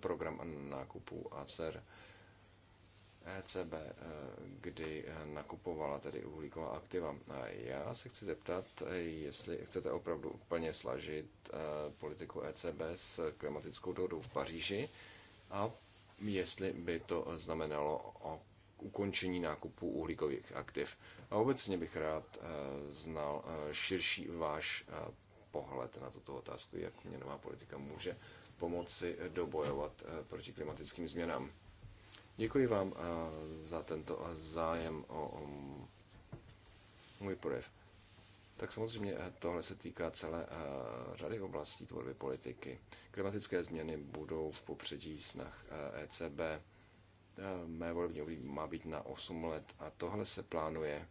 program nákupů ACER, ECB, eh, kdy eh, nakupovala tedy uhlíková aktiva. já se chci zeptat, eh, jestli chcete opravdu úplně slažit politiku ECB s klimatickou dohodou v Paříži a jestli by to znamenalo o ukončení nákupu uhlíkových aktiv. A obecně bych rád znal širší váš pohled na tuto otázku, jak měnová politika může pomoci dobojovat proti klimatickým změnám. Děkuji vám za tento zájem o můj projev. Tak samozřejmě eh, tohle se týká celé eh, řady oblastí tvorby politiky. Klimatické změny budou v popředí snah ECB. Eh, e mé volební období má být na 8 let a tohle se plánuje,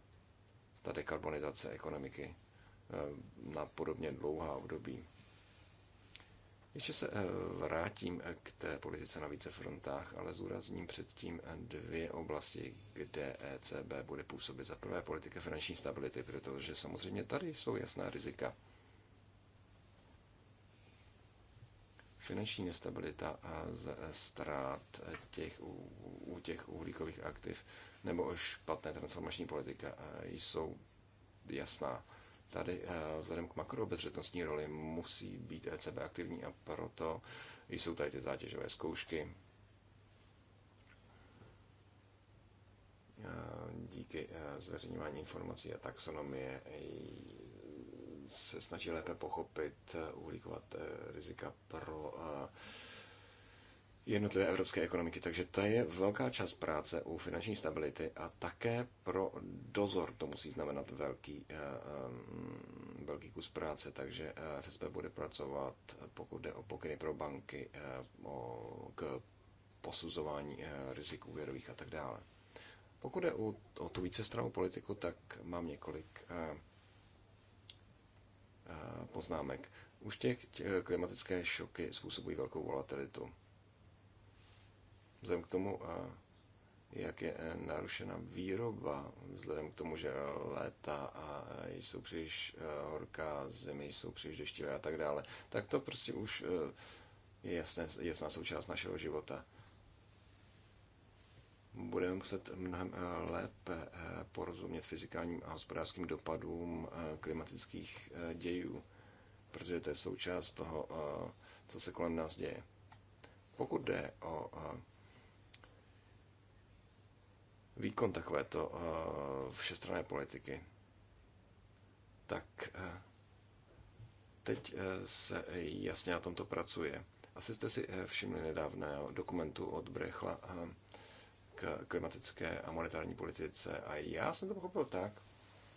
ta dekarbonizace ekonomiky, na podobně dlouhá období. Ještě se eh, vrátím eh, k té politice na více frontách, ale zúrazním předtím eh, dvě oblasti, kde ECB bude působit. Za prvé politika finanční stability, protože samozřejmě tady jsou jasná rizika. Finanční nestabilita a ztrát těch, u, u těch uhlíkových aktiv nebo špatné transformační politika jsou jasná Tady eh, vzhledem k makroobezřetnostní roli musí být ECB aktivní a proto jsou tady ty zátěžové zkoušky. Eh, díky eh, zveřejňování informací a taxonomie se snaží lépe pochopit uhlíkovat rizika pro jednotlivé evropské ekonomiky. Takže to je velká část práce u finanční stability a také pro dozor to musí znamenat velký, eh, eh, velký kus práce, takže eh, FSB bude pracovat, pokud jde o pokyny pro banky, o, k posuzování rizik úvěrových a tak dále. Pokud jde o, o tu vícestranou politiku, tak mám několik poznámek. Už těch klimatické šoky způsobují velkou volatilitu Vzhledem k tomu, jak je eh, narušena výroba, vzhledem k tomu, že léta eh, jsou příliš eh, horká, zimy jsou příliš deštivé a tak dále, tak to prostě už je jasné, jasná součást našeho života. Budeme muset mnohem lépe porozumět fyzikálním a hospodářským dopadům klimatických dějů, protože to je součást toho, co se kolem nás děje. Pokud jde o výkon takovéto eh, všestranné politiky, tak eh, teď eh, se jasně na tomto pracuje. Asi jste si všimli nedávného dokumentu od Brechla k klimatické a monetární politice a já jsem to pochopil tak,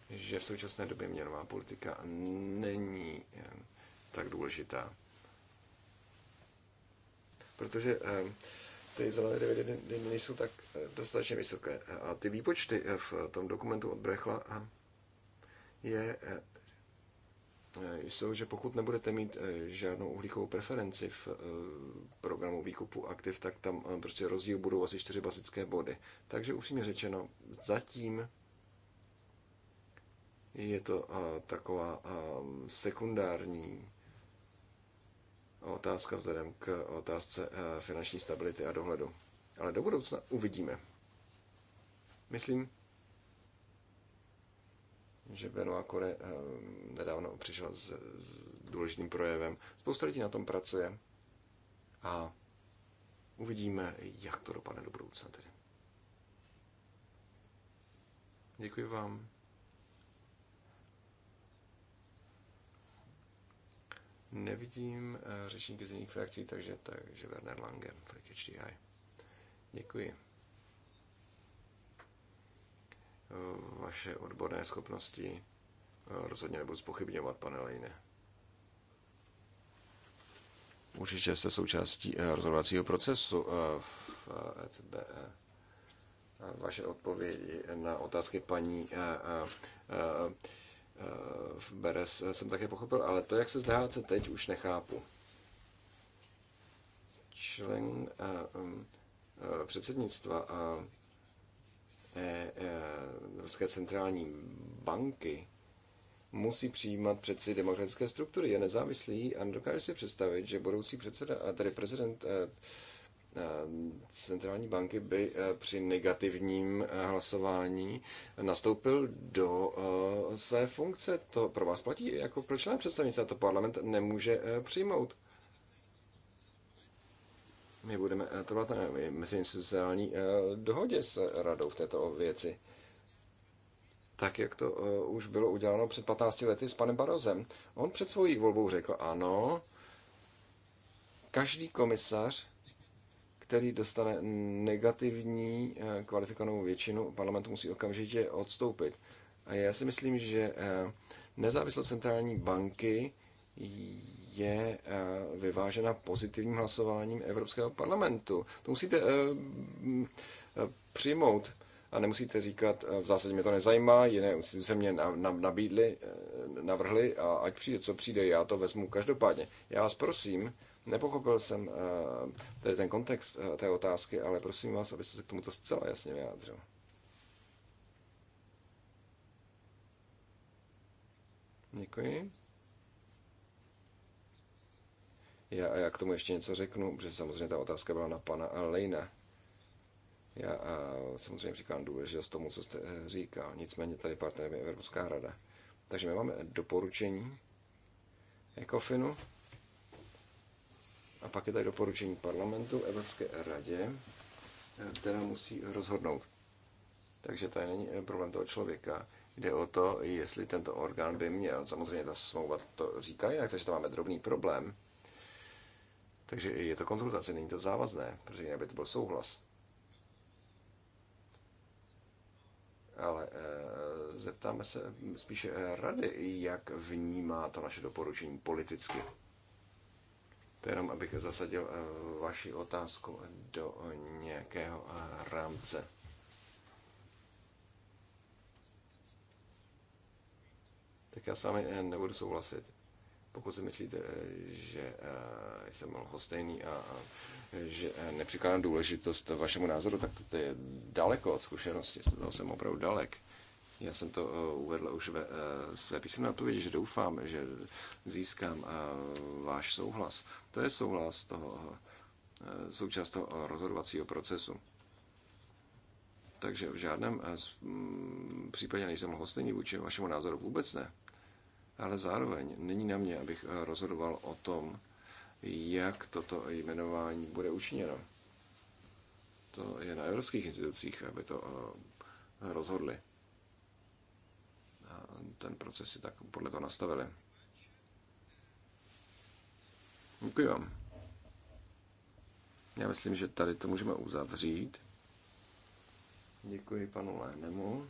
že v současné době měnová politika není tak důležitá. Protože ty zelené dividendy nejsou tak eh, dostatečně vysoké. A ty výpočty eh, v tom dokumentu od Brechla eh, je, jsou, že pokud nebudete mít žádnou uhlíkovou preferenci v programu výkupu aktiv, tak tam prostě rozdíl budou asi čtyři basické body. Takže upřímně řečeno, zatím je to taková sekundární otázka vzhledem k otázce eh, finanční stability a dohledu. Ale do budoucna uvidíme. Myslím, že Benoit Kore eh, nedávno přišel s, s důležitým projevem. Spousta lidí na tom pracuje a uvidíme, jak to dopadne do budoucna tedy. Děkuji vám. Nevidím eh, řečníky z jiných frakcí, takže, takže Werner Lange, Flick HDI. Děkuji. Eh, vaše odborné schopnosti eh, rozhodně nebudu zpochybňovat pane Lejne. Určitě jste součástí rozhodovacího procesu v ECB. E e. Vaše odpovědi na otázky paní Eh, v Beres eh, jsem také pochopil, ale to, jak se zdá, se teď už nechápu. Člen eh, mm, předsednictva Evropské centrální banky musí přijímat přeci demokratické struktury, je nezávislý a dokáže si představit, že budoucí předseda, tedy prezident Eh, centrální banky by eh, při negativním eh, hlasování nastoupil do své funkce. To pro vás platí jako pro člena představnice to parlament nemůže přijmout. My budeme trvat na mezinstitucionální dohodě s radou v této věci. Tak, jak to už bylo uděláno před 15 lety s panem Barozem. On před svojí volbou řekl ano, každý komisař který dostane negativní eh, kvalifikovanou většinu, parlament musí okamžitě odstoupit. A já si myslím, že eh, nezávislost centrální banky je eh, vyvážena pozitivním hlasováním Evropského parlamentu. To musíte přijmout a nemusíte říkat, v zásadě mě to nezajímá, jiné se mě nabídli, navrhli a ať přijde, co přijde, já to vezmu každopádně. Já vás prosím, Nepochopil jsem eh, tady ten kontext eh, té otázky, ale prosím vás, abyste se k tomuto zcela jasně vyjádřil. Děkuji. Já, já k tomu ještě něco řeknu, protože samozřejmě ta otázka byla na pana Lejna. Já a eh, samozřejmě říkám důležitost tomu, co jste říkal. Nicméně tady partnerem je Evropská rada. Takže my máme doporučení jako Finu a pak je tady doporučení parlamentu Evropské radě, eh, která musí rozhodnout. Takže tady není eh, problém toho člověka. Jde o to, jestli tento orgán by měl. Samozřejmě ta smlouva to říká jinak, takže tam máme drobný problém. Takže je to konzultace, není to závazné, protože jinak by to byl souhlas. Ale e, zeptáme se spíše rady, jak vnímá to naše doporučení politicky. To jenom abych zasadil eh, vaši otázku do nějakého eh, rámce. Tak já s vámi eh, nebudu souhlasit. Pokud si myslíte, že jsem lhostejný a že nepřikládám důležitost vašemu názoru, tak to je daleko od zkušenosti, z toho jsem opravdu dalek. Já jsem to eh, uvedl už ve eh, své písemné odpovědi, že doufám, že získám eh, váš souhlas. To je souhlas toho, součást toho rozhodovacího procesu. Takže v žádném mm, případě nejsem hostení vůči vašemu názoru, vůbec ne. Ale zároveň není na mě, abych rozhodoval o tom, jak toto jmenování bude učiněno. To je na evropských institucích, aby to rozhodli ten proces si tak podle toho nastavili. Děkuji vám. Já myslím, že tady to můžeme uzavřít. Děkuji panu Lénemu,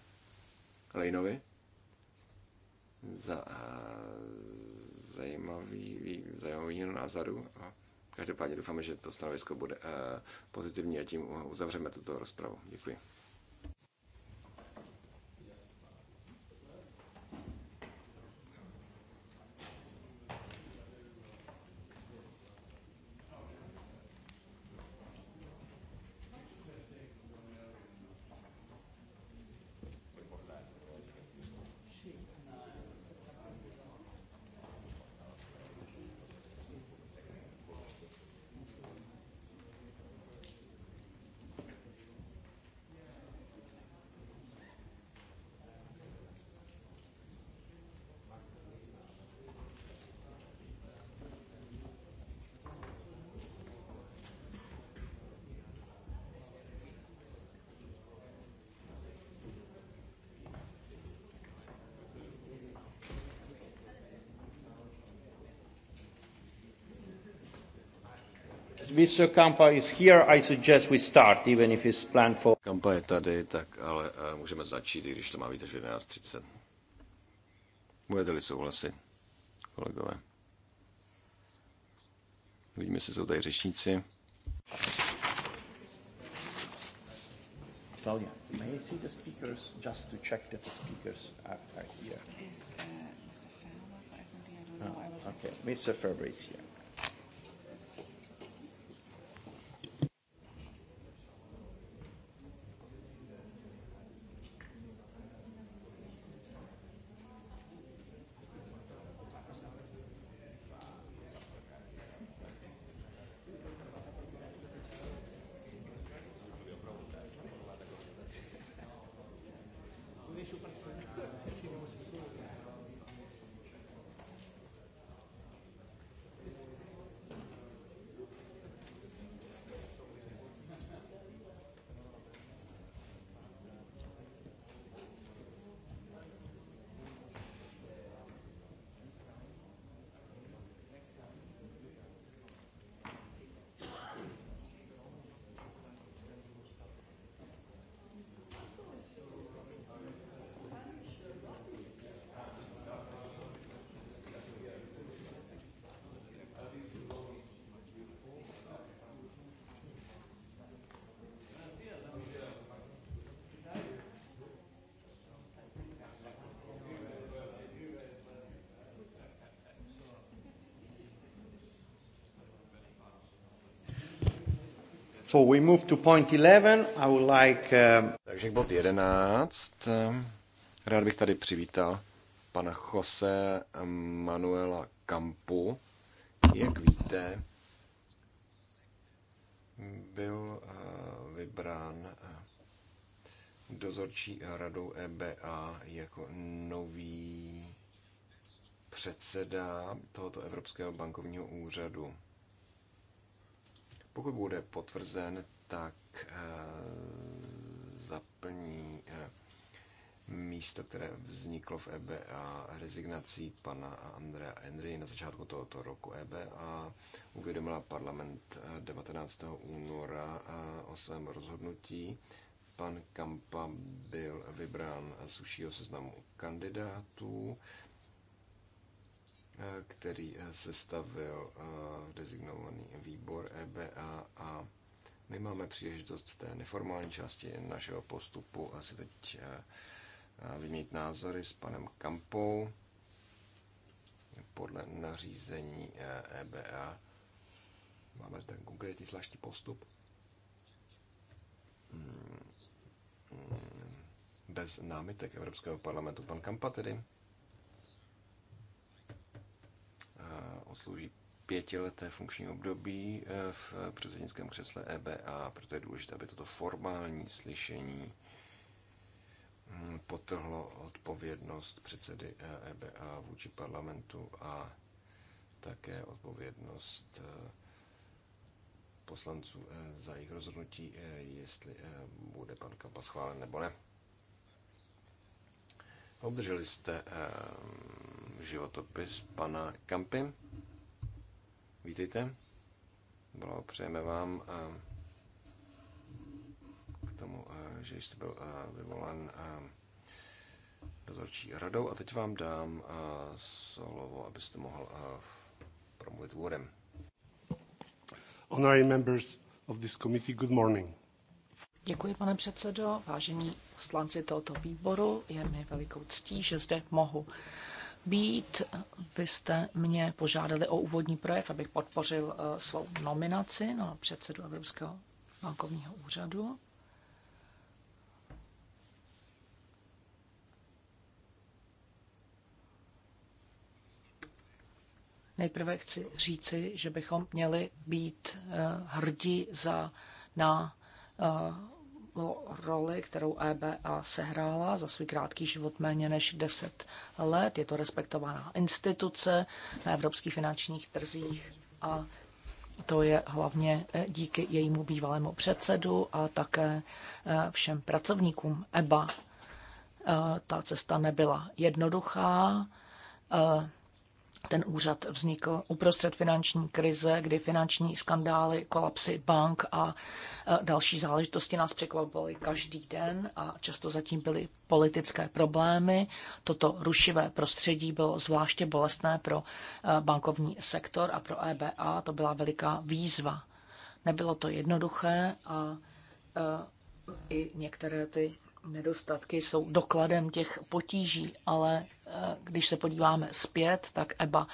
Lejnovi za eh, zajímavý, zajímavý názoru. A každopádně doufáme, že to stanovisko bude eh, pozitivní a tím uzavřeme tuto rozpravu. Děkuji. Mr. Kampa is here, I suggest we start, even if it's planned for... Kampa je tady, tak ale eh, můžeme začít, i když to má být až 11.30. Budete-li souhlasit, kolegové. Vidíme, jestli jsou tady řečníci. Claudia, may I see the speakers just to check that the speakers are, are here? Is uh, Mr. Ferber present? I don't know. Oh, okay, Mr. Ferber is here. So we move to point 11. I would like... Uh... Takže bod 11. Rád bych tady přivítal pana Jose Manuela Campu. Jak víte, byl uh, vybrán uh, dozorčí radou EBA jako nový předseda tohoto Evropského bankovního úřadu. Pokud bude potvrzen, tak eh, zaplní eh, místo, které vzniklo v EBA rezignací pana Andrea Henry na začátku tohoto roku EBA uvědomila parlament 19. Eh, února o svém rozhodnutí. Pan Kampa byl vybrán z užšího seznamu kandidátů který eh, sestavil eh, designovaný výbor EBA a my máme příležitost v té neformální části našeho postupu asi teď eh, vyměnit názory s panem Kampou podle nařízení EBA. E máme ten konkrétní zvláštní postup. Hmm, hmm, bez námitek Evropského parlamentu. Pan Kampa tedy. obslouží pětileté funkční období eh, v předsednickém křesle EBA, proto je důležité, aby toto formální slyšení mm, potrhlo odpovědnost předsedy EBA eh, e vůči parlamentu a také odpovědnost eh, poslanců za jejich rozhodnutí, jestli bude pan Kapa schválen nebo ne. Obdrželi jste životopis pana Kampy. Vítejte. Přejeme vám eh, k tomu, eh, že jste byl eh, vyvolen dozorčí radou a teď vám dám slovo, abyste mohl promluvit úvodem. Honorary members of this committee, good morning. Děkuji, pane předsedo, vážení poslanci tohoto výboru. Je mi velikou ctí, že zde mohu být. Vy jste mě požádali o úvodní projev, abych podpořil eh, svou nominaci na předsedu Evropského bankovního úřadu. Nejprve chci říci, že bychom měli být eh, hrdí za, na eh, roli, kterou EBA sehrála za svůj krátký život méně než 10 let. Je to respektovaná instituce na evropských finančních trzích a to je hlavně díky jejímu bývalému předsedu a také e, všem pracovníkům EBA. E, ta cesta nebyla jednoduchá e, ten úřad vznikl uprostřed finanční krize, kdy finanční skandály, kolapsy bank a e, další záležitosti nás překvapovaly každý den a často zatím byly politické problémy. Toto rušivé prostředí bylo zvláště bolestné pro e, bankovní sektor a pro EBA. To byla veliká výzva. Nebylo to jednoduché a e, i některé ty nedostatky jsou dokladem těch potíží, ale eh, když se podíváme zpět, tak EBA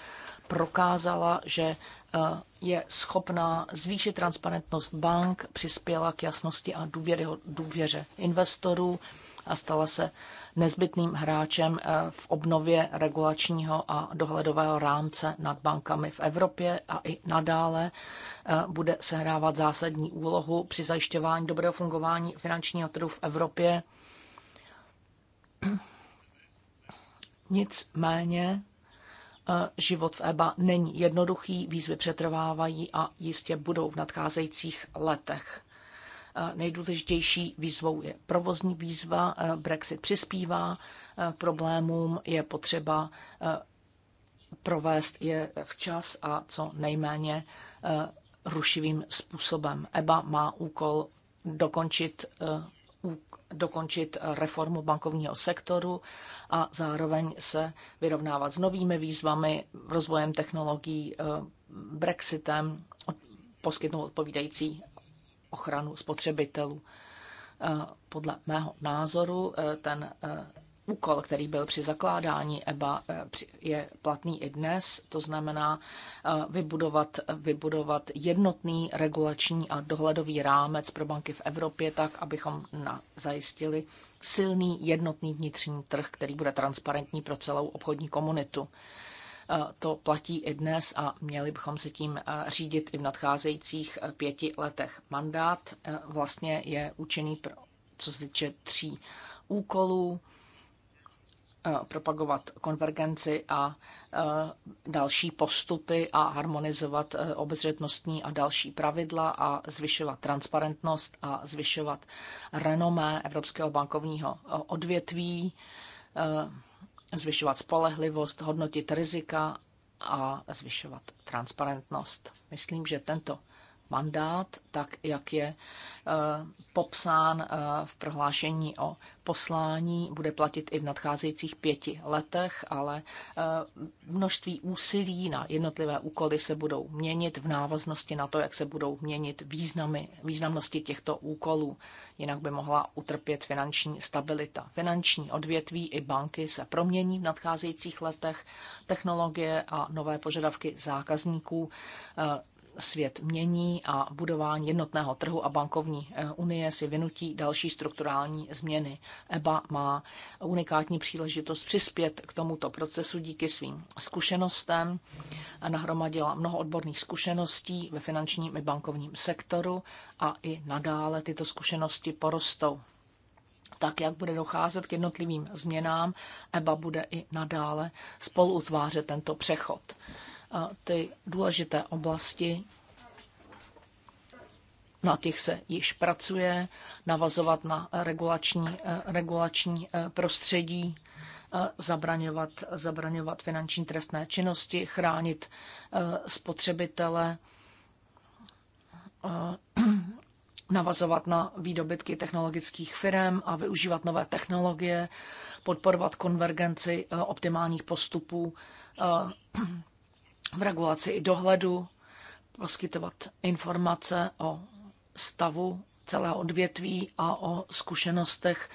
prokázala, že eh, je schopná zvýšit transparentnost bank, přispěla k jasnosti a důvěry, důvěře investorů a stala se nezbytným hráčem eh, v obnově regulačního a dohledového rámce nad bankami v Evropě a i nadále bude sehrávat zásadní úlohu při zajišťování dobrého fungování finančního trhu v Evropě Nicméně eh, život v EBA není jednoduchý, výzvy přetrvávají a jistě budou v nadcházejících letech. Eh, nejdůležitější výzvou je provozní výzva. Eh, Brexit přispívá k problémům, je potřeba provést je včas a co nejméně rušivým způsobem. EBA má úkol dokončit dokončit reformu bankovního sektoru a zároveň se vyrovnávat s novými výzvami, rozvojem technologií, eh, Brexitem, poskytnout odpovídající ochranu spotřebitelů. Eh, podle mého názoru eh, ten úkol, který byl při zakládání EBA, eh, je platný i dnes, to znamená eh, vybudovat, vybudovat jednotný regulační a dohledový rámec pro banky v Evropě tak, abychom na, zajistili silný jednotný vnitřní trh, který bude transparentní pro celou obchodní komunitu. Eh, to platí i dnes a měli bychom se tím řídit i v nadcházejících pěti letech. Mandát vlastně je učený pro co se týče tří úkolů Eh, propagovat konvergenci a eh, další postupy a harmonizovat eh, obezřetnostní a další pravidla a zvyšovat transparentnost a zvyšovat renomé evropského bankovního odvětví, zvyšovat spolehlivost, hodnotit rizika a zvyšovat transparentnost. Myslím, že tento mandát, tak jak je eh, popsán eh, v prohlášení o poslání, bude platit i v nadcházejících pěti letech, ale eh, množství úsilí na jednotlivé úkoly se budou měnit v návaznosti na to, jak se budou měnit významy, významnosti těchto úkolů. Jinak by mohla utrpět finanční stabilita. Finanční odvětví i banky se promění v nadcházejících letech. Technologie a nové požadavky zákazníků svět mění a budování jednotného trhu a bankovní eh, unie si vynutí další strukturální změny. EBA má unikátní příležitost přispět k tomuto procesu díky svým zkušenostem. Nahromadila mnoho odborných zkušeností ve finančním i bankovním sektoru a i nadále tyto zkušenosti porostou. Tak, jak bude docházet k jednotlivým změnám, EBA bude i nadále spoluutvářet tento přechod ty důležité oblasti, na těch se již pracuje, navazovat na regulační, eh, regulační eh, prostředí, eh, zabraňovat, zabraňovat finanční trestné činnosti, chránit spotřebitele, *clears throat* navazovat na výdobytky technologických firm a využívat nové technologie, podporovat konvergenci optimálních postupů *clears throat* v regulaci i dohledu, poskytovat informace o stavu celého odvětví a o zkušenostech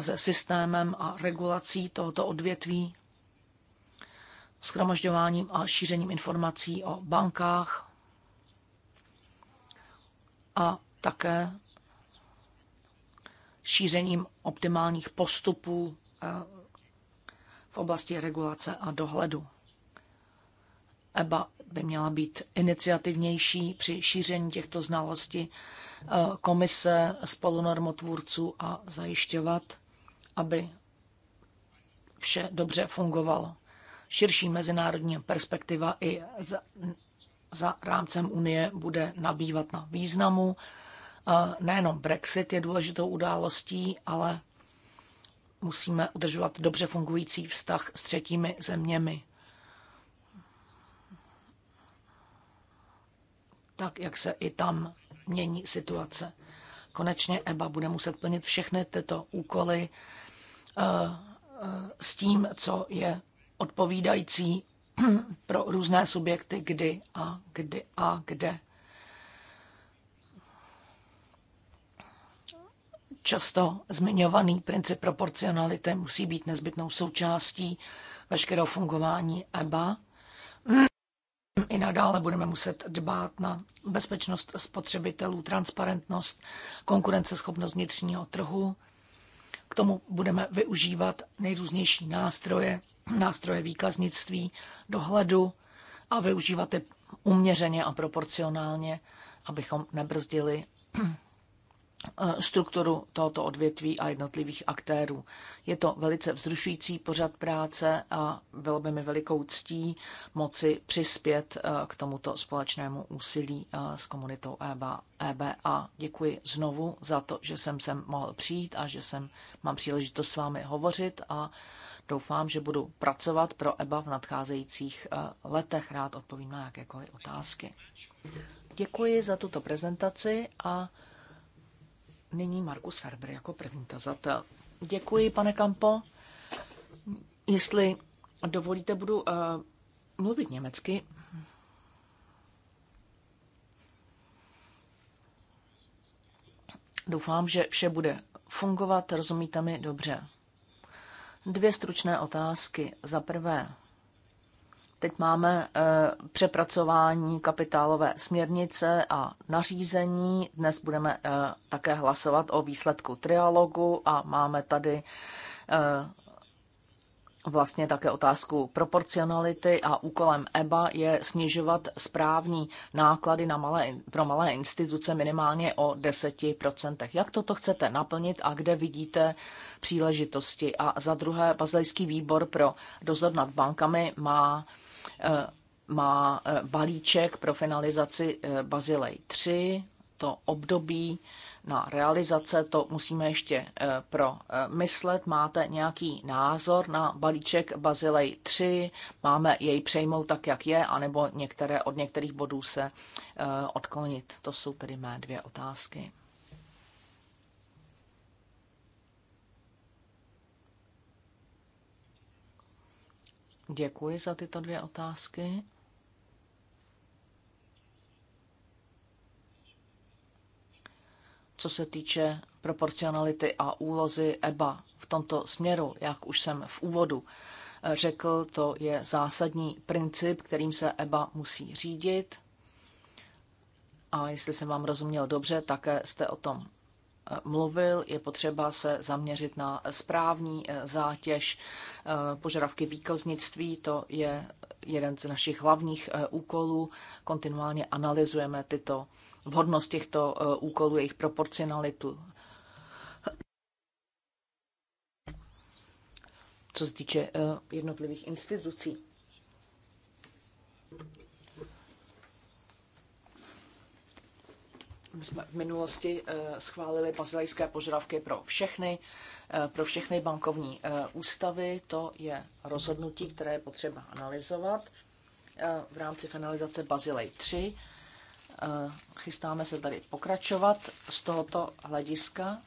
se systémem a regulací tohoto odvětví, schromažďováním a šířením informací o bankách a také šířením optimálních postupů eh, v oblasti regulace a dohledu. EBA by měla být iniciativnější při šíření těchto znalostí eh, komise spolunormotvůrců a zajišťovat, aby vše dobře fungovalo. Širší mezinárodní perspektiva i za, za rámcem Unie bude nabývat na významu. Eh, nejenom Brexit je důležitou událostí, ale musíme udržovat dobře fungující vztah s třetími zeměmi. tak jak se i tam mění situace. Konečně EBA bude muset plnit všechny tyto úkoly eh, eh, s tím, co je odpovídající *clears throat* pro různé subjekty, kdy a kdy a kde. Často zmiňovaný princip proporcionality musí být nezbytnou součástí veškerého fungování EBA i nadále budeme muset dbát na bezpečnost spotřebitelů, transparentnost, konkurenceschopnost vnitřního trhu. K tomu budeme využívat nejrůznější nástroje, nástroje výkaznictví, dohledu a využívat je uměřeně a proporcionálně, abychom nebrzdili Eh, strukturu tohoto odvětví a jednotlivých aktérů. Je to velice vzrušující pořad práce a bylo by mi velikou ctí moci přispět eh, k tomuto společnému úsilí eh, s komunitou EBA. EBA. Děkuji znovu za to, že jsem sem mohl přijít a že jsem, mám příležitost s vámi hovořit a doufám, že budu pracovat pro EBA v nadcházejících letech. Rád odpovím na jakékoliv otázky. Děkuji za tuto prezentaci a Nyní Markus Ferber jako první tazatel. Děkuji, pane Kampo. Jestli dovolíte, budu uh, mluvit německy. Doufám, že vše bude fungovat, rozumíte mi dobře. Dvě stručné otázky. Za prvé, Teď máme eh, přepracování kapitálové směrnice a nařízení. Dnes budeme eh, také hlasovat o výsledku trialogu a máme tady eh, vlastně také otázku proporcionality a úkolem EBA je snižovat správní náklady na malé, pro malé instituce minimálně o 10%. Jak toto chcete naplnit a kde vidíte příležitosti? A za druhé, Bazilejský výbor pro dozor nad bankami má Eh, má eh, balíček pro finalizaci eh, Bazilej 3, to období na realizace, to musíme ještě promyslet. Máte nějaký názor na balíček Bazilej 3? Máme jej přejmout tak, jak je, anebo některé, od některých bodů se odklonit? To jsou tedy mé dvě otázky. Děkuji za tyto dvě otázky. Co se týče proporcionality a úlozy EBA v tomto směru, jak už jsem v úvodu eh, řekl, to je zásadní princip, kterým se EBA musí řídit. A jestli jsem vám rozuměl dobře, také jste o tom mluvil, je potřeba se zaměřit na správní eh, zátěž, eh, požadavky výkaznictví, to je jeden z našich hlavních eh, úkolů. Kontinuálně analyzujeme tyto vhodnost těchto úkolů, jejich proporcionalitu. Co se týče jednotlivých institucí. My jsme v minulosti eh, schválili bazilejské požadavky pro všechny, eh, pro všechny bankovní eh, ústavy. To je rozhodnutí, které je potřeba analyzovat v rámci finalizace Bazilej 3. Chystáme se tady pokračovat z tohoto hlediska.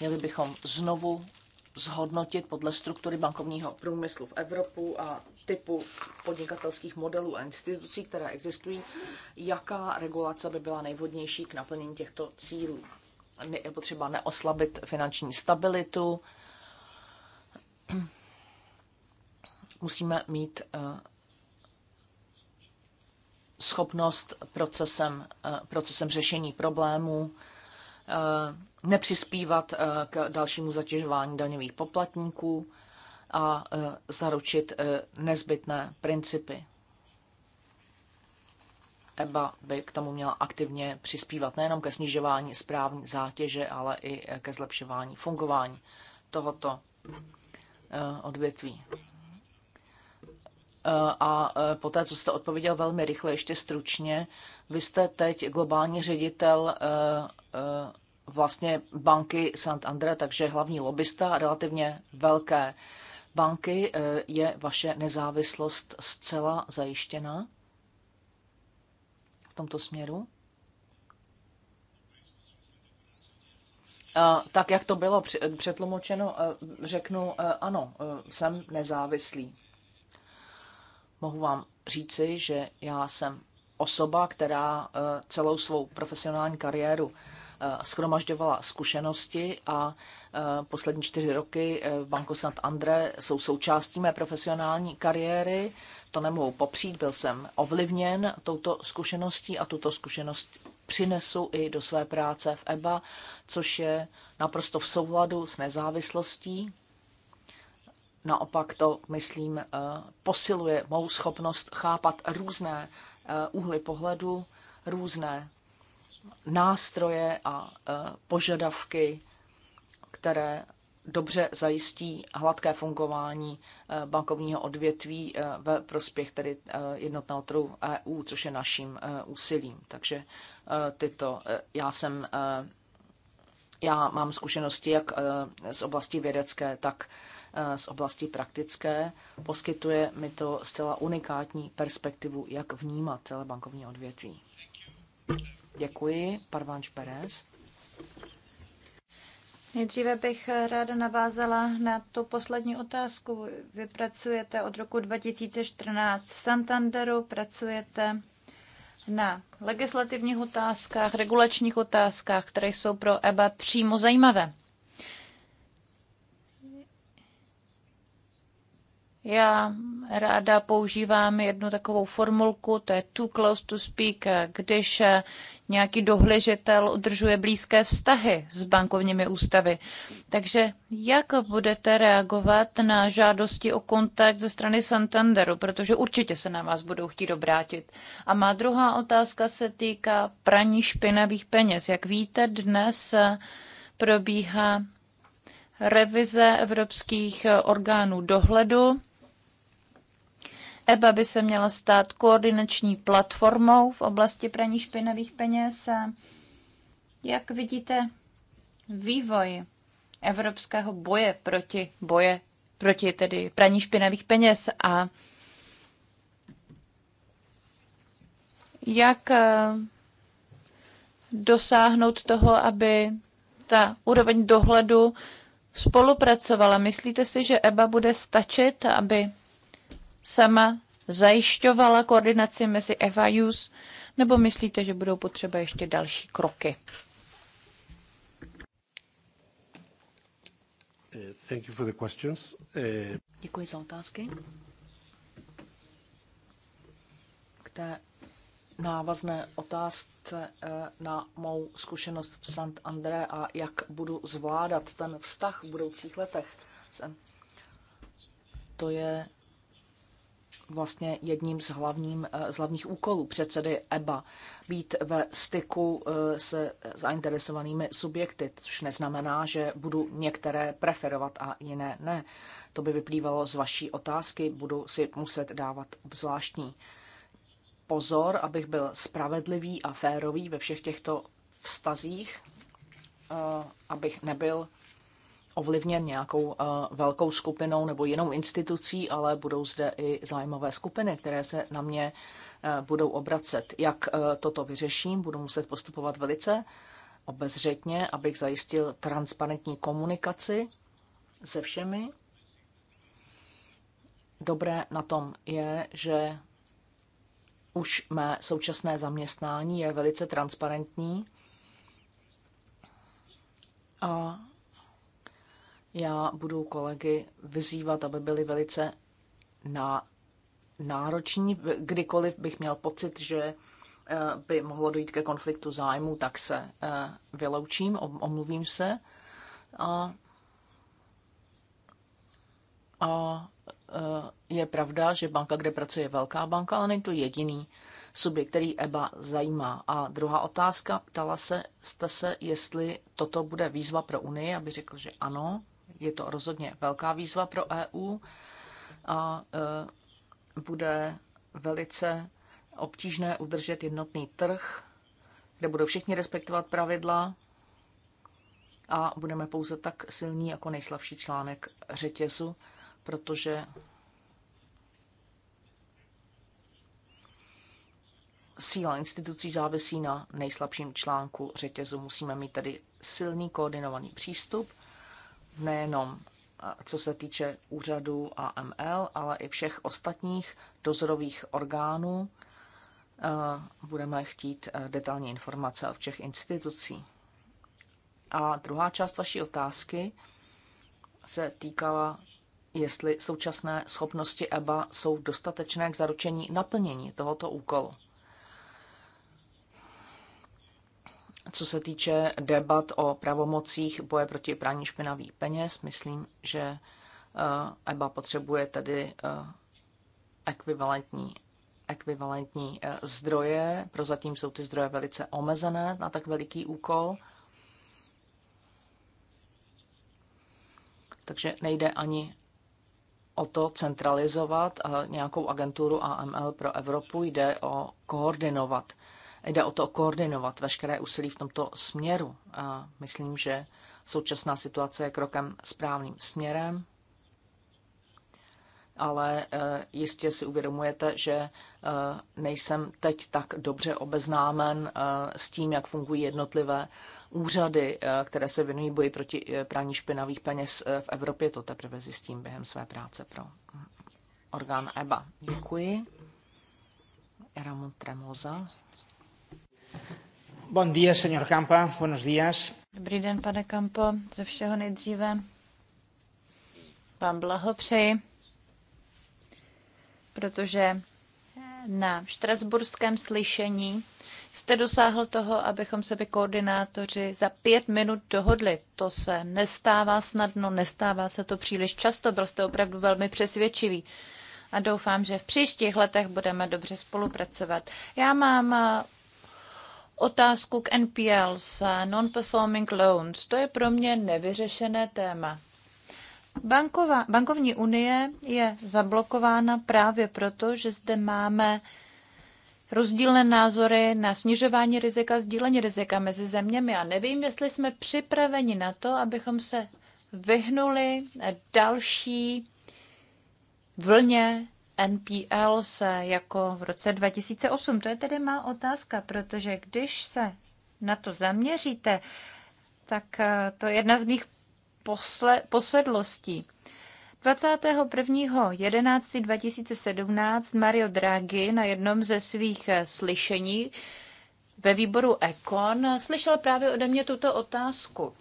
Měli bychom znovu zhodnotit podle struktury bankovního průmyslu v Evropu a typu podnikatelských modelů a institucí, které existují, jaká regulace by byla nejvhodnější k naplnění těchto cílů. Je potřeba neoslabit finanční stabilitu, *clears throat* musíme mít eh, schopnost procesem, eh, procesem řešení problémů, eh, nepřispívat k dalšímu zatěžování daňových poplatníků, a e, zaručit e, nezbytné principy. EBA by k tomu měla aktivně přispívat nejenom ke snižování správní zátěže, ale i e, ke zlepšování fungování tohoto odvětví. A poté, co jste odpověděl velmi rychle, ještě stručně, vy jste teď globální ředitel vlastně banky Sant takže hlavní lobista relativně velké banky eh, je vaše nezávislost zcela zajištěna v tomto směru? Eh, tak, jak to bylo přetlumočeno, eh, řeknu ano, jsem nezávislý. Mohu vám říci, že já jsem osoba, která celou svou profesionální kariéru Eh, schromažďovala zkušenosti a eh, poslední čtyři roky v eh, Banku Sant Andre jsou součástí mé profesionální kariéry. To nemohu popřít, byl jsem ovlivněn touto zkušeností a tuto zkušenost přinesu i do své práce v EBA, což je naprosto v souladu s nezávislostí. Naopak to, myslím, posiluje mou schopnost chápat různé úhly pohledu, různé nástroje a e, požadavky, které dobře zajistí hladké fungování e, bankovního odvětví e, ve prospěch tedy jednotného trhu EU, což je naším úsilím. Takže tyto, já jsem, já mám zkušenosti jak z oblasti vědecké, tak z oblasti praktické. Poskytuje mi to zcela unikátní perspektivu, jak vnímat celé bankovní odvětví. Thank you. Děkuji, Parvánč Perez. Nejdříve bych ráda navázala na tu poslední otázku. Vy pracujete od roku 2014 v Santanderu, pracujete na legislativních otázkách, regulačních otázkách, které jsou pro EBA přímo zajímavé. Já ráda používám jednu takovou formulku, to je too close to speak. Když nějaký dohležitel udržuje blízké vztahy s bankovními ústavy. Takže jak budete reagovat na žádosti o kontakt ze strany Santanderu, protože určitě se na vás budou chtít obrátit. A má druhá otázka se týká praní špinavých peněz. Jak víte, dnes probíhá revize evropských orgánů dohledu EBA by se měla stát koordinační platformou v oblasti praní špinavých peněz. a Jak vidíte vývoj evropského boje proti boje proti tedy praní špinavých peněz a jak eh, dosáhnout toho, aby ta úroveň dohledu spolupracovala. Myslíte si, že EBA bude stačit, aby sama zajišťovala koordinaci mezi FIUs, nebo myslíte, že budou potřeba ještě další kroky? Eh, thank you for the questions. Eh, Děkuji za otázky. K té návazné otázce eh, na mou zkušenost v Sant André a jak budu zvládat ten vztah v budoucích letech. To je vlastně jedním z, hlavním, eh, z hlavních úkolů předsedy EBA být ve styku eh, se zainteresovanými subjekty, což neznamená, že budu některé preferovat a jiné ne. To by vyplývalo z vaší otázky, budu si muset dávat zvláštní pozor, abych byl spravedlivý a férový ve všech těchto vztazích, eh, abych nebyl ovlivněn nějakou eh, velkou skupinou nebo jinou institucí, ale budou zde i zájmové skupiny, které se na mě eh, budou obracet. Jak eh, toto vyřeším, budu muset postupovat velice obezřetně, abych zajistil transparentní komunikaci se všemi. Dobré na tom je, že už mé současné zaměstnání je velice transparentní a já budu kolegy vyzývat, aby byli velice na nároční. Kdykoliv bych měl pocit, že eh, by mohlo dojít ke konfliktu zájmu, tak se eh, vyloučím, omluvím se. A, a eh, je pravda, že banka, kde pracuje velká banka, ale není to jediný subjekt, který EBA zajímá. A druhá otázka, ptala se, jste se, jestli toto bude výzva pro Unii, aby řekl, že ano. Je to rozhodně velká výzva pro EU a e, bude velice obtížné udržet jednotný trh, kde budou všichni respektovat pravidla a budeme pouze tak silní jako nejslabší článek řetězu, protože síla institucí závisí na nejslabším článku řetězu. Musíme mít tedy silný koordinovaný přístup nejenom co se týče úřadu AML, ale i všech ostatních dozorových orgánů. Eh, budeme chtít eh, detailní informace o všech institucí. A druhá část vaší otázky se týkala, jestli současné schopnosti EBA jsou dostatečné k zaručení naplnění tohoto úkolu. Co se týče debat o pravomocích boje proti praní špinavých peněz, myslím, že eh, EBA potřebuje tedy eh, ekvivalentní, ekvivalentní eh, zdroje. Prozatím jsou ty zdroje velice omezené na tak veliký úkol. Takže nejde ani o to centralizovat nějakou agenturu AML pro Evropu, jde o koordinovat Jde o to koordinovat veškeré úsilí v tomto směru. A myslím, že současná situace je krokem správným směrem, ale e, jistě si uvědomujete, že e, nejsem teď tak dobře obeznámen e, s tím, jak fungují jednotlivé úřady, které se věnují boji proti praní špinavých peněz v Evropě. To teprve zjistím během své práce pro mm, orgán EBA. Děkuji. Ramon Tremoza. Bon dia, Campa. Buenos días. Dobrý den, pane Campo. Ze všeho nejdříve vám blahopřeji, protože na štrasburském slyšení jste dosáhl toho, abychom se by koordinátoři za pět minut dohodli. To se nestává snadno, nestává se to příliš často, byl jste opravdu velmi přesvědčivý. A doufám, že v příštích letech budeme dobře spolupracovat. Já mám otázku k NPLs, non-performing loans. To je pro mě nevyřešené téma. Banková, bankovní unie je zablokována právě proto, že zde máme rozdílné názory na snižování rizika, sdílení rizika mezi zeměmi. A nevím, jestli jsme připraveni na to, abychom se vyhnuli další vlně NPL se jako v roce 2008. To je tedy má otázka, protože když se na to zaměříte, tak eh, to je jedna z mých posle, posedlostí. 21.11.2017 Mario Draghi na jednom ze svých eh, slyšení ve výboru Econ slyšel právě ode mě tuto otázku.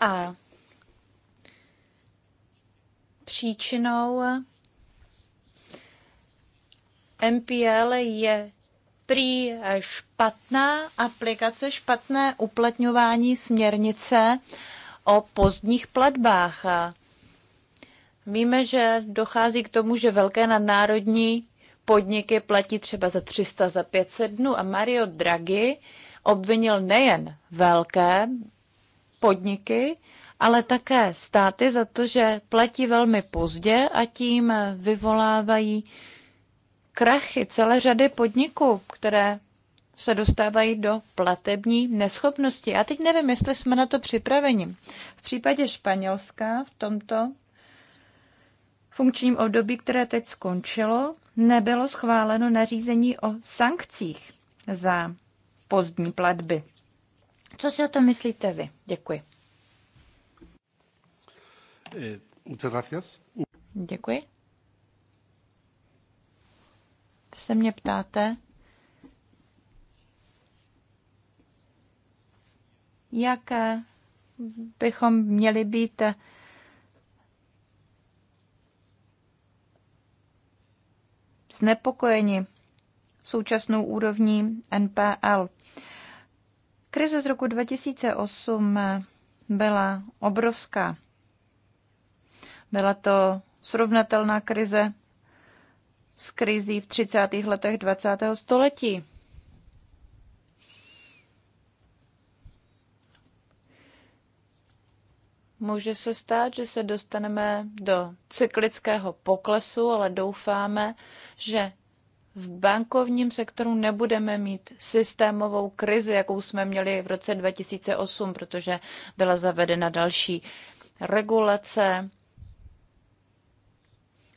A příčinou eh, MPL je prý špatná aplikace, špatné uplatňování směrnice o pozdních platbách. Víme, že dochází k tomu, že velké nadnárodní podniky platí třeba za 300, za 500 dnů a Mario Draghi obvinil nejen velké podniky, ale také státy za to, že platí velmi pozdě a tím vyvolávají krachy celé řady podniků, které se dostávají do platební neschopnosti. A teď nevím, jestli jsme na to připraveni. V případě Španělska v tomto funkčním období, které teď skončilo, nebylo schváleno nařízení o sankcích za pozdní platby. Co si o to myslíte vy? Děkuji. Eh, Děkuji se mě ptáte, jak bychom měli být znepokojeni současnou úrovní NPL. Krize z roku 2008 byla obrovská. Byla to srovnatelná krize s krizí v 30. letech 20. století. Může se stát, že se dostaneme do cyklického poklesu, ale doufáme, že v bankovním sektoru nebudeme mít systémovou krizi, jakou jsme měli v roce 2008, protože byla zavedena další regulace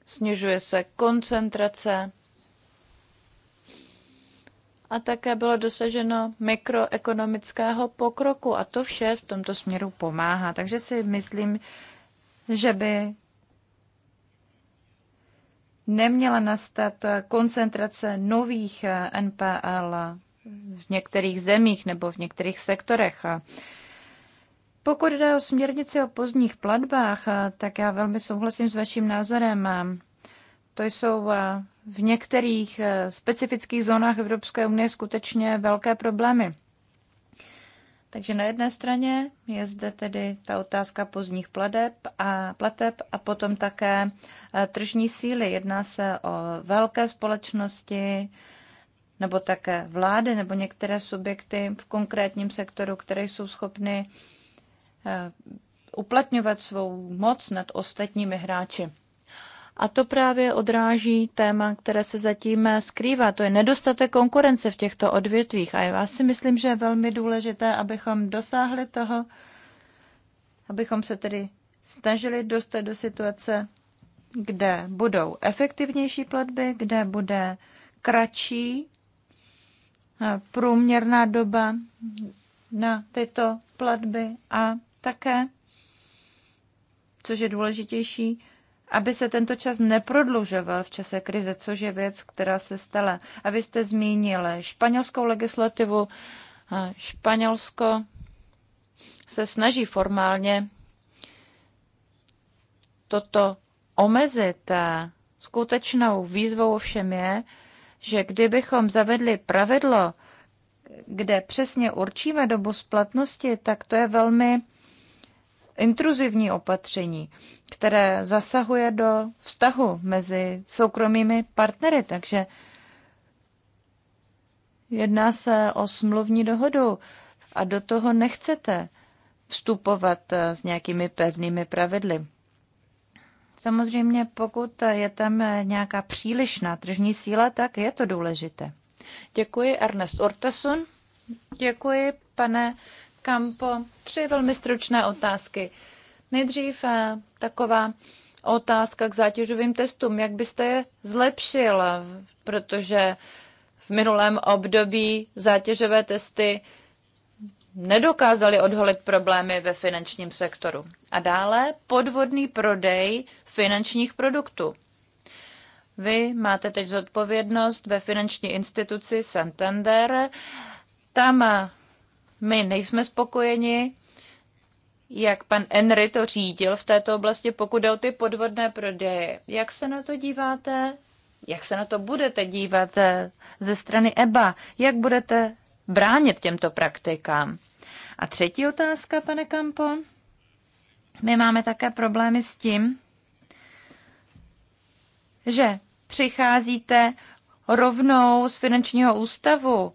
snižuje se koncentrace a také bylo dosaženo mikroekonomického pokroku a to vše v tomto směru pomáhá. Takže si myslím, že by neměla nastat koncentrace nových NPL v některých zemích nebo v některých sektorech. Pokud jde o směrnici o pozdních platbách, tak já velmi souhlasím s vaším názorem. To jsou v některých specifických zónách Evropské unie skutečně velké problémy. Takže na jedné straně je zde tedy ta otázka pozdních plateb a, plateb a potom také tržní síly. Jedná se o velké společnosti nebo také vlády nebo některé subjekty v konkrétním sektoru, které jsou schopny Eh, uplatňovat svou moc nad ostatními hráči. A to právě odráží téma, které se zatím eh, skrývá. To je nedostatek konkurence v těchto odvětvích. A já si myslím, že je velmi důležité, abychom dosáhli toho, abychom se tedy snažili dostat do situace, kde budou efektivnější platby, kde bude kratší eh, průměrná doba na tyto platby a také, což je důležitější, aby se tento čas neprodlužoval v čase krize, což je věc, která se stala. A vy jste španělskou legislativu. Španělsko se snaží formálně toto omezit. Skutečnou výzvou ovšem je, že kdybychom zavedli pravidlo, kde přesně určíme dobu splatnosti, tak to je velmi intruzivní opatření, které zasahuje do vztahu mezi soukromými partnery. Takže jedná se o smluvní dohodu a do toho nechcete vstupovat s nějakými pevnými pravidly. Samozřejmě, pokud je tam nějaká přílišná tržní síla, tak je to důležité. Děkuji, Ernest Ortasun. Děkuji, pane Campo. Tři velmi stručné otázky. Nejdřív eh, taková otázka k zátěžovým testům. Jak byste je zlepšil? Protože v minulém období zátěžové testy nedokázaly odholit problémy ve finančním sektoru. A dále podvodný prodej finančních produktů. Vy máte teď zodpovědnost ve finanční instituci Santander. Tam my nejsme spokojeni, jak pan Enry to řídil v této oblasti, pokud jde o ty podvodné prodeje. Jak se na to díváte? Jak se na to budete dívat eh, ze strany EBA? Jak budete bránit těmto praktikám? A třetí otázka, pane Kampo. My máme také problémy s tím, že přicházíte rovnou z finančního ústavu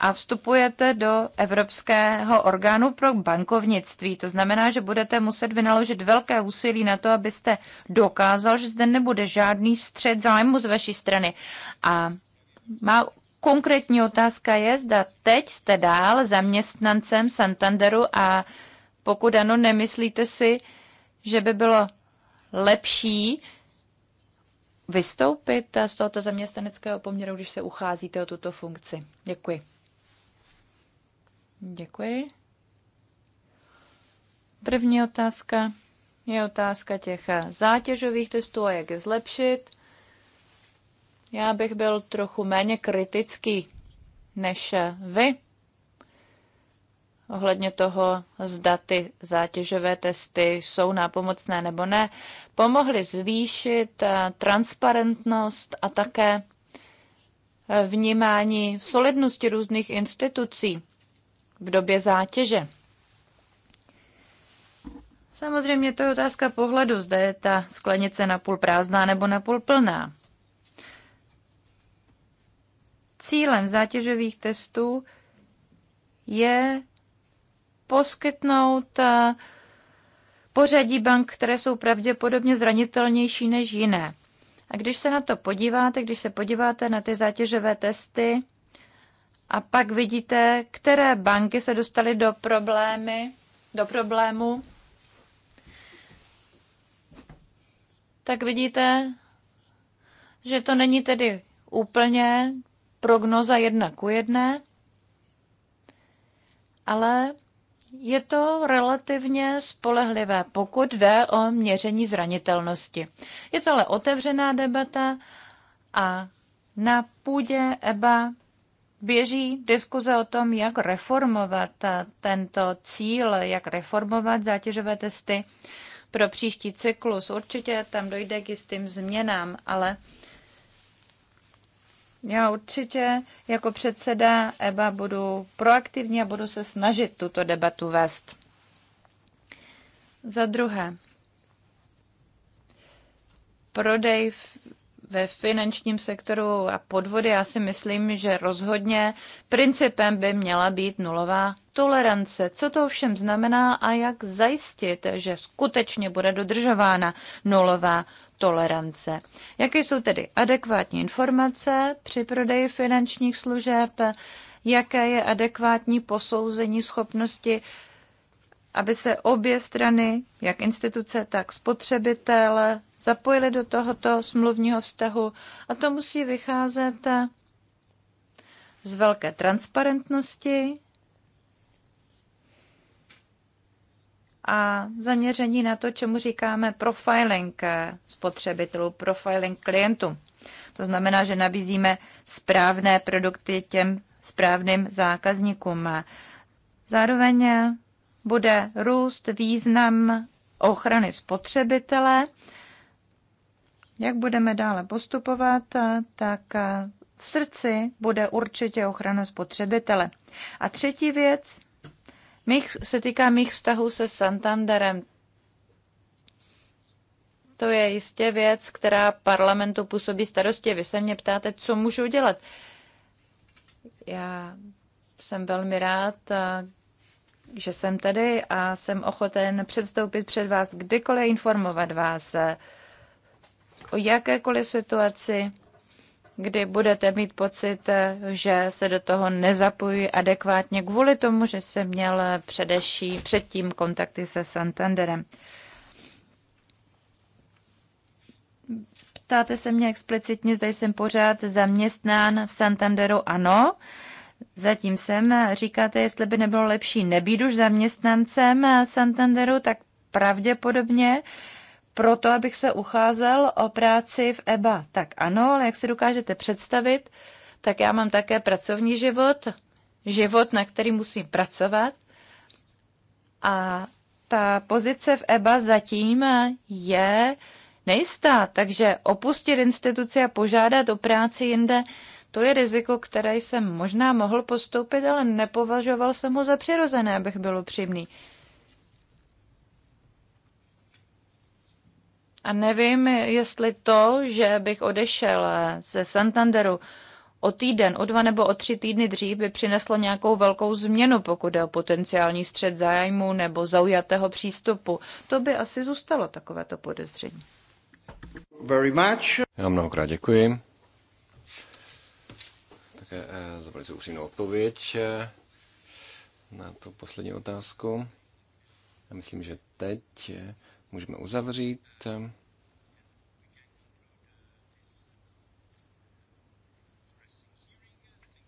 a vstupujete do Evropského orgánu pro bankovnictví. To znamená, že budete muset vynaložit velké úsilí na to, abyste dokázal, že zde nebude žádný střed zájmu z vaší strany. A má konkrétní otázka je, zda teď jste dál zaměstnancem Santanderu a pokud ano, nemyslíte si, že by bylo lepší vystoupit z tohoto zaměstnaneckého poměru, když se ucházíte o tuto funkci? Děkuji. Děkuji. První otázka je otázka těch zátěžových testů a jak je zlepšit. Já bych byl trochu méně kritický než vy ohledně toho, zda ty zátěžové testy jsou nápomocné nebo ne, pomohly zvýšit eh, transparentnost a také vnímání solidnosti různých institucí v době zátěže. Samozřejmě to je otázka pohledu, zda je ta sklenice napůl prázdná nebo napůl plná. Cílem zátěžových testů je poskytnout eh, pořadí bank, které jsou pravděpodobně zranitelnější než jiné. A když se na to podíváte, když se podíváte na ty zátěžové testy, a pak vidíte, které banky se dostaly do problémy, do problému. Tak vidíte, že to není tedy úplně prognoza jedna ku jedné, ale je to relativně spolehlivé, pokud jde o měření zranitelnosti. Je to ale otevřená debata a na půdě EBA běží diskuze o tom, jak reformovat tento cíl, jak reformovat zátěžové testy pro příští cyklus. Určitě tam dojde k jistým změnám, ale já určitě jako předseda EBA budu proaktivní a budu se snažit tuto debatu vést. Za druhé, prodej ve finančním sektoru a podvody, já si myslím, že rozhodně principem by měla být nulová tolerance. Co to ovšem znamená a jak zajistit, že skutečně bude dodržována nulová tolerance. Jaké jsou tedy adekvátní informace při prodeji finančních služeb, jaké je adekvátní posouzení schopnosti aby se obě strany, jak instituce, tak spotřebitel, zapojili do tohoto smluvního vztahu a to musí vycházet z velké transparentnosti a zaměření na to, čemu říkáme profiling spotřebitelů, profiling klientů. To znamená, že nabízíme správné produkty těm správným zákazníkům. Zároveň bude růst význam ochrany spotřebitele jak budeme dále postupovat, tak v srdci bude určitě ochrana spotřebitele. A třetí věc mých, se týká mých vztahů se Santanderem. To je jistě věc, která parlamentu působí starosti. Vy se mě ptáte, co můžu dělat. Já jsem velmi rád, že jsem tady a jsem ochoten předstoupit před vás kdykoliv informovat vás o jakékoliv situaci, kdy budete mít pocit, že se do toho nezapojí adekvátně kvůli tomu, že jsem měl předeší, předtím kontakty se Santanderem. Ptáte se mě explicitně, zda jsem pořád zaměstnán v Santanderu? Ano. Zatím jsem. Říkáte, jestli by nebylo lepší nebýt už zaměstnancem Santanderu, tak pravděpodobně pro to, abych se ucházel o práci v EBA. Tak ano, ale jak si dokážete představit, tak já mám také pracovní život, život, na který musím pracovat. A ta pozice v EBA zatím je nejistá, takže opustit instituci a požádat o práci jinde, to je riziko, které jsem možná mohl postoupit, ale nepovažoval jsem ho za přirozené, abych byl upřímný. A nevím, jestli to, že bych odešel ze Santanderu o týden, o dva nebo o tři týdny dřív, by přineslo nějakou velkou změnu, pokud je o potenciální střed zájmu nebo zaujatého přístupu. To by asi zůstalo takovéto podezření. Very much. Já mnohokrát děkuji. Také eh, za velice upřímnou odpověď eh, na tu poslední otázku. Já myslím, že teď eh, můžeme uzavřít.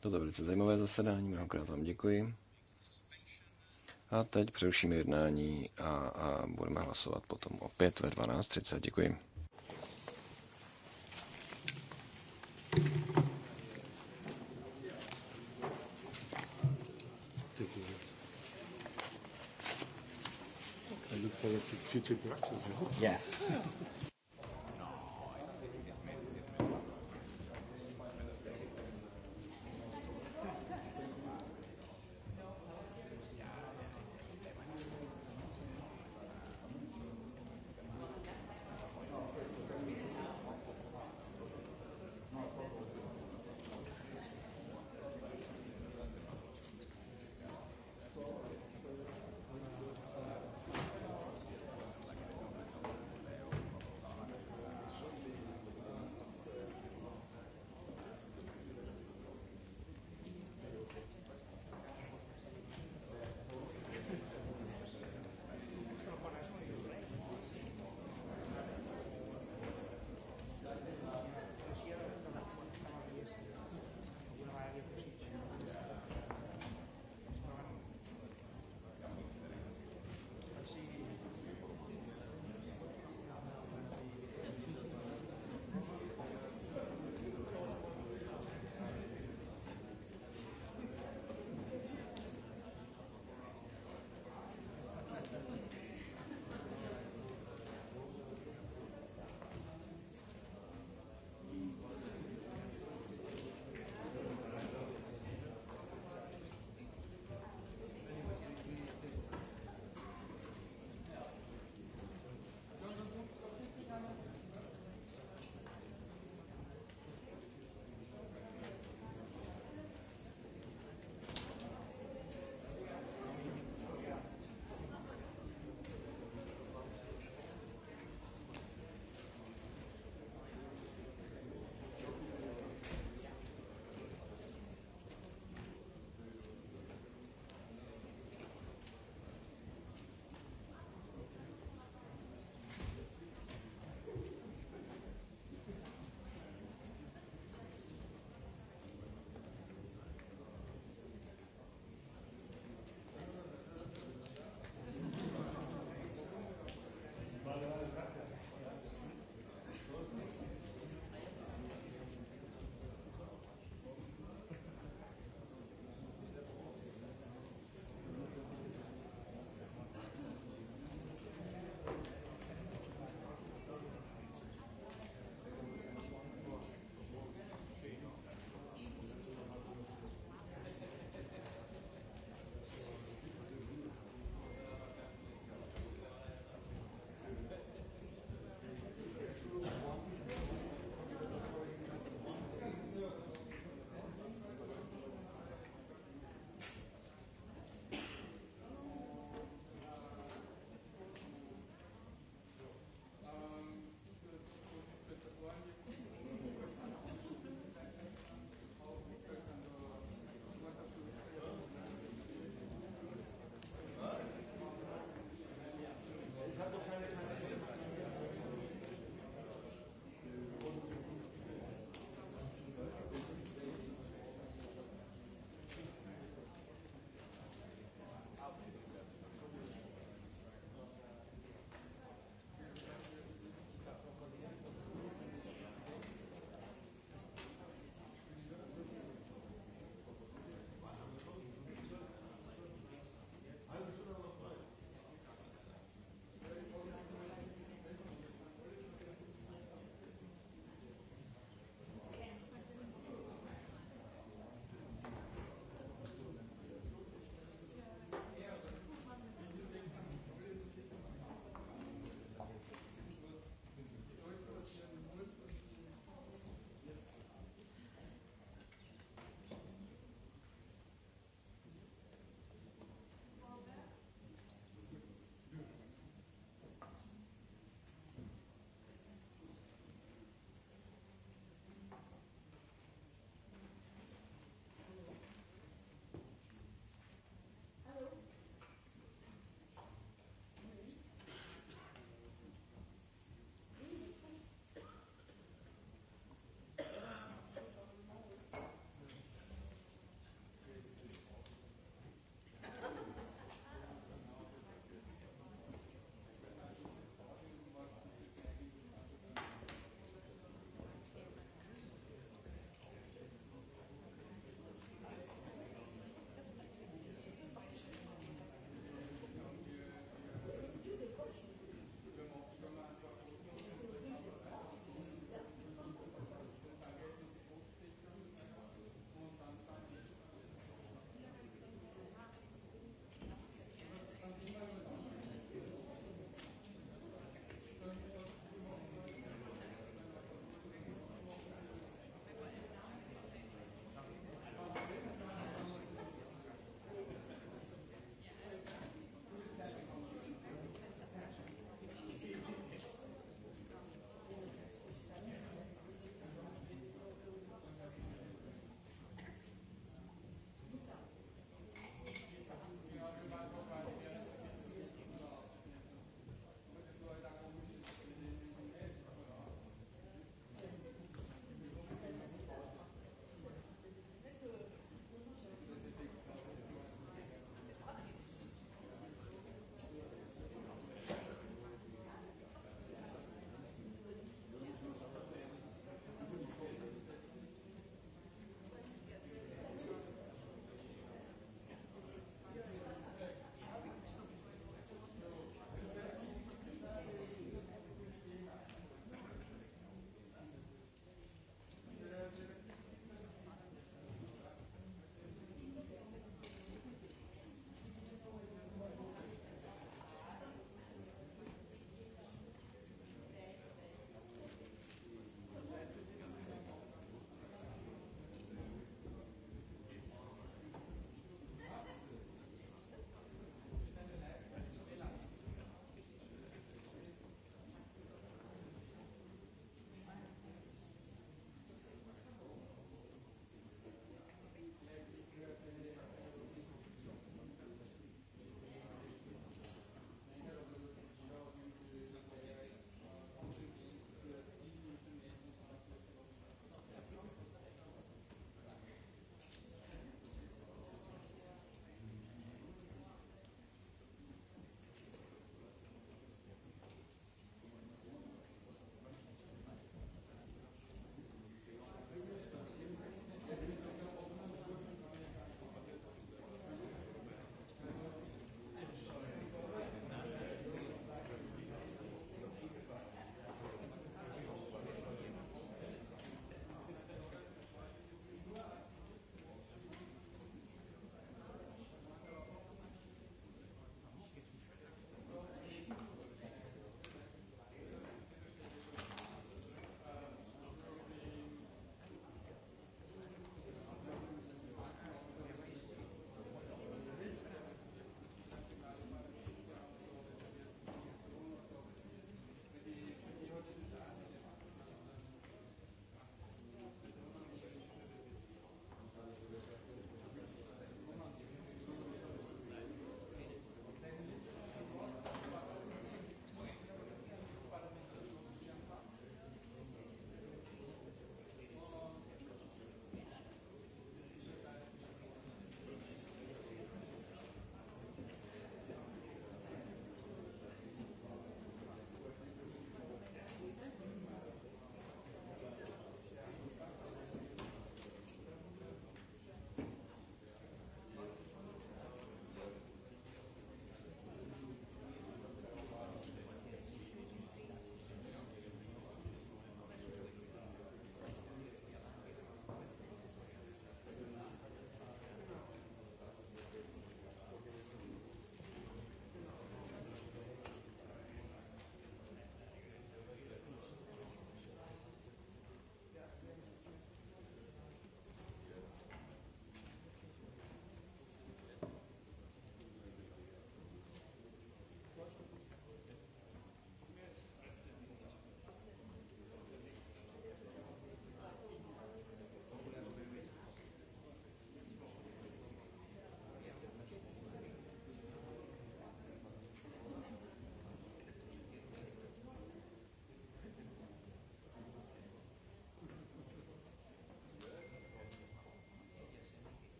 Toto velice zajímavé zasedání, mnohokrát vám děkuji. A teď přerušíme jednání a, a budeme hlasovat potom opět ve 12.30. Děkuji. look forward to future interactions, I hope. Yes. Oh.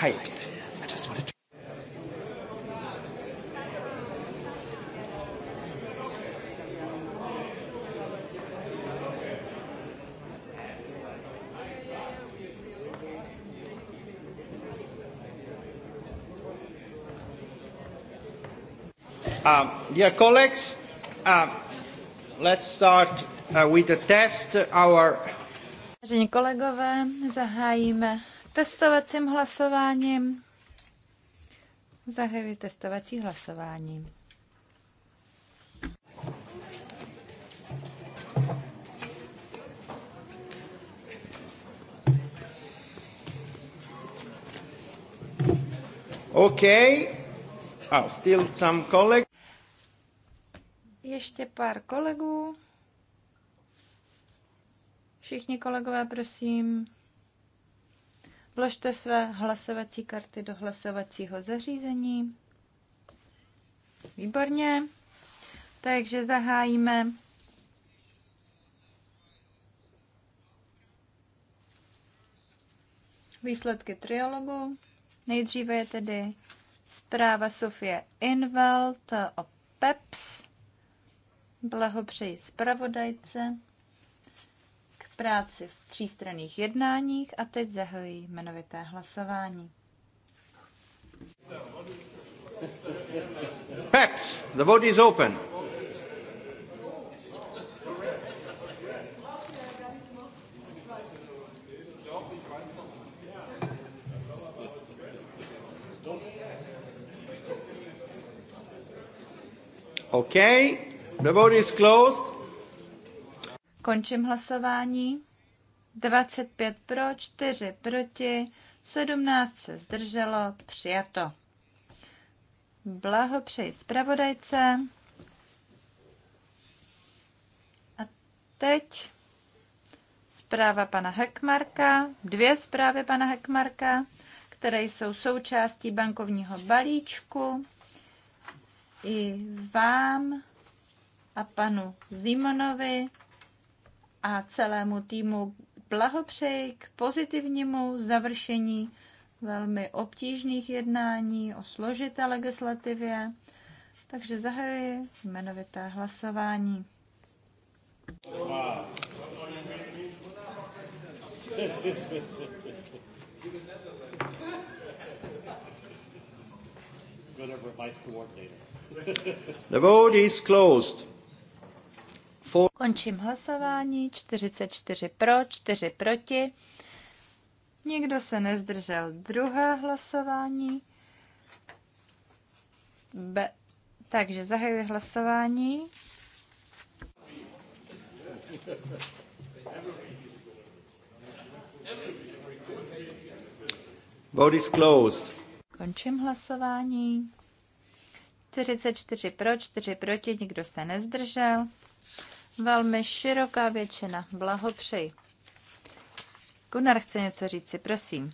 height. I just want to. Uh, dear colleagues, uh, let's start uh, with the test. Our Vážení kolegové, zahájíme testovacím hlasováním. Zahajuji testovací hlasování. Okay. Oh, still some colleagues. Ještě pár kolegů. Všichni kolegové, prosím, Vložte své hlasovací karty do hlasovacího zařízení. Výborně. Takže zahájíme výsledky triologu. Nejdříve je tedy zpráva Sofie Invelt o PEPS. Blahopřeji zpravodajce práci v třístranných jednáních a teď zahojí jmenovité hlasování. PEPS, the vote is open. Okay, the vote is closed. Končím hlasování. 25 pro, 4 proti, 17 se zdrželo, přijato. Blahopřeji zpravodajce. A teď zpráva pana Hekmarka, dvě zprávy pana Hekmarka, které jsou součástí bankovního balíčku. I vám a panu Zimonovi a celému týmu blahopřeji k pozitivnímu završení velmi obtížných jednání o složité legislativě. Takže zahajuji jmenovité hlasování. The vote is closed. Končím hlasování. 44 pro, 4 proti. Nikdo se nezdržel. Druhé hlasování. Be- Takže zahajuji hlasování. Vote is closed. Končím hlasování. 44 pro, 4 proti, nikdo se nezdržel. Velmi široká většina. Blahopřeji. Gunnar chce něco říct, si, prosím.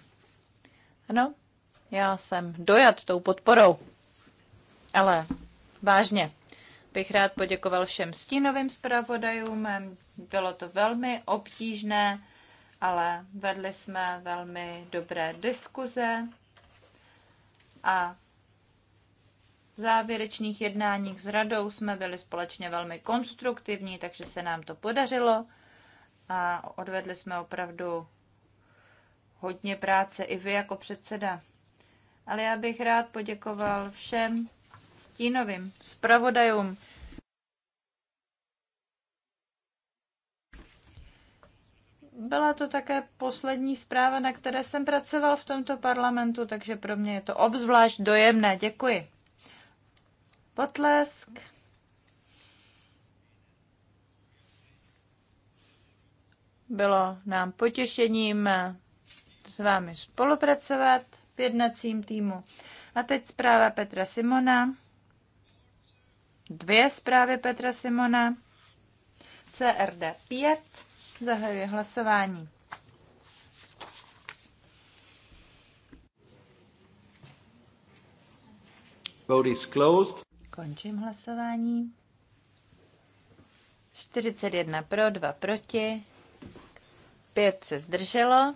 Ano, já jsem dojat tou podporou. Ale vážně, bych rád poděkoval všem stínovým zpravodajům. Bylo to velmi obtížné, ale vedli jsme velmi dobré diskuze a v závěrečných jednáních s radou jsme byli společně velmi konstruktivní, takže se nám to podařilo a odvedli jsme opravdu hodně práce i vy jako předseda. Ale já bych rád poděkoval všem stínovým zpravodajům. Byla to také poslední zpráva, na které jsem pracoval v tomto parlamentu, takže pro mě je to obzvlášť dojemné. Děkuji. Potlesk. Bylo nám potěšením s vámi spolupracovat v jednacím týmu. A teď zpráva Petra Simona. Dvě zprávy Petra Simona. CRD 5. Zahajuje hlasování. Vote is closed. Končím hlasování. 41 pro, 2 proti, 5 se zdrželo.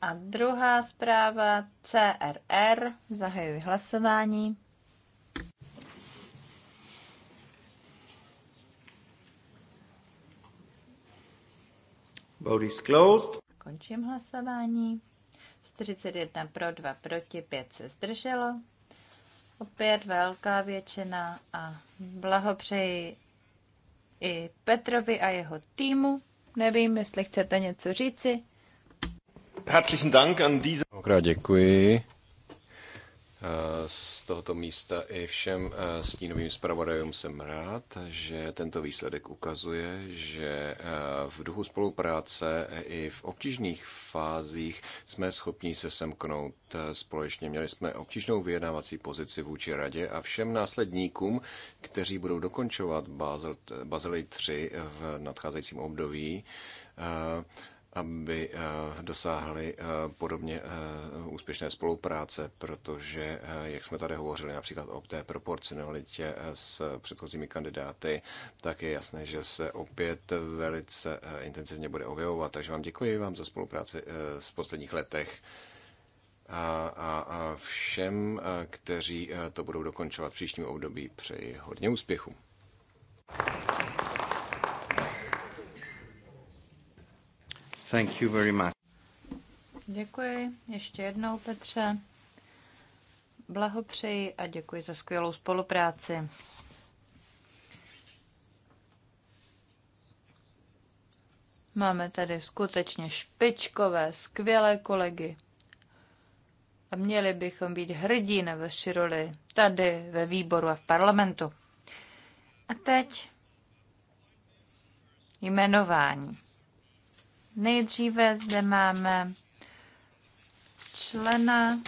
A druhá zpráva CRR, zahajuji hlasování. Vote is closed. Končím hlasování. 41 pro, 2 proti, 5 se zdrželo. Opět velká většina a blahopřeji i Petrovi a jeho týmu. Nevím, jestli chcete něco říci. Herzlichen Dank an diese... Děkuji Eh, z tohoto místa i všem eh, stínovým zpravodajům jsem rád, že tento výsledek ukazuje, že eh, v duchu spolupráce i v obtížných fázích jsme schopni se semknout společně. Měli jsme obtížnou vyjednávací pozici vůči radě a všem následníkům, kteří budou dokončovat Basel, Basel 3 v nadcházejícím období, aby eh, dosáhli eh, podobně eh, úspěšné spolupráce, protože, jak jsme tady hovořili například o té proporcionalitě s předchozími kandidáty, tak je jasné, že se opět velice intenzivně bude objevovat. Takže vám děkuji vám za spolupráci z posledních letech a, a, a všem, kteří to budou dokončovat v příštím období, přeji hodně úspěchu. Thank you very much. Děkuji ještě jednou, Petře. Blahopřeji a děkuji za skvělou spolupráci. Máme tady skutečně špičkové, skvělé kolegy. A měli bychom být hrdí na vaši roli tady ve výboru a v parlamentu. A teď jmenování. Nejdříve zde máme člena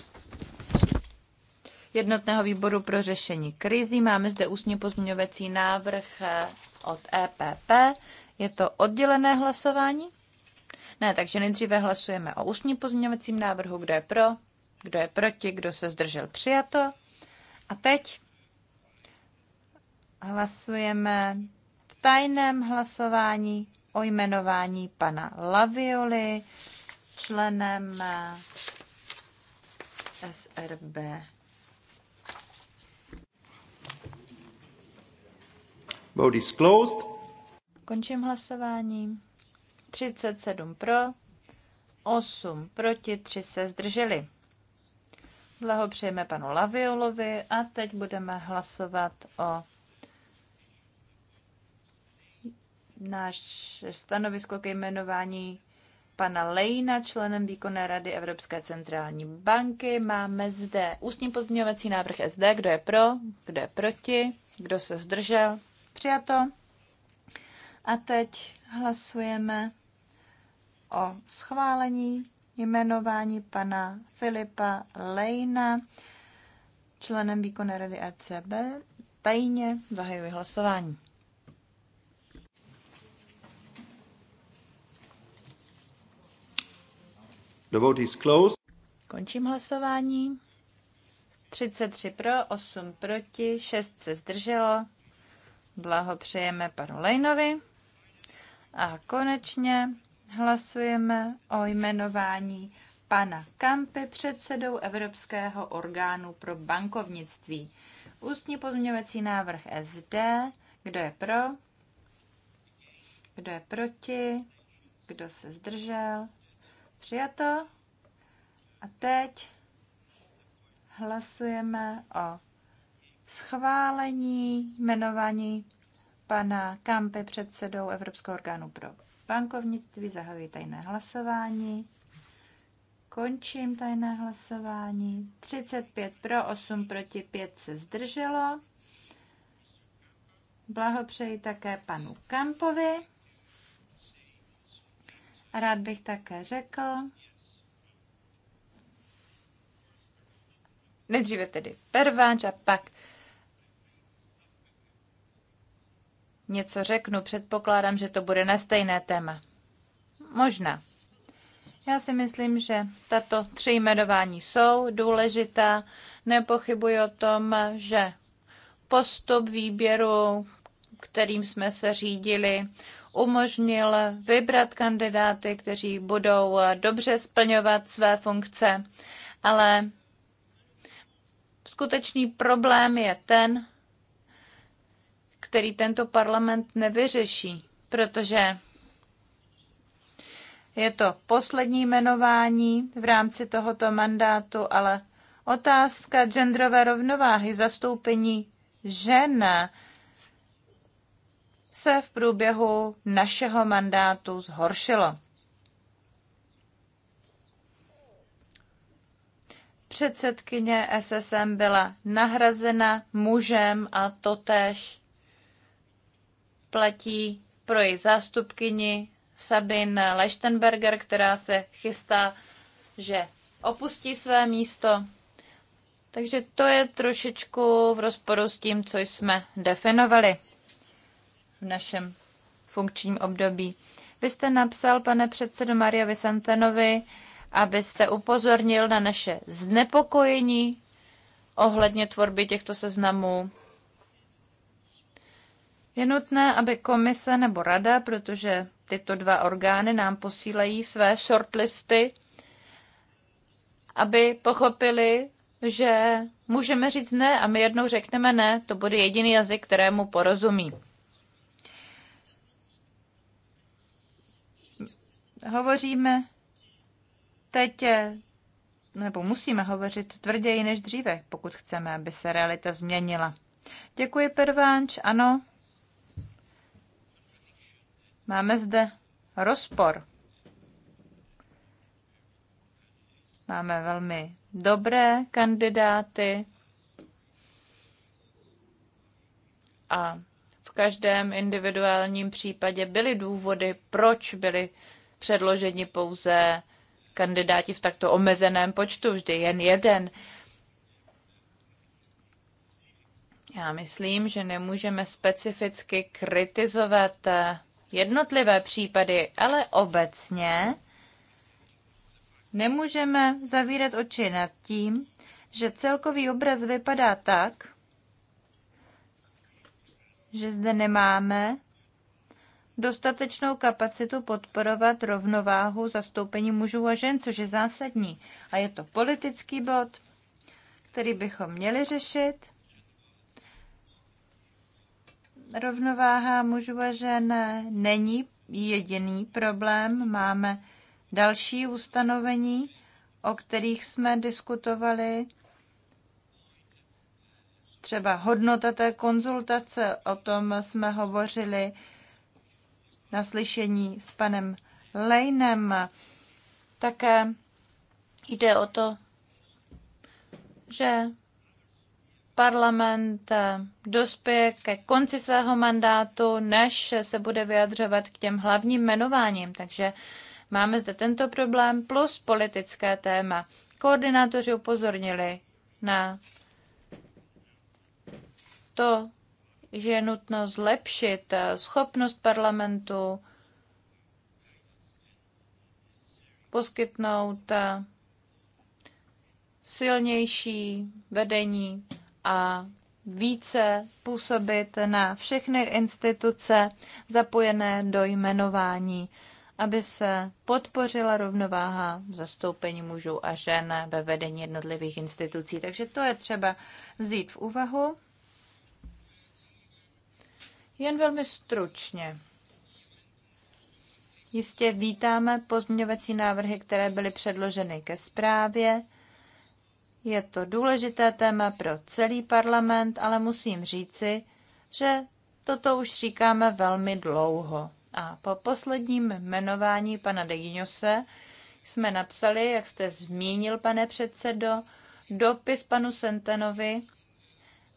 jednotného výboru pro řešení krizí. Máme zde ústně pozměňovací návrh eh, od EPP. Je to oddělené hlasování? Ne, takže nejdříve hlasujeme o ústním pozměňovacím návrhu, kdo je pro, kdo je proti, kdo se zdržel přijato. A teď hlasujeme v tajném hlasování o jmenování pana Lavioli členem eh, SRB. Vote is closed. Končím hlasování. 37 pro, 8 proti, 3 se zdrželi. Blahopřejeme panu Laviolovi a teď budeme hlasovat o Náš stanovisko ke jmenování pana Lejna, členem výkonné rady Evropské centrální banky. Máme zde ústní pozměňovací návrh SD, kdo je pro, kdo je proti, kdo se zdržel. Přijato. A teď hlasujeme o schválení jmenování pana Filipa Lejna členem výkonné rady ECB. Tajně zahajuji hlasování. The vote is closed. Končím hlasování. 33 pro, 8 proti, 6 se zdrželo. Blahopřejeme panu Lejnovi. A konečně hlasujeme o jmenování pana Kampy předsedou Evropského orgánu pro bankovnictví. Ústní pozměňovací návrh SD. Kdo je pro? Kdo je proti? Kdo se zdržel? Přijato. A teď hlasujeme o schválení jmenování pana Kampy předsedou Evropského orgánu pro bankovnictví. Zahajuji tajné hlasování. Končím tajné hlasování. 35 pro, 8 proti, 5 se zdrželo. Blahopřeji také panu Kampovi. Rád bych také řekl, nejdříve tedy pervánč a pak něco řeknu. Předpokládám, že to bude na stejné téma. Možná. Já si myslím, že tato tři jmenování jsou důležitá. Nepochybuji o tom, že postup výběru, kterým jsme se řídili, umožnil vybrat kandidáty, kteří budou eh, dobře splňovat své funkce, ale skutečný problém je ten, který tento parlament nevyřeší, protože je to poslední jmenování v rámci tohoto mandátu, ale otázka genderové rovnováhy, zastoupení žen se v průběhu našeho mandátu zhoršilo. Předsedkyně SSM byla nahrazena mužem a totéž platí pro její zástupkyni Sabin Lechtenberger, která se chystá, že opustí své místo. Takže to je trošičku v rozporu s tím, co jsme definovali v našem funkčním období. Vy jste napsal, pane předsedo Maria Visantenovi, abyste upozornil na naše znepokojení ohledně tvorby těchto seznamů. Je nutné, aby komise nebo rada, protože tyto dva orgány nám posílají své shortlisty, aby pochopili, že můžeme říct ne a my jednou řekneme ne, to bude jediný jazyk, kterému porozumí. Hovoříme teď, nebo musíme hovořit tvrději než dříve, pokud chceme, aby se realita změnila. Děkuji, Pervánč. Ano, máme zde rozpor. Máme velmi dobré kandidáty a v každém individuálním případě byly důvody, proč byly předloženi pouze kandidáti v takto omezeném počtu, vždy jen jeden. Já myslím, že nemůžeme specificky kritizovat jednotlivé případy, ale obecně nemůžeme zavírat oči nad tím, že celkový obraz vypadá tak, že zde nemáme dostatečnou kapacitu podporovat rovnováhu zastoupení mužů a žen, což je zásadní. A je to politický bod, který bychom měli řešit. Rovnováha mužů a žen není jediný problém. Máme další ustanovení, o kterých jsme diskutovali, třeba hodnota té konzultace, o tom jsme hovořili na slyšení s panem Lejnem. Také jde o to, že parlament dospěje ke konci svého mandátu, než se bude vyjadřovat k těm hlavním jmenováním. Takže máme zde tento problém plus politické téma. Koordinátoři upozornili na to, že je nutno zlepšit eh, schopnost parlamentu poskytnout eh, silnější vedení a více působit na všechny instituce zapojené do jmenování, aby se podpořila rovnováha zastoupení mužů a žen ve vedení jednotlivých institucí. Takže to je třeba vzít v úvahu. Jen velmi stručně. Jistě vítáme pozměňovací návrhy, které byly předloženy ke zprávě. Je to důležité téma pro celý parlament, ale musím říci, že toto už říkáme velmi dlouho. A po posledním jmenování pana Deginose jsme napsali, jak jste zmínil, pane předsedo, dopis panu Sentenovi,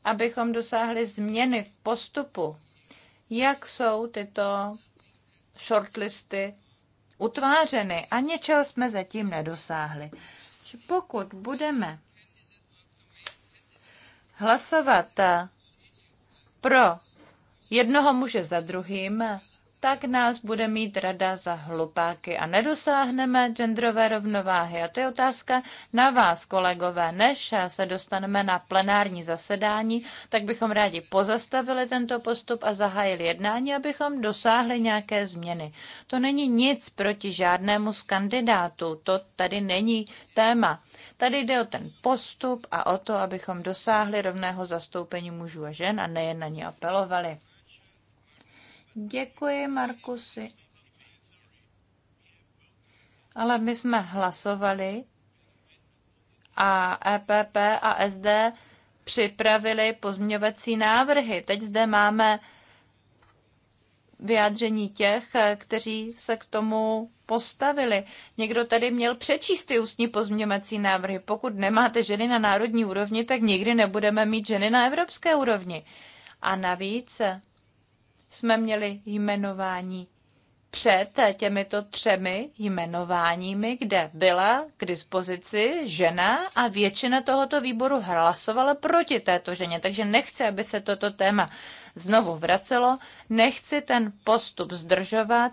abychom dosáhli změny v postupu jak jsou tyto shortlisty utvářeny a něčeho jsme zatím nedosáhli. Pokud budeme hlasovat pro jednoho muže za druhým, tak nás bude mít rada za hlupáky a nedosáhneme genderové rovnováhy. A to je otázka na vás, kolegové. Než se dostaneme na plenární zasedání, tak bychom rádi pozastavili tento postup a zahájili jednání, abychom dosáhli nějaké změny. To není nic proti žádnému z kandidátů, to tady není téma. Tady jde o ten postup a o to, abychom dosáhli rovného zastoupení mužů a žen a nejen na ně apelovali. Děkuji, Markusi. Ale my jsme hlasovali a EPP a SD připravili pozměňovací návrhy. Teď zde máme vyjádření těch, kteří se k tomu postavili. Někdo tady měl přečíst ty ústní pozměňovací návrhy. Pokud nemáte ženy na národní úrovni, tak nikdy nebudeme mít ženy na evropské úrovni. A navíc jsme měli jmenování před těmito třemi jmenováními, kde byla k dispozici žena a většina tohoto výboru hlasovala proti této ženě. Takže nechci, aby se toto téma znovu vracelo, nechci ten postup zdržovat.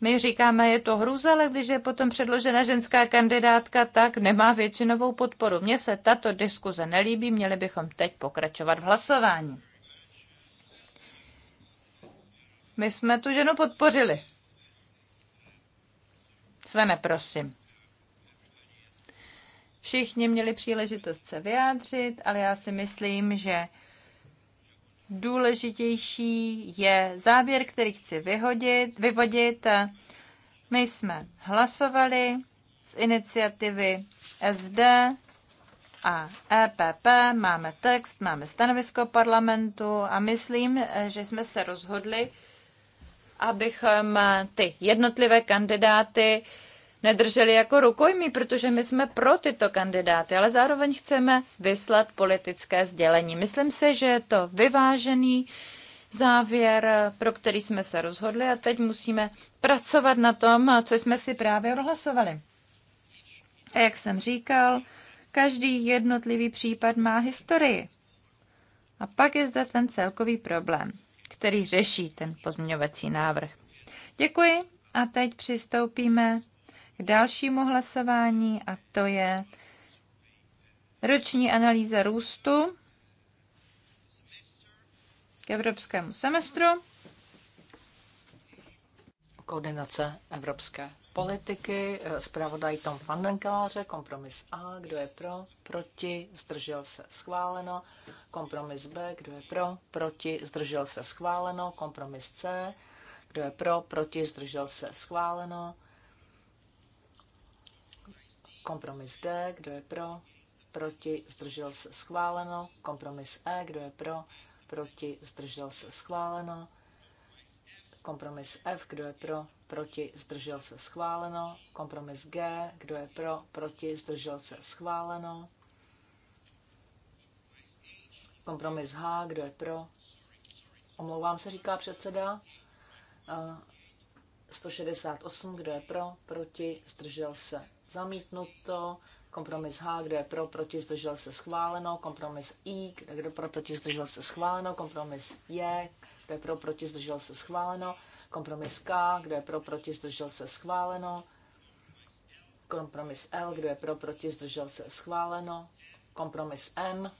My říkáme, je to hrůza, ale když je potom předložena ženská kandidátka, tak nemá většinovou podporu. Mně se tato diskuze nelíbí, měli bychom teď pokračovat v hlasování. My jsme tu ženu podpořili. Svene, prosím. Všichni měli příležitost se vyjádřit, ale já si myslím, že důležitější je závěr, který chci vyhodit, vyvodit. My jsme hlasovali z iniciativy SD a EPP, máme text, máme stanovisko parlamentu a myslím, že jsme se rozhodli, abychom ty jednotlivé kandidáty nedrželi jako rukojmí, protože my jsme pro tyto kandidáty, ale zároveň chceme vyslat politické sdělení. Myslím si, že je to vyvážený závěr, pro který jsme se rozhodli a teď musíme pracovat na tom, co jsme si právě odhlasovali. A jak jsem říkal, každý jednotlivý případ má historii. A pak je zde ten celkový problém který řeší ten pozměňovací návrh. Děkuji a teď přistoupíme k dalšímu hlasování a to je roční analýza růstu k evropskému semestru. Koordinace Evropské politiky. Eh, zpravodaj Tom Fandenkáře, kompromis A, kdo je pro, proti, zdržel se, schváleno. Kompromis B, kdo je pro, proti, zdržel se, schváleno. Kompromis C, kdo je pro, proti, zdržel se, schváleno. Kompromis D, kdo je pro, proti, zdržel se, schváleno. Kompromis E, kdo je pro, proti, zdržel se, schváleno. Kompromis F, kdo je pro, proti, zdržel se schváleno. Kompromis G, kdo je pro, proti, zdržel se schváleno. Kompromis H, kdo je pro, omlouvám se, říká předseda. 168, eh, kdo je pro, proti, zdržel se zamítnuto. Kompromis H, kdo je pro, proti, zdržel se schváleno. Kompromis I, kdo je pro, proti, zdržel se schváleno. Kompromis J, kdo je pro, proti, zdržel se schváleno. Kompromis K, kdo je pro, proti, zdržel se, schváleno. Kompromis L, kdo je pro, proti, zdržel se, schváleno. Kompromis M.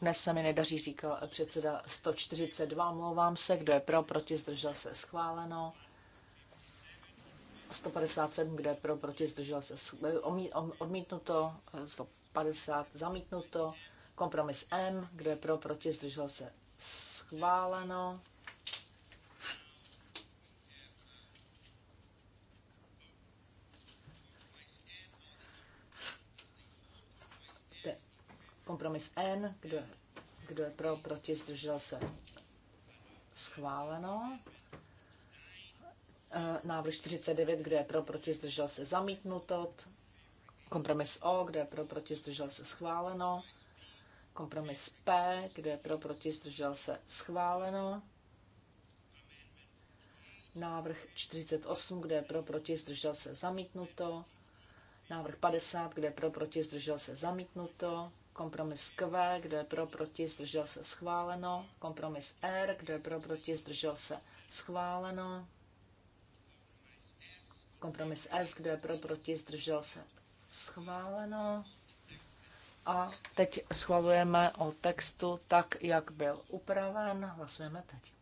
Dnes se mi nedaří, říkal předseda 142, mluvám se, kdo je pro, proti, zdržel se, schváleno. 157, kde pro, proti, zdržel se, odmítnuto, 150, zamítnuto, Kompromis M, kdo je pro, proti, zdržel se schváleno. Kompromis N, kdo, kdo je pro, proti, zdržel se schváleno. E, návrh 49, kdo je pro, proti, zdržel se zamítnuto. Kompromis O, kdo je pro, proti, zdržel se schváleno. Kompromis P, kdo je pro, proti, zdržel se, schváleno. Návrh 48, kde je pro, proti, zdržel se, zamítnuto. Návrh 50, kde je pro, proti, zdržel se, zamítnuto. Kompromis Q, kde je pro, proti, zdržel se, schváleno. Kompromis R, kde je pro, proti, zdržel se, schváleno. Kompromis S, kde je pro, proti, zdržel se, schváleno. A teď schvalujeme o textu tak, jak byl upraven. Hlasujeme teď.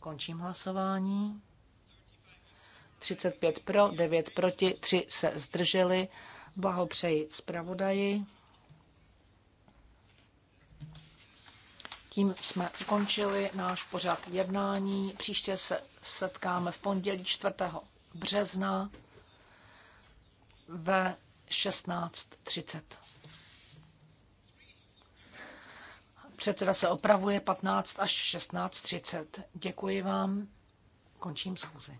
Končím hlasování. 35 pro, 9 proti, 3 se zdrželi. Blahopřeji zpravodaji. Tím jsme ukončili náš pořad jednání. Příště se setkáme v pondělí 4. března ve 16.30. Předseda se opravuje 15 až 16.30. Děkuji vám. Končím schůzi.